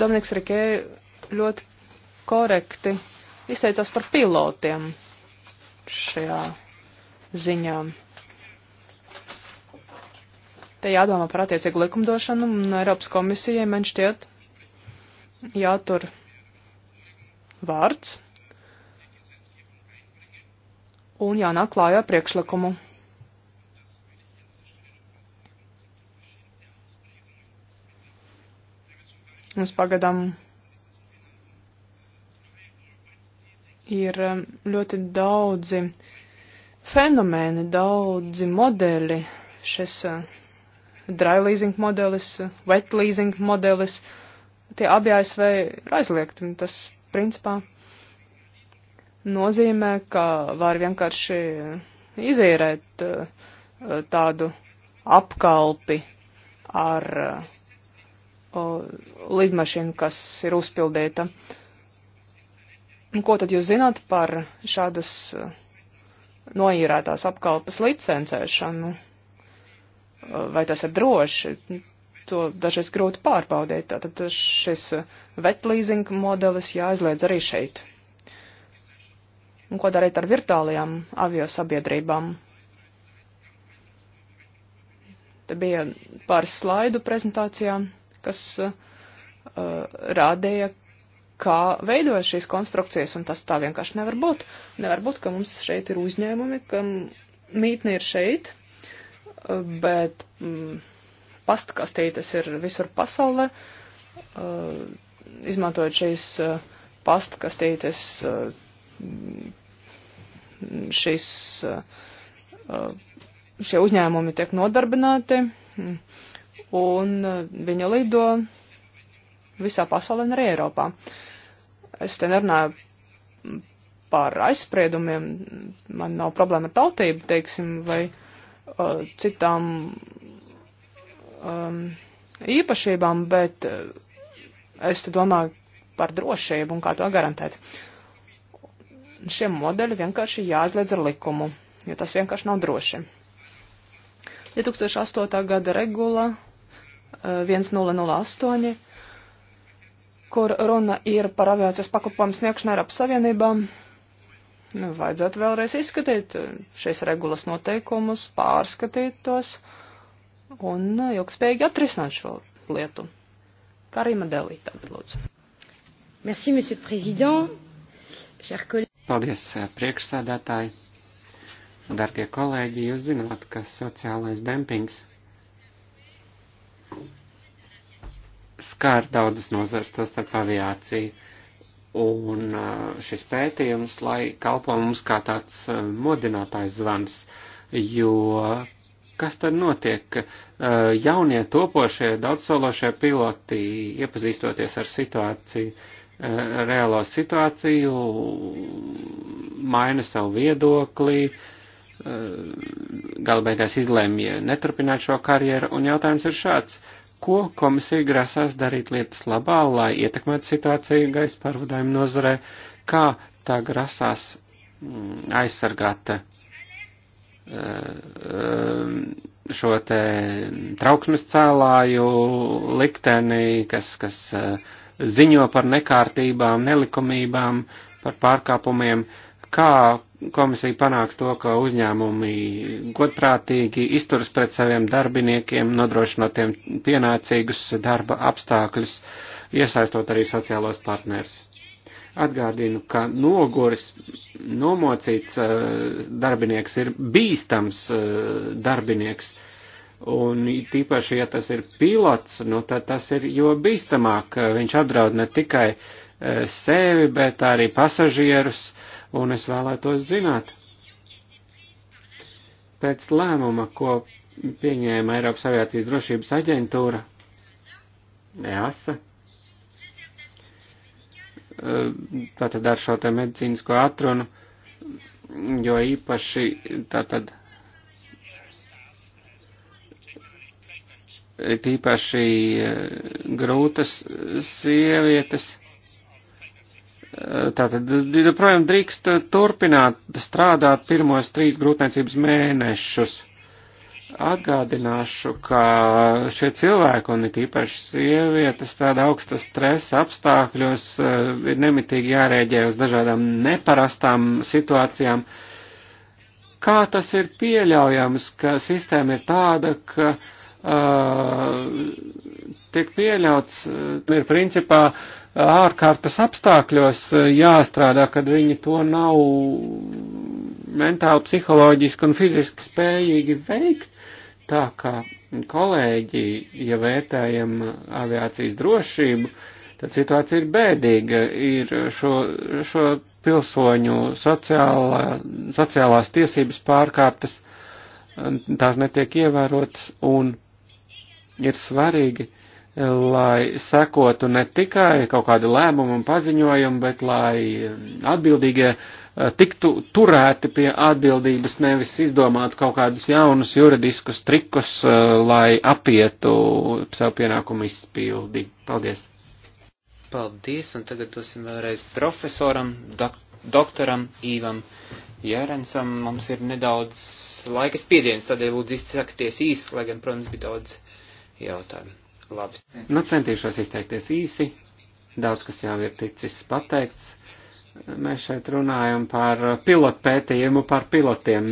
Speaker 3: Dominiks Rikē ļoti korekti izteicās par pilotiem šajā ziņā. Te jādomā par attiecīgu likumdošanu un Eiropas komisijai, man šķiet, jātur vārds un jānāk klājā priekšlikumu. Mums pagadām ir um, ļoti daudzi fenomēni, daudzi modeļi. Šis uh, dry leasing modelis, wet leasing modelis, tie abi ASV ir aizliegti. Tas, principā, nozīmē, ka var vienkārši izīrēt eh, tādu apkalpi ar eh, lidmašīnu, kas ir uzpildīta. Ko tad jūs zināt par šādas eh, noīrētās apkalpas licencēšanu? Vai tas ir droši? To dažreiz grūti pārbaudīt. Tātad šis vetlīzinga modelis jāizliedz arī šeit. Un ko darīt ar virtuālajām aviosabiedrībām? Te bija pāris slaidu prezentācijā, kas uh, rādīja, kā veidojas šīs konstrukcijas, un tas tā vienkārši nevar būt. Nevar būt, ka mums šeit ir uzņēmumi, ka mītne ir šeit, bet mm, pastkastītes ir visur pasaulē. Uh, izmantojot šīs uh, pastkastītes, uh, šis, uh, uh, šie uzņēmumi tiek nodarbināti, un uh, viņi lido visā pasaulē un arī Eiropā. Es te nerunāju par aizspriedumiem, man nav problēma ar tautību, teiksim, vai uh, citām um, īpašībām, bet uh, es te domāju par drošību un kā to garantēt. Uh, šie modeļi vienkārši jāizliedz ar likumu, jo tas vienkārši nav droši. 2008. gada regula 1008, eh, kur runa ir par aviācijas pakalpojumu sniegšanu Eiropas Savienībā. Nu, vajadzētu vēlreiz izskatīt šīs regulas noteikumus, pārskatīt tos un eh, ilgspējīgi atrisināt šo lietu. Karima Delī tagad lūdzu. Merci, monsieur le président.
Speaker 4: Paldies, eh, priekšsēdētāji! Darbie kolēģi, jūs zināt, ka sociālais dempings skār daudzas nozars, to starp aviāciju. Un eh, šis pētījums, lai kalpo mums kā tāds eh, modinātājs zvans, jo kas tad notiek? Jaunie topošie, daudzsološie piloti, iepazīstoties ar situāciju, Eh, reālo situāciju, maina savu viedoklī, eh, galbeigās izlēmja neturpināt šo karjeru, un jautājums ir šāds. Ko komisija grasās darīt lietas labā, lai ietekmētu situāciju gaisa pārvadājumu nozarē, kā tā grasās mm, aizsargāt eh, šo te trauksmes cēlāju likteni, kas, kas uh, ziņo par nekārtībām, nelikumībām, par pārkāpumiem. Kā komisija panāks to, ka uzņēmumi godprātīgi izturas pret saviem darbiniekiem, nodrošinot tiem pienācīgus darba apstākļus, iesaistot arī sociālos partners? Atgādinu, ka noguris, nomocīts eh, darbinieks ir bīstams eh, darbinieks. Uh, Un tīpaši, ja tas ir pilots, nu, tad tas ir jo bīstamāk. Viņš apdraud ne tikai e, sevi, bet arī pasažierus, un es vēlētos zināt. Pēc lēmuma, ko pieņēma Eiropas aviācijas drošības aģentūra, EASA, e, tātad ar šo te medicīnisko atrunu, jo īpaši tātad tīpaši eh, grūtas sievietes. Eh, tātad joprojām drīkst turpināt strādāt pirmos trīs grūtniecības mēnešus. Atgādināšu, ka šie cilvēki, un it īpaši sievietes, tāda augsta stresa apstākļos eh, ir nemitīgi jārēģē uz dažādām neparastām situācijām. Kā tas ir pieļaujams, ka sistēma ir tāda, ka uh, tiek pieļauts, ir principā ārkārtas apstākļos jāstrādā, kad viņi to nav mentāli, psiholoģiski un fiziski spējīgi veikt. Tā kā kolēģi, ja vērtējam aviācijas drošību, tad situācija ir bēdīga. Ir šo, šo pilsoņu sociālā, sociālās tiesības pārkāptas, tās netiek ievērotas un ir svarīgi, lai sekotu ne tikai kaut kādi lēmumi un paziņojumi, bet lai atbildīgie eh, tiktu turēti pie atbildības, nevis izdomātu kaut kādus jaunus juridiskus trikus, eh, lai apietu savu pienākumu izpildi.
Speaker 2: Paldies! Paldies, un tagad dosim vēlreiz profesoram, dok doktoram Īvam Jērensam. Mums ir nedaudz laika spiediens, tādēļ lūdzu izsakties īsi, lai gan, protams, bija daudz jautājumu. Labi. Nu,
Speaker 4: centīšos izteikties īsi. Daudz, kas jau ir ticis pateikts. Mēs šeit runājam par pilotu pētījumu, par pilotiem.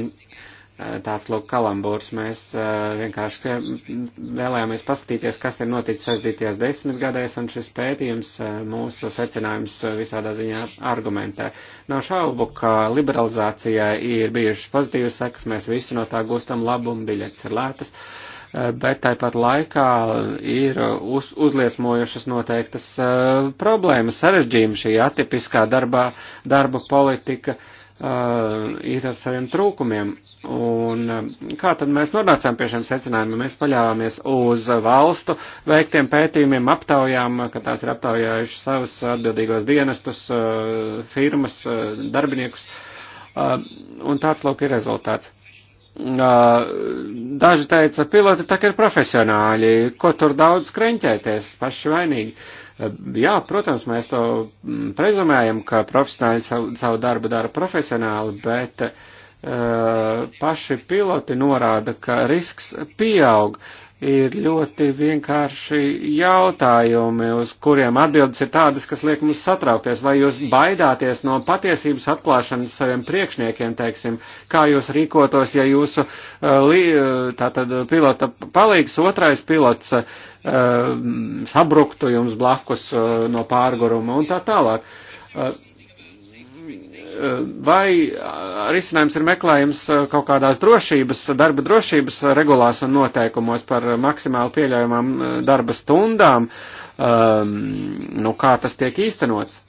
Speaker 4: Tāds lūk kalambūrs. Mēs eh, vienkārši pie, vēlējāmies paskatīties, kas ir noticis aizdītajās desmitgadēs, un šis pētījums eh, mūsu secinājums eh, visādā ziņā argumentē. Nav šaubu, ka liberalizācijai ir bijušas pozitīvas sekas, mēs visi no tā gūstam labumu, biļetes ir lētas. Uh, bet tāpat laikā ir uz, uzliesmojušas noteiktas eh, problēmas, sarežģījumi šī atipiskā darbā, darba politika eh, ir ar saviem trūkumiem. Un eh, kā tad mēs nonācām pie šiem secinājumiem? Mēs paļāvāmies uz valstu veiktiem pētījumiem, aptaujām, ka tās ir aptaujājušas savus atbildīgos dienestus, firmas, darbiniekus. Un tāds lūk ir rezultāts. Daži teica, piloti tā ir profesionāļi, ko tur daudz kreņķēties, paši vainīgi. Jā, protams, mēs to mm, prezumējam, ka profesionāļi savu, savu darbu dara profesionāli, bet uh, paši piloti norāda, ka risks pieaug. Uh, ir ļoti vienkārši jautājumi, uz kuriem atbildes ir tādas, kas liek mums satraukties. Vai jūs baidāties no patiesības atklāšanas saviem priekšniekiem, teiksim, kā jūs rīkotos, ja jūsu uh, uh, tātad, pilota palīgs, otrais pilots uh, sabruktu jums blakus no pārguruma un tā tālāk vai risinājums ir meklējums eh, kaut kādās drošības, darba drošības regulās un noteikumos par maksimāli pieļaujamām eh, darba stundām, um, nu kā tas tiek īstenots?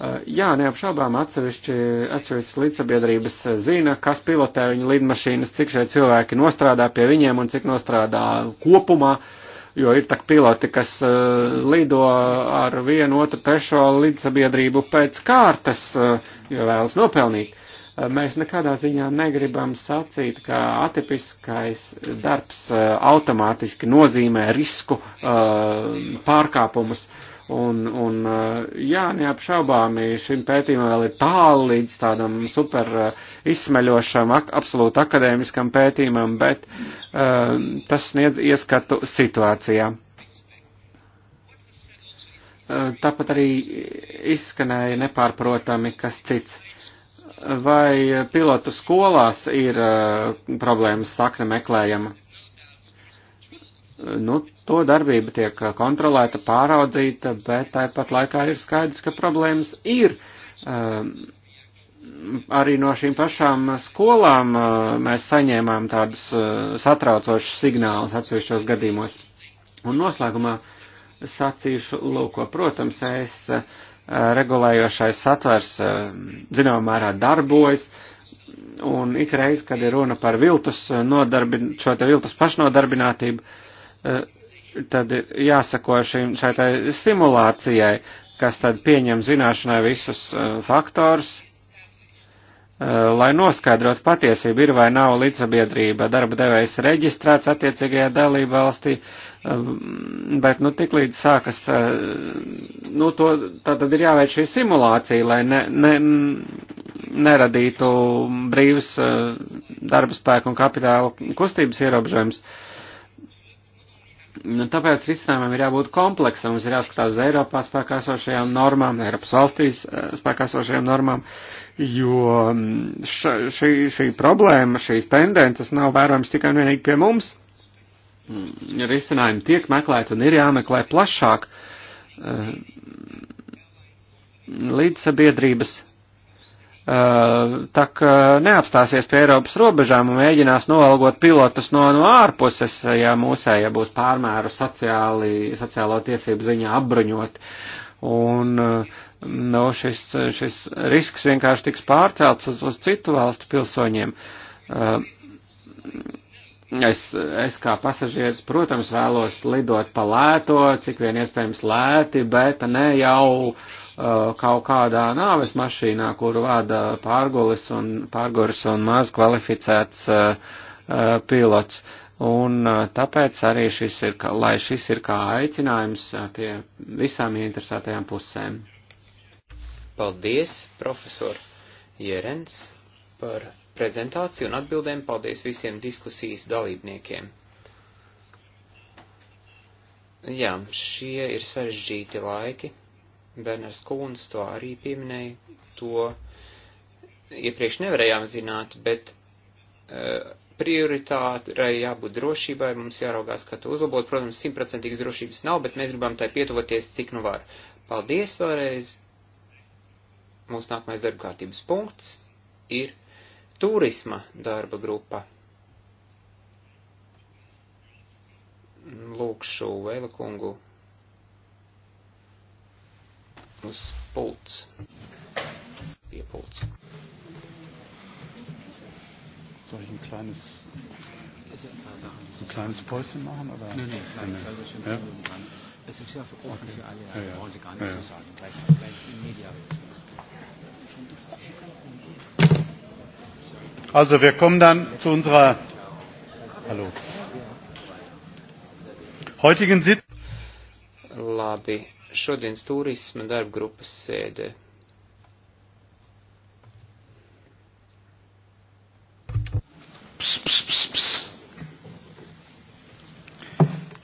Speaker 4: Uh, jā, neapšaubām atsevišķi, atsevišķi līdzsabiedrības zina, kas pilotē viņu lidmašīnas, cik šie cilvēki nostrādā pie viņiem un cik nostrādā kopumā. Uh, jo ir tak piloti, kas uh, lido ar vienu, otru, trešo līdzsabiedrību pēc kārtas, uh, jo vēlas nopelnīt. Uh, mēs nekādā ziņā negribam sacīt, ka atipiskais darbs uh, automātiski nozīmē risku uh, pārkāpumus. Uh, Un, un eh, jā, neapšaubāmi šim pētījumam vēl ir tālu līdz tādam super eh, izsmeļošam, ak absolūti akadēmiskam pētījumam, bet uh, tas sniedz ieskatu situācijā. Uh, tāpat arī izskanēja nepārprotami kas cits. Vai pilotu skolās ir uh, problēmas sakne meklējama? nu, to darbība tiek kontrolēta, pāraudzīta, bet tāpat laikā ir skaidrs, ka problēmas ir. Um, arī no šīm pašām skolām mēs saņēmām tādus satraucošus signālus atsevišķos gadījumos. Un noslēgumā sacīšu lūko. Protams, es regulējošais satvers zināmā mērā darbojas, un ikreiz, kad ir runa par viltus, nodarbi, šo te viltus pašnodarbinātību, Eh, tad ir jāsako šim, šai tai simulācijai, kas tad pieņem zināšanai visus eh, faktors, eh, lai noskaidrotu patiesību, ir vai nav līdzsabiedrība darba devējs reģistrēts attiecīgajā dalība valstī, bet, nu, tik līdz sākas, nu, to, tā tad ir jāveic šī simulācija, lai ne, ne, neradītu brīvs darba spēku un kapitāla kustības ierobežojums. Uh, Nu, tāpēc risinājumam ir jābūt kompleksam, mums ir jāskatās uz Eiropā spēkā esošajām normām, Eiropas valstīs eh, spēkā esošajām normām, jo mm, ša, šī, šī problēma, šīs tendences nav vērojams tikai un vienīgi pie mums. Mm, risinājumi tiek meklēti un ir jāmeklē plašāk eh, līdz sabiedrības Eh, tā kā eh, neapstāsies pie Eiropas robežām un mēģinās noalgot pilotus no, no ārpuses, eh, ja mūsēja būs pārmēru sociāli, sociālo tiesību ziņā apbruņot. Un, nu, šis, šis risks vienkārši tiks pārcelts uz, uz citu valstu pilsoņiem. Es, es kā pasažieris, protams, vēlos lidot pa lēto, cik vien iespējams lēti, bet ne jau uh, Uh, kaut kādā nāves mašīnā, kuru vada pārgulis un, pārgulis un maz kvalificēts uh, uh, pilots. Un tāpēc arī šis ir, lai šis ir kā aicinājums pie visām interesētajām pusēm.
Speaker 2: Paldies, profesor Jerens, par prezentāciju un atbildēm. Paldies visiem diskusijas dalībniekiem. Jā, šie ir sarežģīti laiki. Berners Kūns to arī pieminēja, to iepriekš nevarējām zināt, bet uh, eh, prioritārai jābūt drošībai, mums jāraugās, kā to uzlabot. Protams, simtprocentīgas drošības nav, bet mēs gribam tai pietuvoties, cik nu var. Paldies vēlreiz! Mūsu nākamais darba kārtības punkts ir turisma darba grupa. Lūkšu Vēla kungu uz pults. Pie pults.
Speaker 1: Soll ich ein kleines, ein kleines Päuschen machen? Oder? Nein, nein, nein. Ja? Es ist ja offen okay. für alle, ja, ja. brauchen Sie gar nichts ja, ja. zu sagen. Gleich, gleich in media Also wir kommen dann zu unserer Hallo. heutigen Sitzung.
Speaker 2: Labi, šodienas turisma darba grupas sēdē.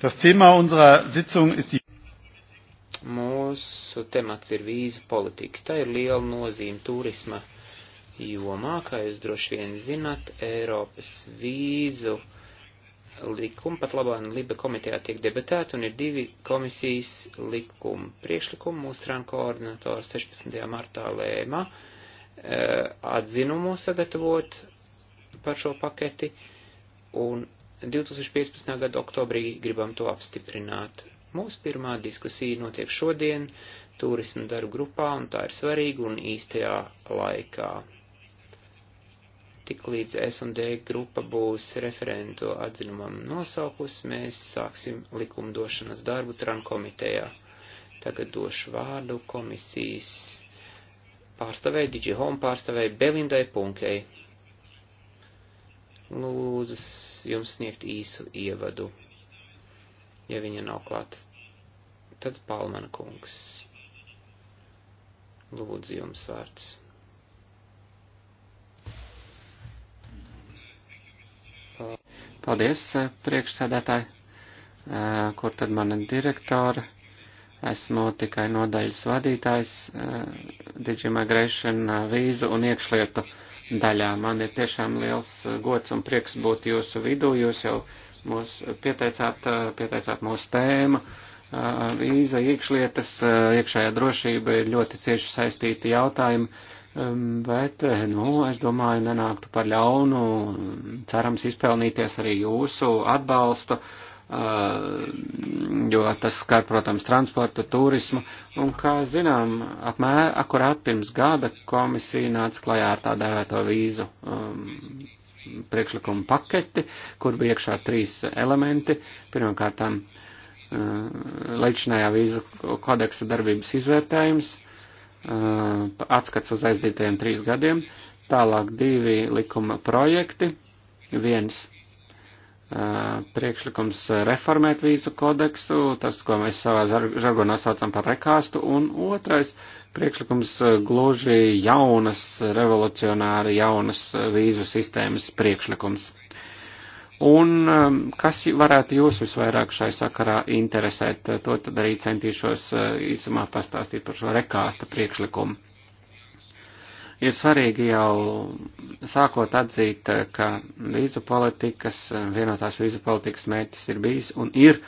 Speaker 1: Das Thema unserer Sitzung ist die
Speaker 2: Mūsu temats ir vīzu politika. Tā ir liela nozīme turisma jomā, kā jūs droši vien zināt, Eiropas vīzu uh, likumi pat labāk Liba komitejā tiek debatēti un ir divi komisijas likumi. Priekšlikumu mūsu trānu koordinators 16. martā lēma eh, atzinumu sagatavot par šo paketi un 2015. gada oktobrī gribam to apstiprināt. Mūsu pirmā diskusija notiek šodien turismu darbu grupā un tā ir svarīga un īstajā laikā. Tik līdz S&D grupa būs referentu atzinumam nosaukus, mēs sāksim likumdošanas darbu TRAN komitejā. Tagad došu vārdu komisijas pārstāvēja DigiHome pārstāvēja Belindai Punkei. Lūdzu, jums sniegt īsu ievadu, ja viņa nav klāt. Tad Palmana kungs. Lūdzu, jums vārds. Paldies, eh,
Speaker 4: priekšsēdētāji, eh, kur tad mana direktora. Esmu tikai nodaļas vadītājs eh, Digimigration vīzu un iekšlietu daļā. Man ir tiešām liels gods un prieks būt jūsu vidū. Jūs jau mūs pieteicāt, pieteicāt mūsu tēmu. Vīza, iekšlietas, iekšējā drošība ir ļoti cieši saistīti jautājumi Um, bet, eh, nu, es domāju, nenāktu par ļaunu, cerams, izpelnīties arī jūsu atbalstu, eh, jo tas skar, protams, transportu, turismu, un, kā zinām, apmēr, akurāt pirms gada komisija nāca klajā ar tā dēvēto vīzu um, priekšlikumu paketi, kur bija iekšā trīs elementi. Pirmkārtām, eh, līdzinājā vīzu kodeksa darbības izvērtējums, Uh, atskats uz aizdītajiem trīs gadiem, tālāk divi likuma projekti, viens uh, priekšlikums reformēt vīzu kodeksu, tas, ko mēs savā žargonā saucam par rekāstu, un otrais priekšlikums uh, gluži jaunas, revolucionāri jaunas vīzu sistēmas priekšlikums. Un um, kas varētu jūs visvairāk šai sakarā interesēt, to tad arī centīšos uh, īsumā pastāstīt par šo rekāsta priekšlikumu. Ir svarīgi jau sākot atzīt, uh, ka vīzu politikas, uh, vienotās vīzu politikas mērķis ir bijis un ir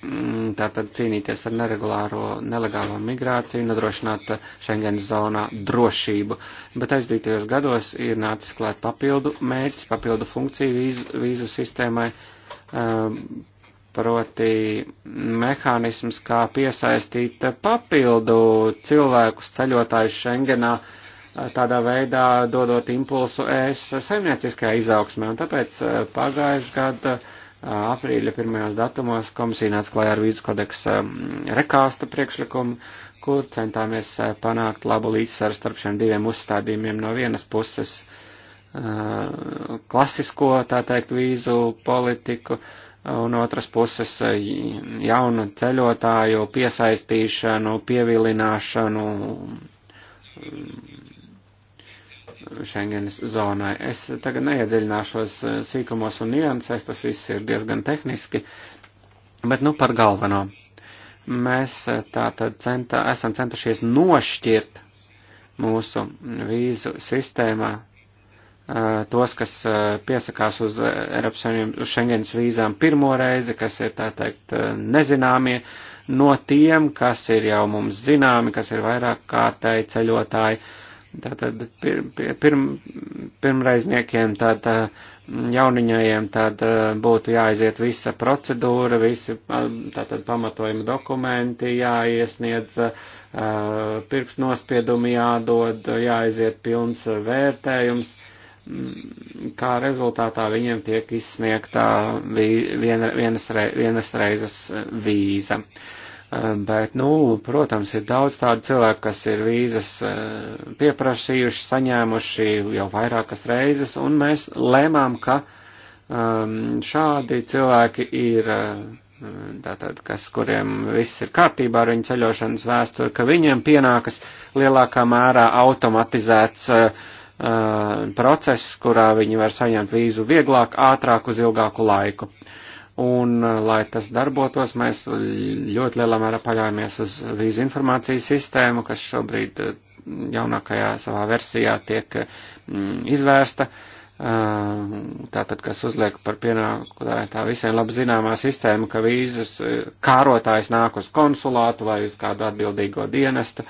Speaker 4: Mm, tātad cīnīties ar neregulāro, nelegālo migrāciju, nodrošināt Schengen zonā drošību. Bet aizdītajos gados ir nācis klāt papildu mērķis, papildu funkciju vīzu, vīzu sistēmai, um, proti mehānisms, kā piesaistīt papildu cilvēkus ceļotājus Schengenā, uh, tādā veidā dodot impulsu ēs saimnieciskajā izaugsmē. Un tāpēc uh, pagājuši gadu aprīļa pirmajos datumos komisija nāca klajā ar vīzu kodeksa rekāsta priekšlikumu, kur centāmies panākt labu līdzsvaru starp šiem diviem uzstādījumiem no vienas puses klasisko, tā teikt, vīzu politiku, un otras puses jaunu ceļotāju piesaistīšanu, pievilināšanu Schengenas zonai. Es tagad neiedziļināšos eh, sīkumos un niansēs, tas viss ir diezgan tehniski, bet nu par galveno. Mēs eh, tātad centā, esam centušies nošķirt mūsu vīzu sistēmā eh, tos, kas piesakās uz Eiropas Savienības Schengens vīzām pirmo reizi, kas ir tā teikt nezināmie, no tiem, kas ir jau mums zināmi, kas ir vairāk kārtēji ceļotāji, uh, tātad pir, pir, pirmreizniekiem, tad mm, jauniņajiem tad mm, būtu jāaiziet visa procedūra, visi mm, tātad pamatojuma dokumenti jāiesniedz, pirksnospiedumi jādod, jāaiziet pilns vērtējums, kā rezultātā viņiem tiek izsniegtā vienas, vienas reizes vīza. Eh, bet, nu, protams, ir daudz tādu cilvēku, kas ir vīzas eh, pieprasījuši, saņēmuši jau vairākas reizes, un mēs lēmām, ka ehm, šādi cilvēki ir, eh, tātad, kas, kuriem viss ir kārtībā ar viņu ceļošanas vēsturi, ka viņiem pienākas lielākā mērā automatizēts process, kurā viņi var saņemt vīzu vieglāk, ātrāk uz ilgāku laiku. Un, eh, lai tas darbotos, mēs ļoti lielā mērā paļāvāmies uz vīzu informācijas sistēmu, kas šobrīd eh, jaunākajā savā versijā tiek eh, mm, izvērsta. Tātad, kas uzliek par pienāku tā, tā visiem labi zināmā sistēma, ka vīzas kārotājs nāk uz konsulātu vai uz kādu atbildīgo dienestu,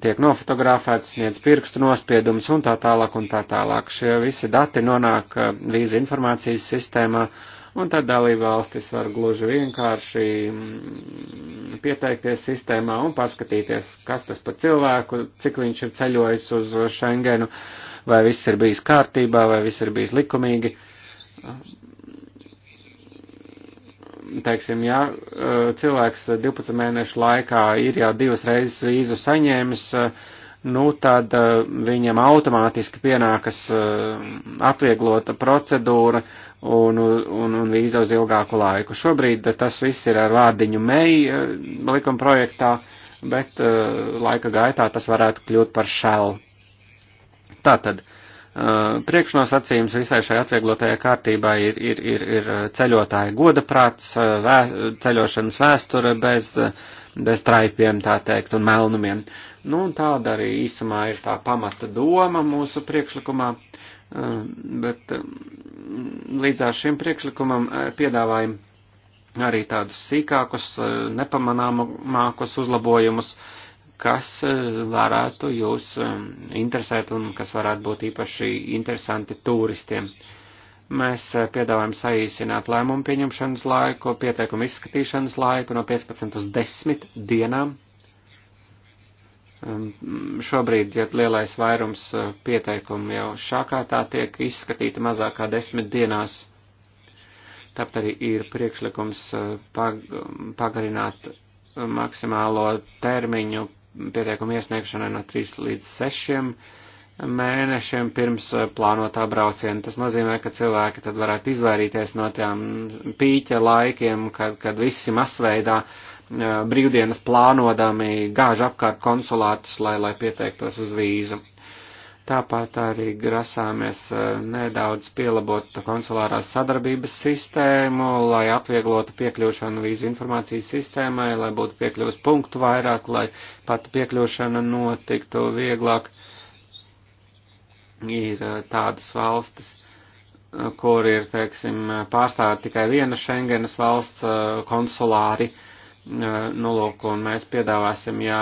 Speaker 4: tiek nofotografēts, sniedz pirkstu nospiedumus un tā tālāk un tā tālāk. Šie visi dati nonāk vīza informācijas sistēmā. Uh, un tad dalībvalstis var gluži vienkārši mm, pieteikties sistēmā un paskatīties, kas tas par cilvēku, cik viņš ir ceļojis uz Schengenu, vai viss ir bijis kārtībā, vai viss ir bijis likumīgi teiksim, ja eh, cilvēks 12 mēnešu laikā ir jau divas reizes vīzu saņēmis, eh, nu tad eh, viņam automātiski pienākas atvieglota procedūra un, un, un vīza uz ilgāku laiku. Šobrīd tas viss ir ar vārdiņu mei eh, likuma projektā, bet uh, laika gaitā tas varētu kļūt par šēlu. Tātad, uh, priekšnosacījums visai šai atvieglotajai kārtībai ir, ir, ir, ir ceļotāja godaprāts, vē, ceļošanas vēsture bez, bez traipiem, tā teikt, un melnumiem. Nu, un tāda arī īsumā ir tā pamata doma mūsu priekšlikumā. Uh, Um, bet um, līdz ar šim priekšlikumam uh, piedāvājam arī tādus sīkākus, uh, nepamanāmākus uzlabojumus, kas uh, varētu jūs um, interesēt un kas varētu būt īpaši interesanti turistiem. Mēs piedāvājam saīsināt lēmumu pieņemšanas laiku, pieteikumu izskatīšanas laiku no 15 uz 10 dienām Um, šobrīd, ja lielais vairums uh, pieteikumu jau šākā tā tiek izskatīta mazākā desmit dienās, tāpat arī ir priekšlikums uh, pag pagarināt maksimālo termiņu pieteikumu iesniegšanai no 3 līdz 6 mēnešiem pirms uh, plānotā brauciena. Tas nozīmē, ka cilvēki tad varētu izvairīties no tām pīķa laikiem, kad, kad visi masveidā uh, brīvdienas plānodami gāž apkārt konsulātus, lai, lai pieteiktos uz vīzu. Tāpat arī grasāmies nedaudz pielabot konsulārās sadarbības sistēmu, lai atvieglotu piekļūšanu vīzu informācijas sistēmai, lai būtu piekļūst punktu vairāk, lai pat piekļūšana notiktu vieglāk. Ir tādas valstis, kur ir, teiksim, pārstāvēt tikai viena Schengenas valsts konsulāri, uh, nolūku, un mēs piedāvāsim, ja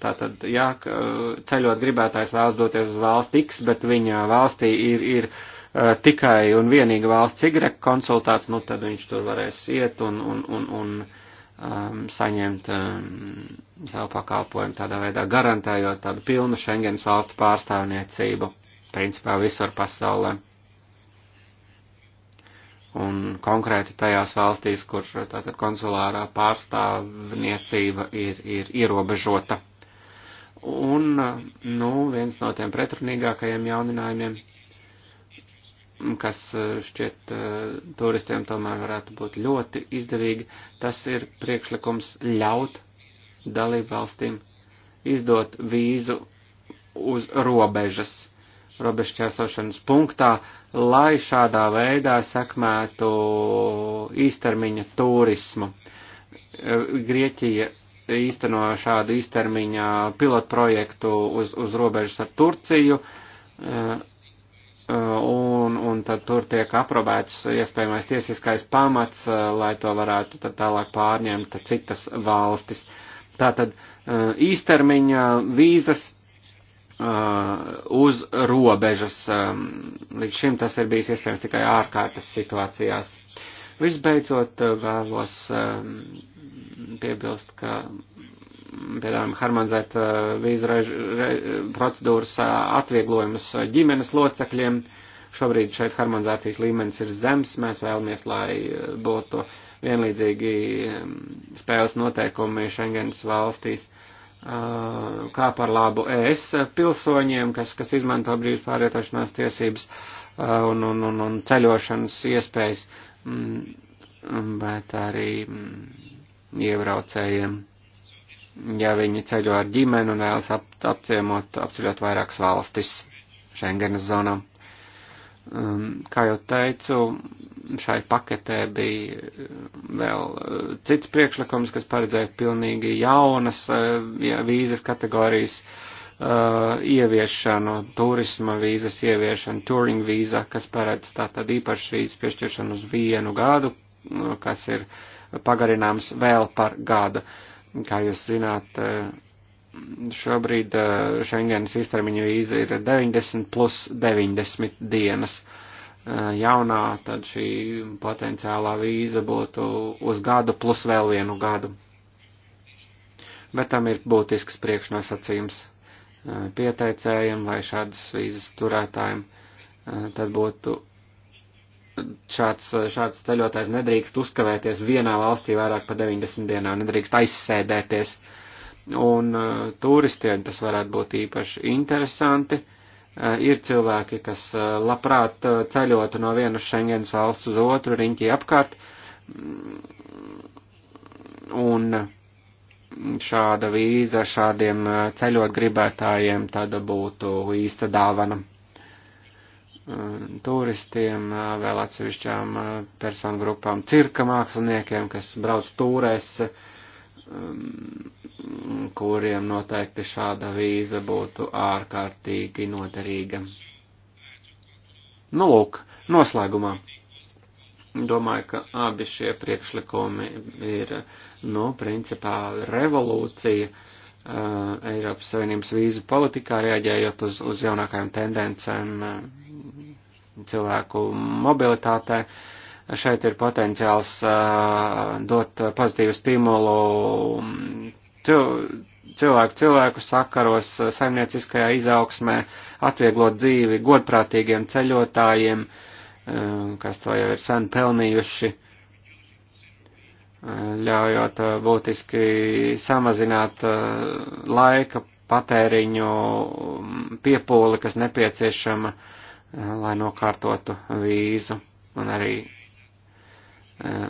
Speaker 4: tātad, ja uh, ceļot gribētājs vēlas doties uz valsti X, bet viņa valstī ir, ir uh, tikai un vienīgi valsts Y konsultāts, nu tad viņš tur varēs iet un, un, un, un um, saņemt um, savu pakalpojumu tādā veidā, garantējot tādu pilnu Schengens valstu pārstāvniecību, principā visur pasaulē un konkrēti tajās valstīs, kur tātad konsulārā pārstāvniecība ir, ir ierobežota. Un, nu, viens no tiem pretrunīgākajiem jauninājumiem, kas šķiet turistiem tomēr varētu būt ļoti izdevīgi, tas ir priekšlikums ļaut dalību valstīm izdot vīzu uz robežas, robežķēsošanas punktā, uh, lai šādā veidā sekmētu īstermiņa turismu. E, Grieķija īsteno šādu īstermiņa pilotprojektu uz, uz robežas ar Turciju, e, e, un, un tad tur tiek aprobēts iespējamais tiesiskais pamats, lai to varētu tad tālāk pārņemt citas valstis. Tātad īstermiņa vīzas Uh, uz robežas. Um, līdz šim tas ir bijis iespējams tikai ārkārtas situācijās. Visbeidzot, uh, vēlos um, piebilst, ka, piemēram, harmonizēt uh, vīzu procedūras atvieglojumus ģimenes locekļiem. Šobrīd šeit harmonizācijas līmenis ir zems, mēs vēlamies, lai būtu vienlīdzīgi um, spēles noteikumi Schengens valstīs. Uh, kā par labu ES pilsoņiem, kas, kas izmanto brīvas pārvietošanās tiesības un, un, un, un ceļošanas iespējas, mm, bet arī mm, iebraucējiem, ja viņi ceļo ar ģimeni un vēlas ap, apciemot, apceļot vairākas valstis Schengenas zonām. Um, kā jau teicu, šai paketē bija um, vēl uh, cits priekšlikums, kas paredzēja pilnīgi jaunas uh, vīzas kategorijas uh, ieviešanu, turisma vīzas ieviešanu, touring vīza, kas paredz tātad īpaši vīzas piešķiršanu uz vienu gadu, uh, kas ir pagarināms vēl par gadu. Kā jūs zināt, uh, šobrīd eh, Schengenas īstermiņu vīza ir 90 plus 90 dienas. Eh, jaunā tad šī potenciālā vīza būtu uz gadu plus vēl vienu gadu. Bet tam ir būtisks priekšnosacījums eh, pieteicējiem vai šādas vīzas turētājiem. Tad būtu šāds, šāds ceļotājs nedrīkst uzkavēties vienā valstī vairāk pa 90 dienām, nedrīkst aizsēdēties. Uh, un uh, turistiem tas varētu būt īpaši interesanti. Uh, ir cilvēki, kas uh, labprāt uh, ceļotu no vienas Schengens valsts uz otru riņķi apkārt, un mm, šāda vīza šādiem uh, ceļot gribētājiem tad būtu īsta dāvana turistiem, uh, vēl atsevišķām uh, personu grupām, cirka māksliniekiem, kas brauc tūrēs, uh, Um, kuriem noteikti šāda vīza būtu ārkārtīgi noderīga. Nu, lūk, noslēgumā. Domāju, ka abi šie priekšlikumi ir, nu, principā revolūcija uh, Eiropas Savienības vīzu politikā, reaģējot uz, uz jaunākajām tendencēm uh, cilvēku mobilitātē. Uh, Šeit ir potenciāls dot pozitīvu stimulu mm, cilvēku cilvēku sakaros, saimnieciskajā izaugsmē, atvieglot dzīvi godprātīgiem ceļotājiem, kas to jau ir sen pelnījuši ļaujot būtiski samazināt laika patēriņu mm, piepūli, kas nepieciešama, lai nokārtotu vīzu un arī Eh,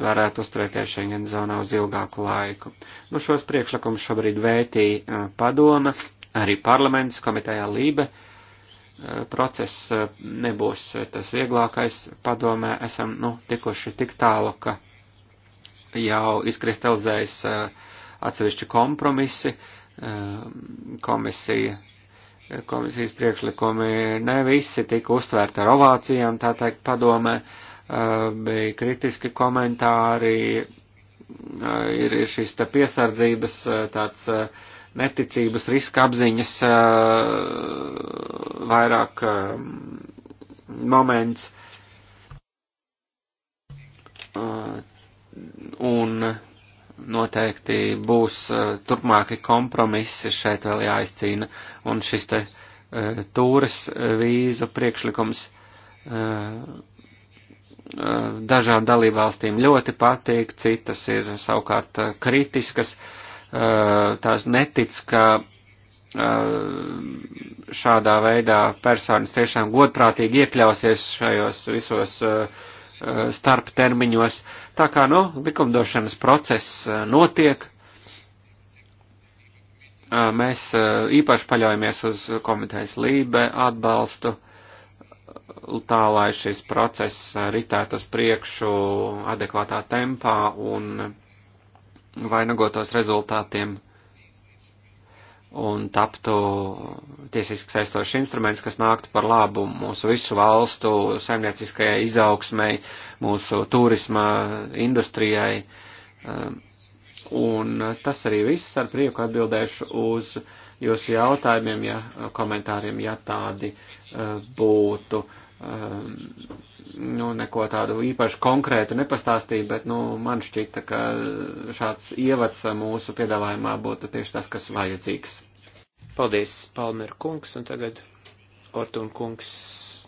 Speaker 4: varētu uzturēties Schengen zonā uz ilgāku laiku. Nu, šos priekšlikumus šobrīd vētīja eh, padoma, arī parlaments komitejā Lībe. Eh, process nebūs tas vieglākais. Padomē esam nu, tikuši tik tālu, ka jau izkristalizējas atsevišķi kompromisi. Komisija komisijas priekšlikumi ne visi tika uztvērti ar ovācijām, tā teikt, padomē. Eh, bija kritiski komentāri, eh, ir, ir šis te piesardzības eh, tāds neticības riska apziņas vairāk moments. Un noteikti būs turpmāki kompromisi šeit vēl jāizcīna. Un šis te tūres vīzu priekšlikums Eh, dažām dalībvalstīm ļoti patīk, citas ir savukārt eh, kritiskas, eh, tās netic, ka šādā veidā personas tiešām godprātīgi iekļausies šajos visos starp termiņos. Tā kā, nu, likumdošanas process notiek, mēs īpaši paļaujamies uz komitejas lībe atbalstu tā, lai šis process ritētu uz priekšu adekvātā tempā un vainagotos rezultātiem un taptu tiesiski saistošs instruments, kas nāktu par labu mūsu visu valstu saimnieciskajai izaugsmai, mūsu turisma industrijai. Um, un tas arī viss ar prieku atbildēšu uz uh, jūsu jautājumiem, ja komentāriem, ja tādi e, būtu. E, nu, neko tādu īpaši konkrētu nepastāstīju, bet, nu, man šķita, ka
Speaker 2: šāds ievads mūsu piedāvājumā būtu tieši tas, kas vajadzīgs. Paldies, Palmer kungs, un tagad Ortun kungs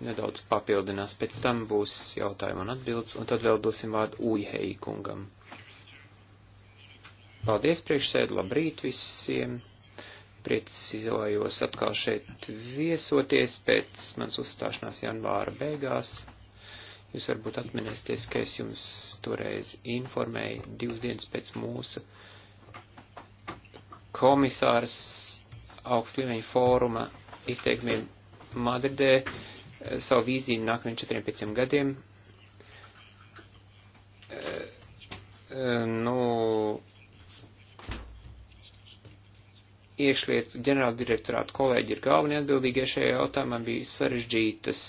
Speaker 2: nedaudz papildinās, pēc tam būs jautājumi un atbildes, un tad vēl dosim vārdu Ujhei kungam. Paldies priekšsēd, labrīt visiem! Priecājos atkal šeit viesoties pēc mans uzstāšanās janvāra beigās. Jūs varbūt atminēsieties, ka es jums toreiz informēju divas dienas pēc mūsu komisārs augstlīmeņa fóruma izteikumiem Madridē savu vīziju nākamajiem četriem pieciem gadiem. Eh, eh, nu, iekšlietu ģenerāldirektorātu kolēģi ir galvenie atbildīgie šajā jautājumā, bija sarežģītas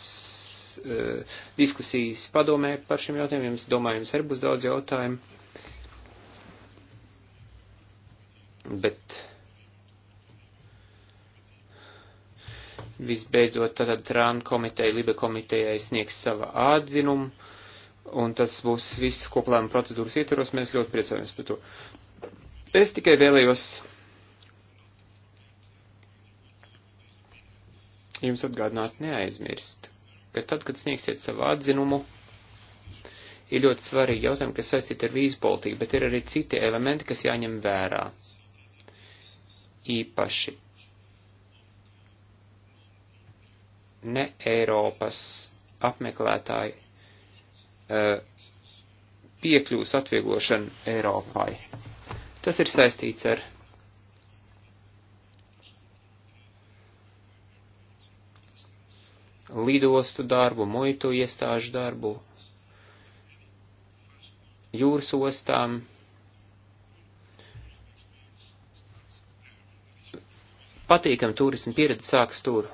Speaker 2: uh, diskusijas padomē par šiem jautājumiem. Es domāju, jums arī būs daudz jautājumu. Bet visbeidzot, tātad Trānu komiteja, Libe komitejai sniegs sava atzinumu, un tas būs viss koplēma procedūras ietvaros. Mēs ļoti priecājamies par to. Es tikai vēlējos jums atgādināt neaizmirst, ka tad, kad sniegsiet savu atzinumu, ir ļoti svarīgi jautājumi, kas saistīti ar vīzu politiku, bet ir arī citi elementi, kas jāņem vērā. Īpaši ne Eiropas apmeklētāji eh, piekļūs atvieglošanu Eiropai. Tas ir saistīts ar lidostu darbu, muitu iestāžu darbu, jūras ostām, patīkam turismu pieredze sākas tur.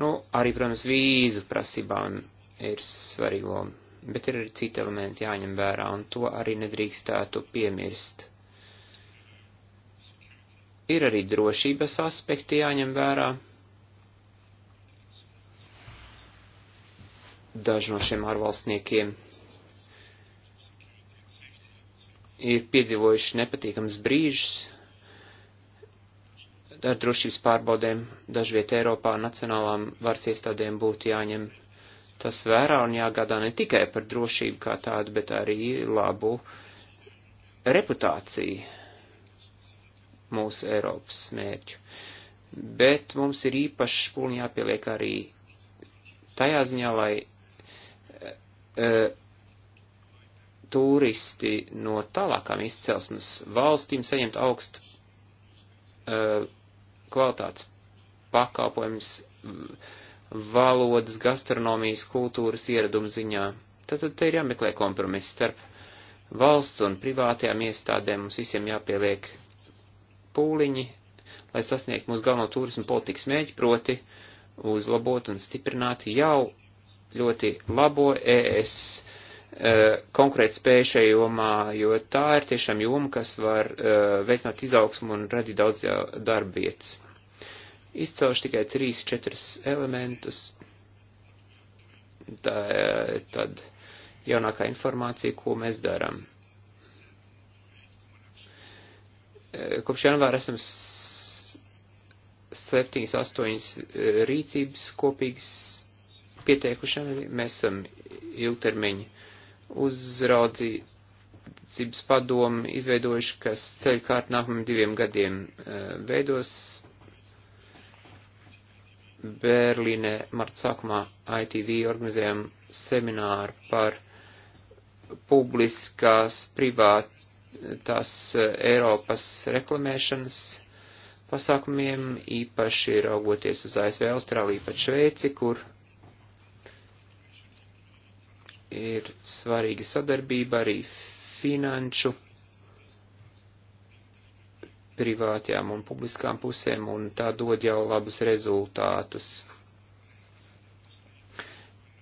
Speaker 2: Nu, arī, protams, vīzu prasībām ir svarīga loma, bet ir arī citi elementi jāņem vērā, un to arī nedrīkstētu piemirst. Ir arī drošības aspekti jāņem vērā. daži no šiem ārvalstniekiem ir piedzīvojuši nepatīkams brīžs ar drošības pārbaudēm dažviet Eiropā nacionālām varas iestādēm būtu jāņem tas vērā un jāgādā ne tikai par drošību kā tādu, bet arī labu reputāciju mūsu Eiropas mērķu. Bet mums ir īpaši špūļi jāpieliek arī tajā ziņā, lai Eh, turisti no tālākām izcelsmes valstīm saņemt augstu eh, kvalitātes pakalpojums valodas, gastronomijas, kultūras ieradumu ziņā. Tad, tad te ir jāmeklē kompromiss starp valsts un privātajām iestādēm. Mums visiem jāpieliek pūliņi, lai sasniegtu mūsu galveno turismu politikas mēģi, proti uzlabot un stiprināt jau ļoti labo ES e, konkrēt spēju šajā jomā, jo tā ir tiešām joma, kas var e, veicināt izaugsmu un radīt daudz darba vietas. Izcelšu tikai trīs, četrus elementus. Tā e, tad jaunākā informācija, ko mēs darām. Kopš janvāra esam septiņas, astoņas rīcības kopīgas pieteikušana, mēs esam ilgtermiņa uzraudzības padomu izveidojuši, kas ceļ kārt nākamajiem diviem gadiem e, veidos. Berlīnē marta sākumā ITV organizējam semināru par publiskās privātās e, Eiropas reklamēšanas pasākumiem, īpaši raugoties uz ASV, Austrāliju, pat Šveici, kur ir svarīga sadarbība arī finanšu privātajām un publiskām pusēm, un tā dod jau labus rezultātus.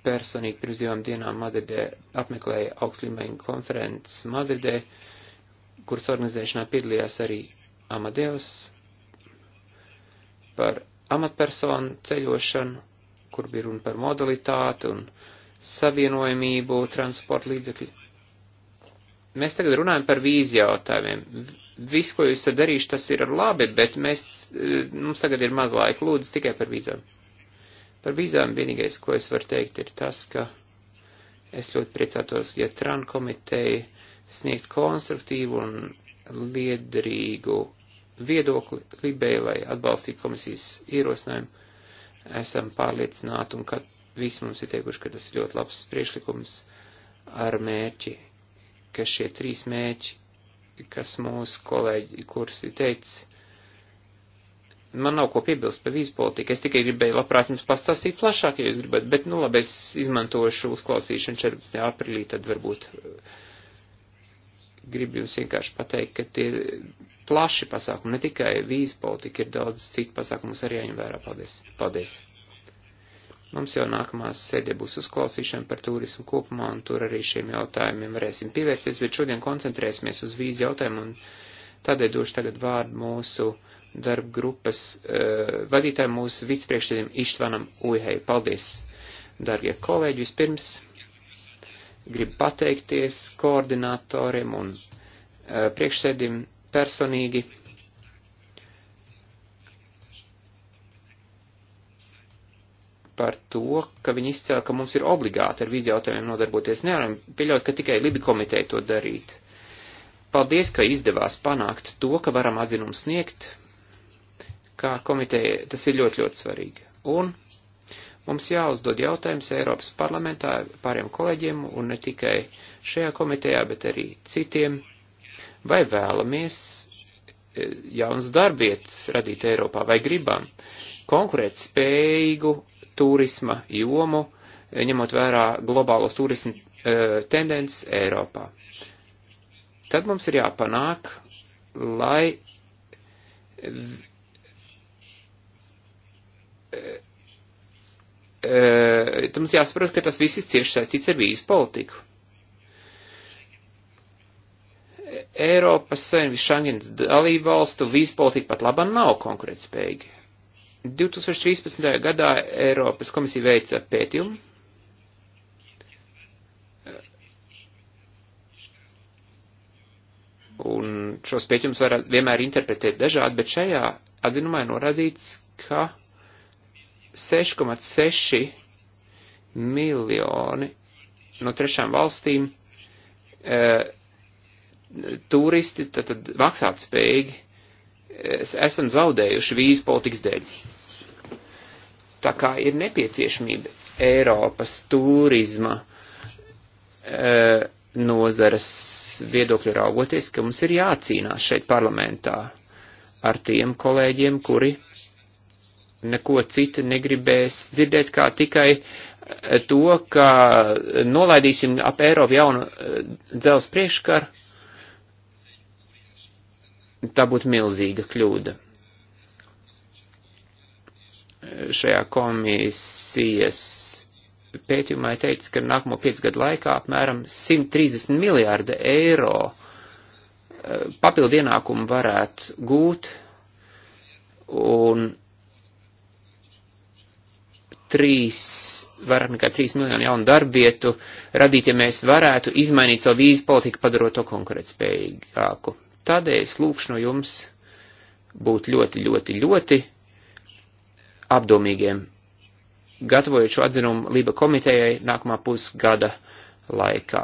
Speaker 2: Personīgi pirms divām dienām Madridē apmeklēja augstlīmeņu konferences Madridē, kuras organizēšanā piedalījās arī Amadeus par amatpersonu ceļošanu, kur bija runa par modalitāti un uh, savienojamību transporta līdzekļu. Mēs tagad runājam par vīzi jautājumiem. Viss, ko jūs esat darījuši, tas ir labi, bet mēs, e, mums tagad ir maz laika. Lūdzu, tikai par vīzām. Par vīzām vienīgais, ko es varu teikt, ir tas, ka es ļoti priecātos, ja Tran komiteja sniegt konstruktīvu un liederīgu viedokli Libēlai atbalstīt komisijas ierosinājumu esam pārliecināti un, kad Visi mums ir teikuši, ka tas ir ļoti labs priešlikums ar mērķi, ka šie trīs mērķi, kas mūsu kolēģi kursi teica, man nav ko piebilst par vīzu politiku, es tikai gribēju labprāt jums pastāstīt plašāk, ja jūs gribat, bet nu labi, es izmantošu uzklausīšanu 14. aprīlī, tad varbūt gribu jums vienkārši pateikt, ka tie plaši pasākumi, ne tikai vīzu politika, ir daudz citu pasākumus arī jāņem vērā. Paldies! Paldies! Mums jau nākamā sēdē būs uzklausīšana par turismu kopumā, un tur arī šiem jautājumiem varēsim pievērsties, bet šodien koncentrēsimies uz vīzi jautājumu, un tādēļ došu tagad vārdu mūsu darba grupas uh, vadītājiem, mūsu vicepriekšēdiem Ištvanam Ujhei. Paldies, darbie kolēģi! Vispirms gribu pateikties koordinatoriem un uh, eh, priekšsēdim personīgi par to, ka viņi izcēla, ka mums ir obligāti ar vīzu jautājumiem nodarboties. Nevaram pieļaut, ka tikai Libi komiteja to darīt. Paldies, ka izdevās panākt to, ka varam atzinumu sniegt, kā komiteja, tas ir ļoti, ļoti svarīgi. Un mums jāuzdod jautājums Eiropas parlamentā pāriem kolēģiem un ne tikai šajā komitejā, bet arī citiem, vai vēlamies e, jaunas darbvietas radīt Eiropā, vai gribam konkurēt spējīgu turisma jomu, ņemot vērā globālos turismu e, tendences Eiropā. Tad mums ir jāpanāk, lai e, e, tad mums jāsaprot, ka tas viss ir cieši saistīts ar vīzu politiku. Eiropas Savienības Šangens dalību valstu vīzu politika pat labam nav konkurētspējīga. 2013. gadā Eiropas komisija veica pētījumu. Un šos pētījumus var vienmēr interpretēt dažādi, bet šajā atzinumā ir norādīts, ka 6,6 miljoni no trešām valstīm e, turisti tad, tad maksāt spējīgi esam zaudējuši vīzu politikas dēļ. Tā kā ir nepieciešamība Eiropas turisma e, nozaras viedokļu raugoties, ka mums ir jācīnās šeit parlamentā ar tiem kolēģiem, kuri neko citu negribēs dzirdēt, kā tikai e, to, ka nolaidīsim ap Eiropu jaunu e, dzels priekškaru tā būtu milzīga kļūda. Šajā komisijas pētījumā ir teikts, ka nākamo 5 gadu laikā apmēram 130 miljārda eiro eh, papildu ienākumu varētu gūt un 3, vairāk nekā 3 miljonu jaunu darbvietu radīt, ja mēs varētu izmainīt savu vīzu politiku, padarot to konkurētspējīgāku. Tādēļ es lūkšu no jums būt ļoti, ļoti, ļoti apdomīgiem, gatavojot šo atzinumu Lība komitejai nākamā pusgada laikā.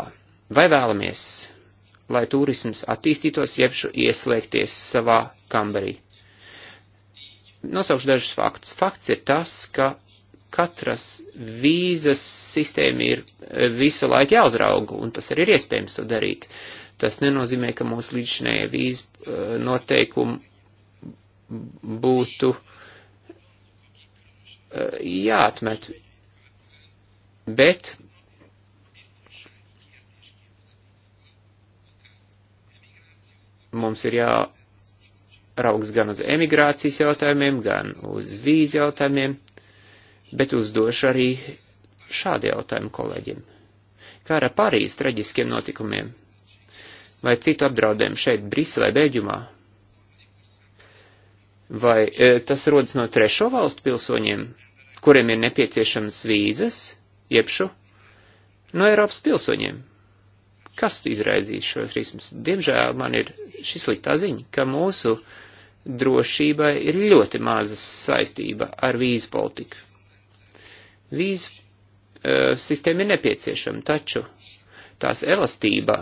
Speaker 2: Vai vēlamies, lai turisms attīstītos, jeb ieslēgties savā kambarī? Nosaukšu dažus faktus. Fakts ir tas, ka katras vīzas sistēma ir visu laiku jāuzrauga, un tas arī ir iespējams to darīt. Tas nenozīmē, ka mūsu līdzinēja vīzu eh, noteikumi būtu eh, jāatmet. Bet mums ir jāraugs gan uz emigrācijas jautājumiem, gan uz vīzu jautājumiem, bet uzdošu arī šādi jautājumi kolēģiem. Kā ar Parīzes traģiskiem notikumiem? vai citu apdraudējumu šeit, Briselē, Bēģumā? Vai e, tas rodas no trešo valstu pilsoņiem, kuriem ir nepieciešams vīzas, iepšu, no Eiropas pilsoņiem? Kas izraizīs šos riskus? Diemžēl man ir šis liktā ziņa, ka mūsu drošībai ir ļoti maza saistība ar vīzu politiku. Vīzu e, sistēma ir nepieciešama, taču tās elastība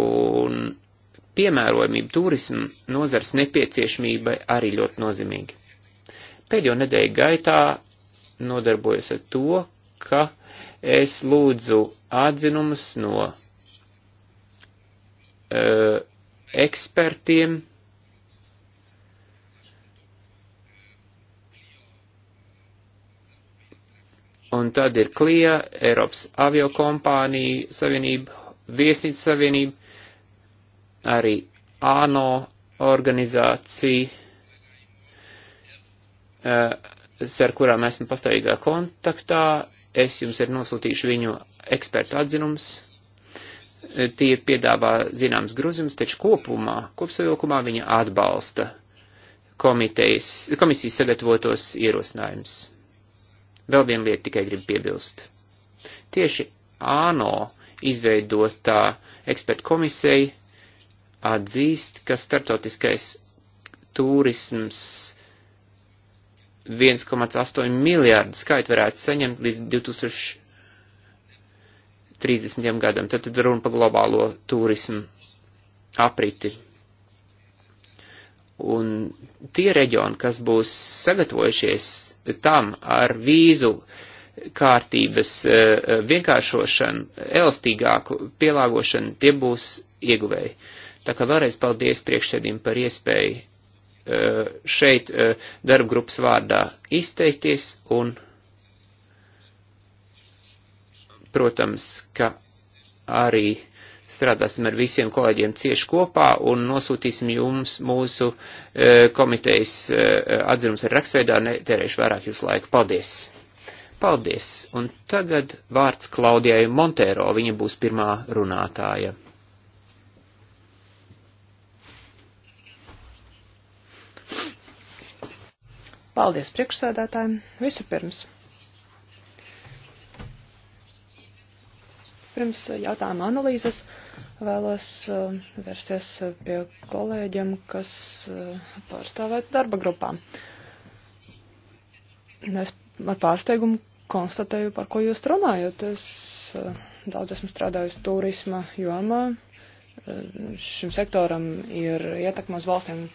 Speaker 2: un piemērojamība turismu nozars nepieciešamībai arī ļoti nozīmīga. Pēdējo nedēļu gaitā nodarbojos ar to, ka es lūdzu atzinumus no uh, ekspertiem, un tad ir Klija, Eiropas aviokompānija savienība, viesnīca savienība, arī ANO organizācija, eh, ar kurām esmu pastāvīgā kontaktā. Es jums ir nosūtīšu viņu ekspertu atzinums. Eh, tie piedāvā zināms grozījums, taču kopumā, kopsavilkumā viņa atbalsta komisijas sagatavotos ierosinājumus. Vēl viena lieta tikai gribu piebilst. Tieši ANO izveidotā ekspertu komisija atzīst, ka starptautiskais turisms 1,8 miljārdu skaitu varētu saņemt līdz 2030. gadam. Tad, tad runa par globālo turismu apriti. Un tie reģioni, kas būs sagatavojušies tam ar vīzu kārtības eh, vienkāršošanu, elastīgāku pielāgošanu, tie būs ieguvēji. Tā kā vēlreiz paldies priekšsēdim par iespēju e, šeit e, darbgrupas vārdā izteikties un, protams, ka arī strādāsim ar visiem kolēģiem cieši kopā un nosūtīsim jums mūsu e, komitejas e, atzinums ar rakstveidā, netērēšu vairāk jūsu laiku. Paldies! Paldies! Un tagad vārds Klaudijai Montēro, viņa būs pirmā runātāja.
Speaker 3: Paldies priekšsēdētājiem. Vispirms. Pirms jautājuma analīzes vēlos uh, vērsties uh, pie kolēģiem, kas uh, pārstāvēt darba grupām. Es ar pārsteigumu konstatēju, par ko jūs runājat. Es daudz esmu strādājusi turisma jomā. Šim sektoram ir ietekme uz valstīm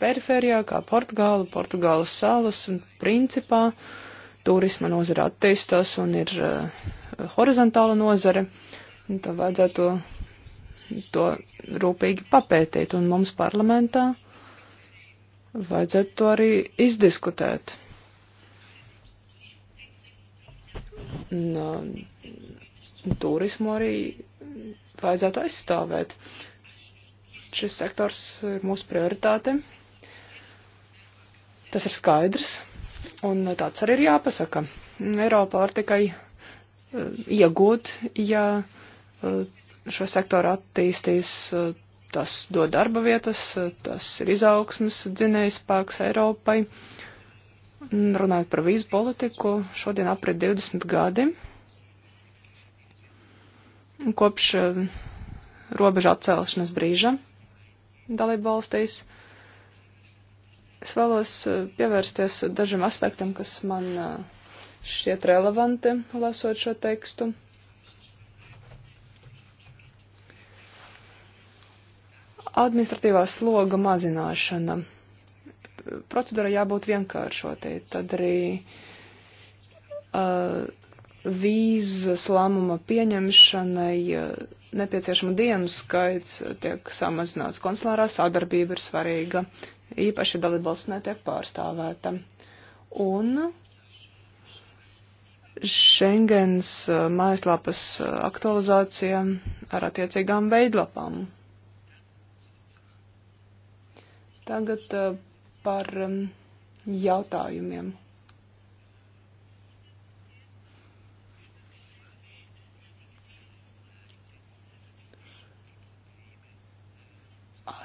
Speaker 3: perifērijā, kā Portugāla, Portugālas salas, un principā turisma nozara attīstās un ir uh, horizontāla nozare, un tā vajadzētu to rūpīgi papētīt, un mums parlamentā vajadzētu to arī izdiskutēt. Un, uh, turismu arī vajadzētu aizstāvēt. Uh, Šis sektors ir mūsu prioritāte. Tas ir skaidrs, un tāds arī ir jāpasaka. Eiropā var tikai eh, iegūt, ja eh, šo sektoru attīstīs, eh, tas dod darba vietas, tas ir izaugsmas dzinējs spēks Eiropai. Runājot par vīzu politiku, šodien aprit 20 gadi kopš robeža atcelšanas brīža dalību valstīs. Es vēlos eh, pievērsties dažiem aspektam, kas man eh, šķiet relevanti, lasot šo tekstu. Administratīvā sloga mazināšana. Procedūra jābūt vienkāršotai, tad arī uh, vīzas lēmuma pieņemšanai. Uh, nepieciešama dienu skaits tiek samazināts. Konsulārā sadarbība ir svarīga, īpaši dalībvalsts netiek pārstāvēta. Un Schengens eh, mājaslapas eh, aktualizācija ar attiecīgām veidlapām. Tagad eh, par mm, jautājumiem,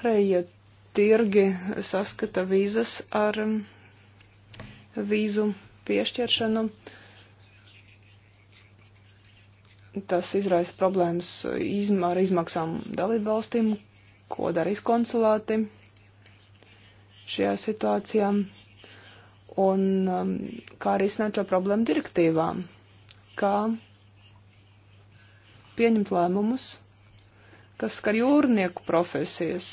Speaker 3: Pārējie tirgi saskata vīzas ar um, vīzu piešķiršanu. Tas izraisa problēmas izma ar izmaksām dalībvalstīm, ko darīs konsulāti šajā situācijā un um, kā arī izsnēt šo problēmu direktīvā, kā pieņemt lēmumus, kas skar jūrnieku profesijas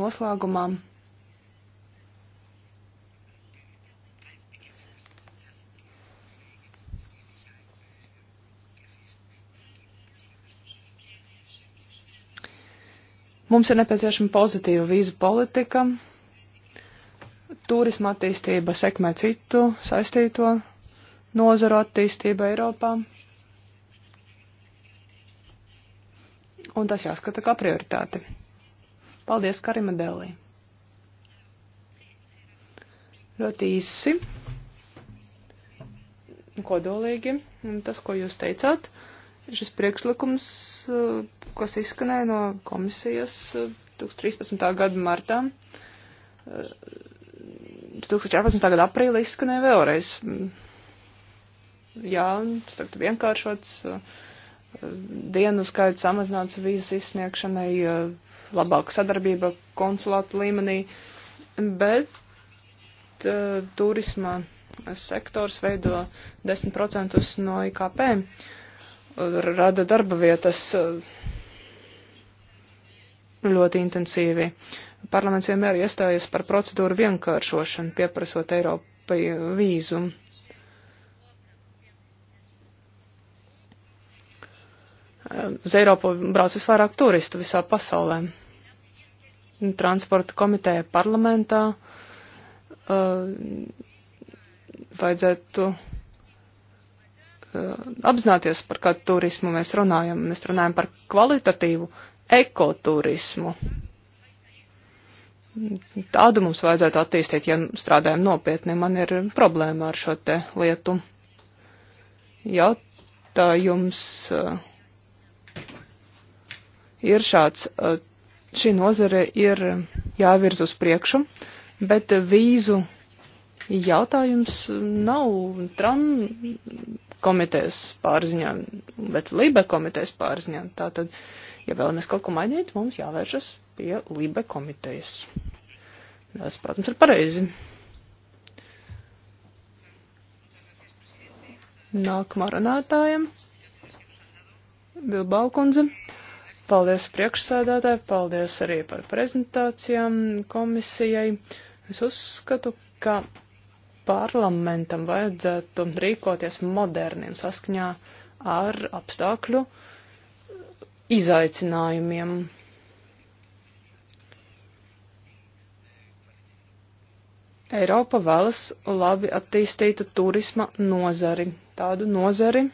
Speaker 3: noslēgumā. Mums ir nepieciešama pozitīva vīzu politika, turisma attīstība sekmē citu saistīto nozaru attīstība Eiropā. Un tas jāskata kā prioritāte. Paldies, Karima Delī. Ļoti īsi, kodolīgi, tas, ko jūs teicāt, šis priekšlikums, eh, kas izskanēja no komisijas 2013. Eh, gada martā, 2014. Eh, gada aprīlī izskanēja vēlreiz. Jā, tas tagad vienkāršots, dienu skaits samazināts vīzas izsniegšanai labāka sadarbība konsulātu līmenī, bet uh, turisma sektors veido 10% no IKP, eh, rada darba vietas eh, ļoti intensīvi. Parlaments vienmēr iestājas par procedūru vienkāršošanu, pieprasot Eiropai vīzu. Uz Eiropu brauc visvairāk turistu visā pasaulē transporta komiteja parlamentā vajadzētu apzināties, par kādu turismu mēs runājam. Mēs runājam par kvalitatīvu ekoturismu. Tādu mums vajadzētu attīstīt, ja strādājam nopietni. Man ir problēma ar šo te lietu. Jautājums ir šāds šī nozare ir jāvirz uz priekšu, bet vīzu jautājums nav tram komitejas pārziņā, bet Libe komitejas pārziņā. Tātad, ja vēlamies kaut ko mainīt, mums jāvēršas pie Libe komitejas. Tas, protams, ir pareizi. Nākamā runātājiem. Bilbao kundze. Paldies priekšsēdētāji, paldies arī par prezentācijām komisijai. Es uzskatu, ka parlamentam vajadzētu rīkoties moderniem saskaņā ar apstākļu izaicinājumiem. Eiropa vēlas labi attīstītu turisma nozari, tādu nozari,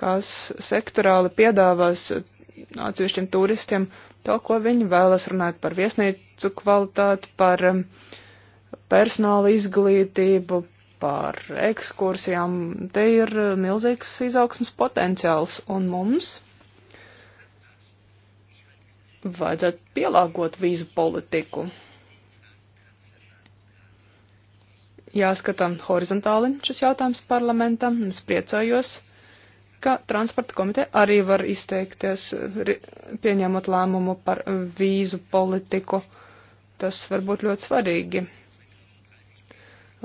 Speaker 3: kas sektorāli piedāvās atsevišķiem turistiem to, ko viņi vēlas runāt par viesnīcu kvalitāti, par um, personāla izglītību, par ekskursijām. Te ir uh, milzīgs izaugsmas potenciāls un mums vajadzētu pielāgot vīzu politiku. Jāskatām horizontāli šis jautājums parlamentam, un es priecājos, ka ka transporta komiteja arī var izteikties, pieņemot lēmumu par vīzu politiku. Tas var būt ļoti svarīgi.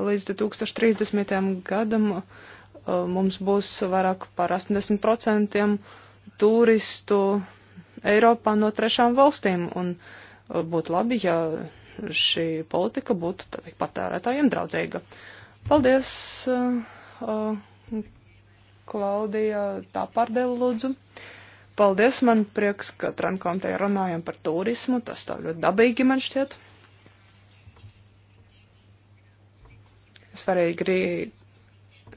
Speaker 3: Līdz 2030. gadam uh, mums būs vairāk par 80% turistu Eiropā no trešām valstīm, un uh, būtu labi, ja šī politika būtu patērētājiem draudzīga. Paldies! Uh, uh, Klaudija Tāpārdēla lūdzu. Paldies, man prieks, ka Trankontē runājam par turismu, tas tā ļoti dabīgi man šķiet. Svarīgi arī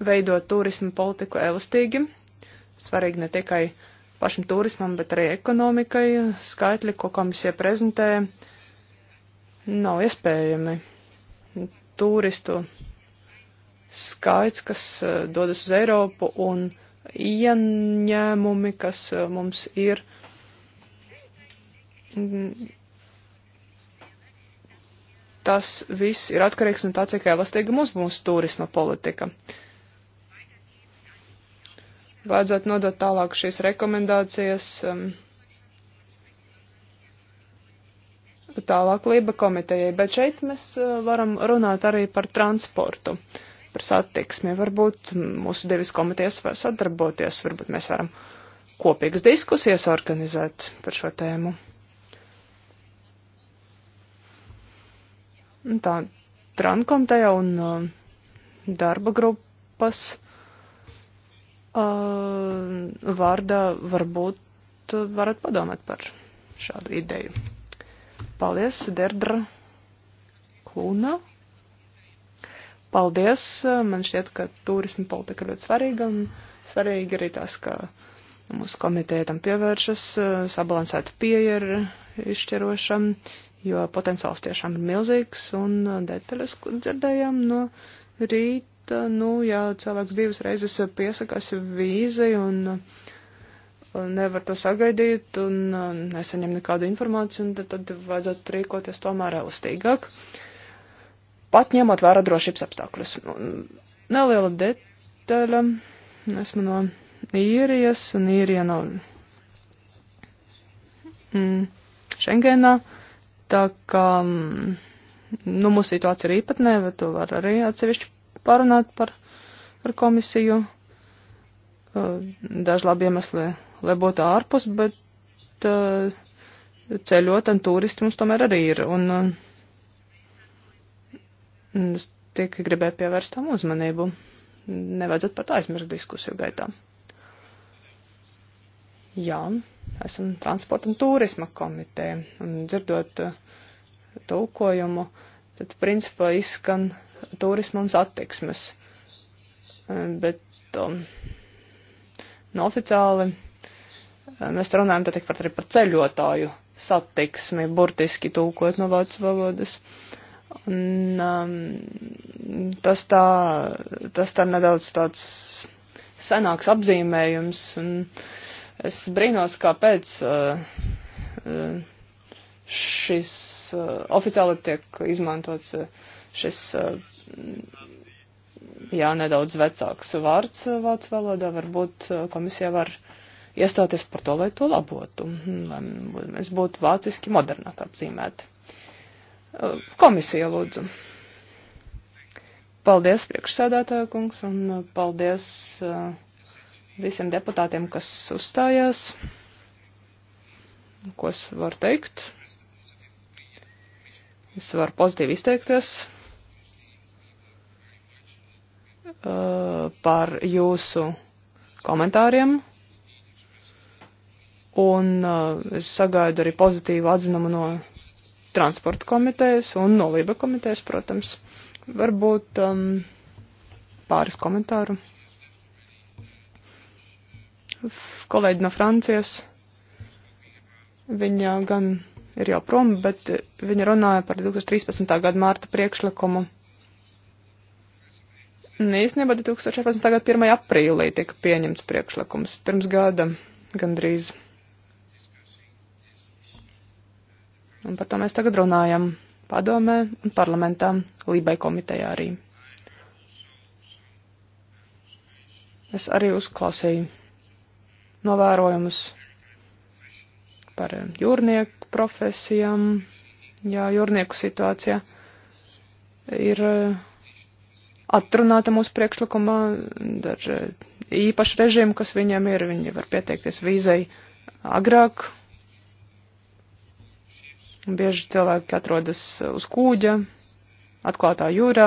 Speaker 3: veidot turismu politiku elastīgi. Svarīgi ne tikai pašam turismam, bet arī ekonomikai. Skaitļi, ko komisija prezentēja, nav iespējami. Turistu skaits, kas eh, dodas uz Eiropu un ieņēmumi, kas eh, mums ir. Mm, tas viss ir atkarīgs no tā, cik elastīga mums būs turisma politika. Vajadzētu nodot tālāk šīs rekomendācijas um, tālāk Lība komitejai, bet šeit mēs eh, varam runāt arī par transportu. Uh, par satiksmi. Varbūt mūsu devis komitejas var sadarboties, varbūt mēs varam kopīgas diskusijas organizēt par šo tēmu. Tā trankomiteja un uh, darba grupas uh, vārdā varbūt varat padomāt par šādu ideju. Paldies, Derdra Klūna. Paldies! Man šķiet, ka turismu politika ļoti svarīga un svarīgi arī tas, ka mūsu komiteja tam pievēršas, sabalansēta pieeja ir izšķirošam, jo potenciāls tiešām ir milzīgs un detaļas dzirdējām no rīta. Nu, ja cilvēks divas reizes piesakās vīzai un nevar to sagaidīt un nesaņem nekādu informāciju, tad, tad vajadzētu rīkoties tomēr elastīgāk. Uh, pat ņemot vērā drošības apstākļus. Nu, neliela detaļa. Esmu no īrijas, un īrija nav mm, Schengenā, tā kā, mm, nu, mūsu situācija ir īpatnē, bet to var arī atsevišķi parunāt par, par komisiju. Daži labi iemesli, lai būtu ārpus, bet ceļot un turisti mums tomēr arī ir. Un, Es tikai gribēju pievērst tam uzmanību. Nevajadzētu par tā aizmirst diskusiju gaitā. Jā, esam transporta un turisma komiteja, un dzirdot eh, tulkojumu, tad principā izskan turisma un satiksmes. Eh, bet um, no nu, oficiāli eh, mēs runājam te tikpat arī par ceļotāju satiksmi, burtiski tulkot no vācu valodas. Uh, Un um, tas, tā, tas tā nedaudz tāds senāks apzīmējums, un es brīnos, kāpēc uh, uh, šis uh, oficiāli tiek izmantots uh, šis, uh, jā, nedaudz vecāks vārds uh, vācu valodā, varbūt uh, komisija var iestāties par to, lai to labotu, lai mēs būtu vāciski modernāk apzīmēti. Komisija lūdzu. Paldies priekšsēdētāju kungs un uh, paldies uh, visiem deputātiem, kas uzstājās. Ko es varu teikt? Es varu pozitīvi izteikties uh, par jūsu komentāriem. Un es sagaidu arī pozitīvu atzinumu no transporta komitejas un no Lība komitejas, protams. Varbūt um, pāris komentāru. Kolēģi no Francijas, viņa gan ir jau prom, bet viņa runāja par 2013. gada mārta priekšlikumu. Īstenībā 2014. gada 1. aprīlī tika pieņemts priekšlikums, pirms gada gandrīz. Un par to mēs tagad runājam padomē un parlamentā, Lībai komitejā arī. Es arī uzklausīju novērojumus par jūrnieku profesijām, jā, jūrnieku situācijā ir eh, atrunāta mūsu priekšlikumā ar eh, īpašu režīmu, kas viņiem ir. Viņi var pieteikties vīzai agrāk, Bieži cilvēki atrodas uz kūģa, atklātā jūrā,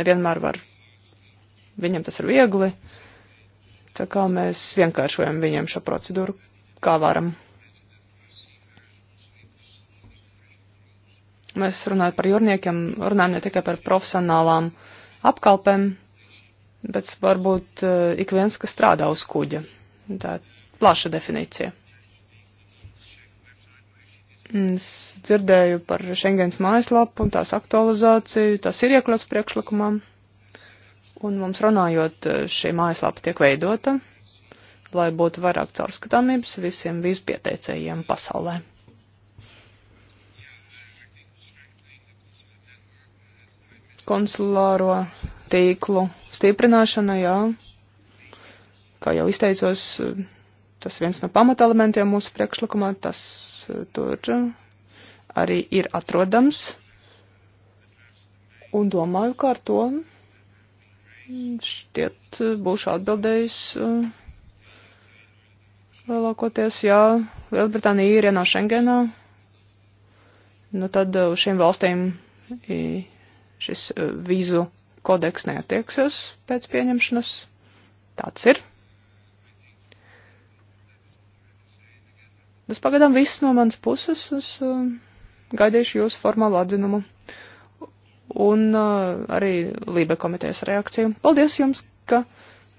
Speaker 3: nevienmēr var, viņam tas ir viegli, tā kā mēs vienkāršojam viņiem šo procedūru, kā varam. Mēs runājam par jūrniekiem, runājam ne tikai par profesionālām apkalpēm, bet varbūt eh, ik viens, kas strādā uz kuģa. Tā plaša definīcija. Mm, es dzirdēju par Schengens mājaslapu un tās aktualizāciju. Tas ir iekļauts priekšlikumā. Un mums runājot, eh, šī mājaslapa tiek veidota, lai būtu vairāk caurskatāmības visiem vīzpieteicējiem pasaulē. Konsulāro tīklu stiprināšana, jā. Kā jau izteicos, tas viens no pamatelementiem mūsu priekšlikumā, tas tur arī ir atrodams. Un domāju, ka ar to šķiet būšu atbildējis uh, lielākoties, jā, Lielbritānija ir ienā Schengenā, nu tad uz uh, šīm valstīm šis uh, vīzu kodeks neatieksies pēc pieņemšanas. Tāds ir. Tas pagadām viss no manas puses. Es uh, gaidīšu jūsu formālu atzinumu un uh, arī Lībe komitejas reakciju. Paldies jums, ka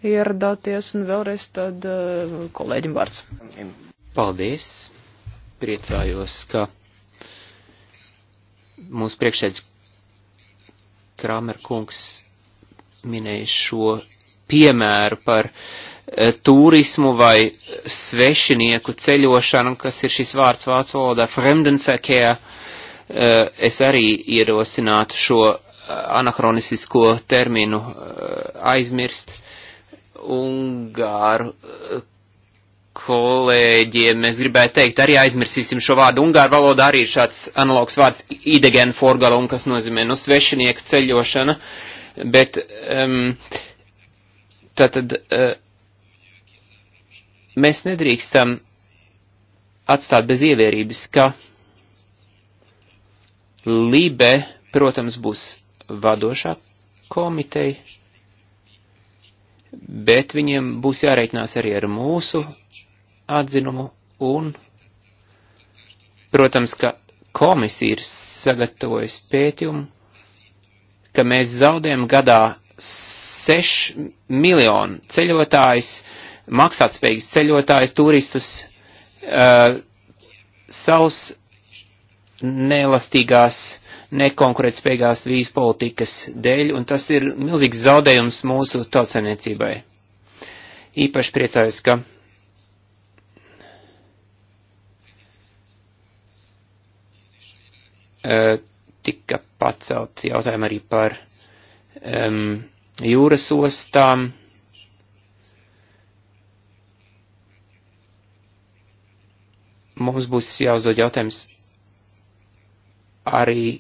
Speaker 3: ieradāties un vēlreiz tad uh,
Speaker 2: kolēģim vārds. Paldies. Priecājos, ka mūsu priekšēdz Kramer kungs minēja šo piemēru par uh, Eh, turismu vai svešinieku ceļošanu, kas ir šis vārds vācu valodā, fremdenverkehr, eh, es arī ierosinātu šo eh, anahronisko terminu aizmirst. Ungāru kolēģiem mēs gribētu teikt, arī aizmirsīsim šo vārdu. Ungāru valodā arī ir šāds analogs vārds idegen forgalum, kas nozīmē no nu, svešinieka ceļošana, bet um, ehm, tātad uh, Mēs nedrīkstam atstāt bez ievērības, ka Libe, protams, būs vadošā komiteja, bet viņiem būs jāreikinās arī ar mūsu atzinumu un, protams, ka komisija ir sagatavojusi pētījumu, ka mēs zaudējam gadā 6 miljonu ceļotājs, maksātspējīgus ceļotājus, turistus, uh, savus nelastīgās, nekonkurētspējīgās vīzu politikas dēļ, un tas ir milzīgs zaudējums mūsu tautsēmniecībai. Īpaši priecājos, ka uh, tika pacelt jautājumu arī par um, jūras ostām mums būs jāuzdod jautājums arī,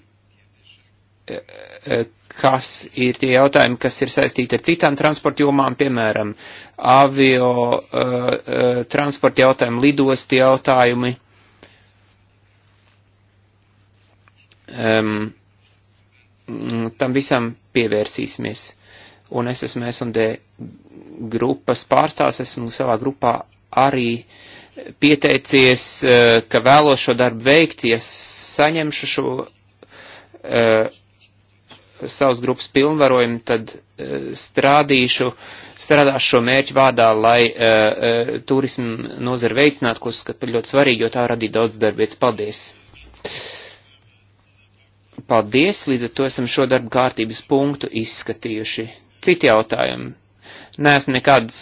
Speaker 2: e, e, kas ir tie jautājumi, kas ir saistīti ar citām transporta jomām, piemēram, avio e, transporta jautājumi, lidosti jautājumi. Um, tam visam pievērsīsimies. Un es esmu S&D grupas pārstāvs, esmu savā grupā arī uh, pieteicies, eh, ka vēlos šo darbu veikt, ja saņemšu šo uh, savas grupas pilnvarojumu, tad uh, strādīšu, strādāšu šo mērķu vārdā, lai uh, turismu nozara veicinātu, ko skatu ļoti svarīgi, jo tā radīja daudz darbietas. Paldies! Paldies, līdz ar to esam šo darbu kārtības punktu izskatījuši. Citi jautājumi. Neesmu nekādas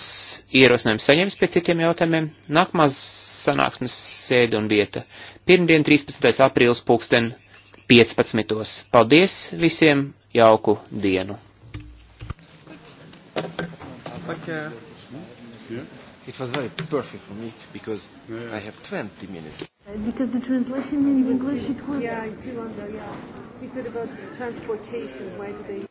Speaker 2: ierosinājumus saņēmis pie citiem jautājumiem. Nākamās sanāksmes sēde un vieta. Pirmdien, 13. aprīlis, pulksten 15. Paldies visiem, jauku dienu!
Speaker 4: It was very perfect for me because yeah. I have 20 minutes.
Speaker 2: Because the translation in English, it was.
Speaker 1: Yeah, I do wonder. Yeah, you said about transportation. Why do they?